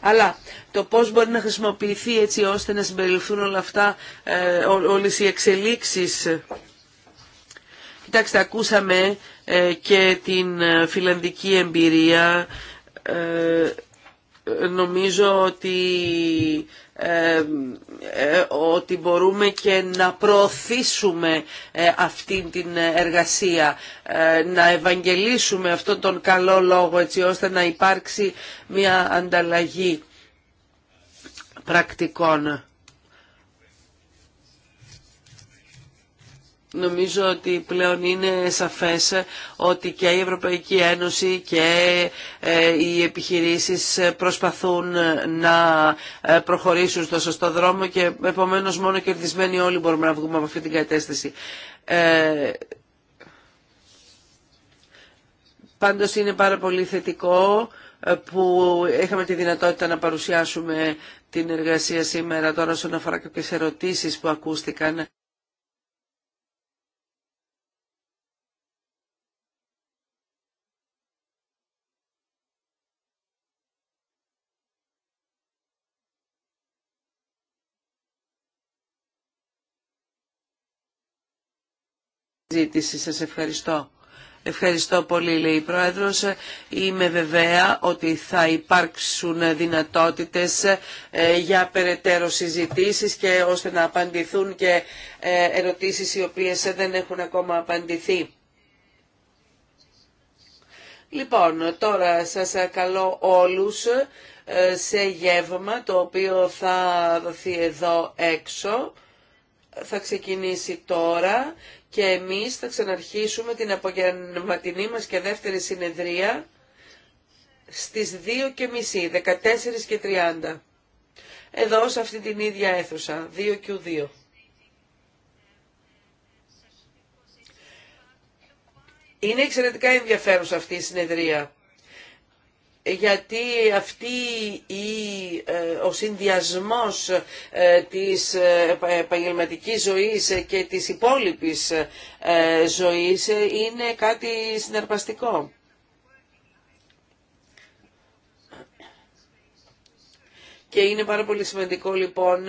Αλλά το πώς μπορεί να χρησιμοποιηθεί έτσι ώστε να συμπεριληφθούν όλα αυτά, όλες οι εξελίξεις Κοιτάξτε, ακούσαμε ε, και την ε, φιλανδική εμπειρία. Ε, νομίζω ότι ότι μπορούμε και να προωθήσουμε αυτή την εργασία, να ευαγγελίσουμε αυτόν τον καλό λόγο έτσι ώστε να υπάρξει μια ανταλλαγή πρακτικών. Νομίζω ότι πλέον είναι σαφές ότι και η Ευρωπαϊκή Ένωση και ε, οι επιχειρήσεις προσπαθούν να ε, προχωρήσουν στο σωστό δρόμο και επομένως μόνο κερδισμένοι όλοι μπορούμε να βγούμε από αυτή την κατέσταση. Ε, πάντως είναι πάρα πολύ θετικό που είχαμε τη δυνατότητα να παρουσιάσουμε την εργασία σήμερα τώρα όσον αφορά κάποιες ερωτήσεις που ακούστηκαν. συζήτηση. Σας ευχαριστώ. Ευχαριστώ πολύ, λέει η Πρόεδρος. Είμαι βεβαία ότι θα υπάρξουν δυνατότητες ε, για περαιτέρω συζητήσεις και ώστε να απαντηθούν και ε, ερωτήσεις οι οποίες δεν έχουν ακόμα απαντηθεί. Λοιπόν, τώρα σας καλώ όλους ε, σε γεύμα το οποίο θα δοθεί εδώ έξω. Θα ξεκινήσει τώρα και εμείς θα ξαναρχίσουμε την απογευματινή μας και δεύτερη συνεδρία στις μισή 14 και 30. Εδώ σε αυτή την ίδια αίθουσα, 2Q2. Είναι εξαιρετικά ενδιαφέρουσα αυτή η συνεδρία γιατί αυτή η, ε, ο συνδυασμός ε, της ε, επαγγελματική ζωής και της υπόλοιπης ζωής είναι κάτι συναρπαστικό. Και είναι πάρα πολύ σημαντικό λοιπόν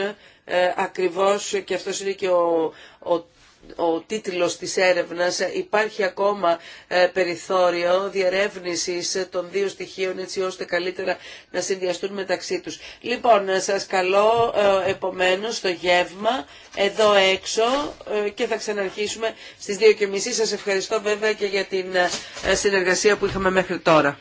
ακριβώς και αυτός είναι και ο, ο ο τίτλος της έρευνας υπάρχει ακόμα ε, περιθώριο διερεύνησης των δύο στοιχείων έτσι ώστε καλύτερα να συνδυαστούν μεταξύ τους. Λοιπόν, ε, σας καλώ ε, επομένως στο γεύμα εδώ έξω και θα ξαναρχίσουμε στις 2.30. Σας ευχαριστώ βέβαια και για την συνεργασία που είχαμε μέχρι τώρα.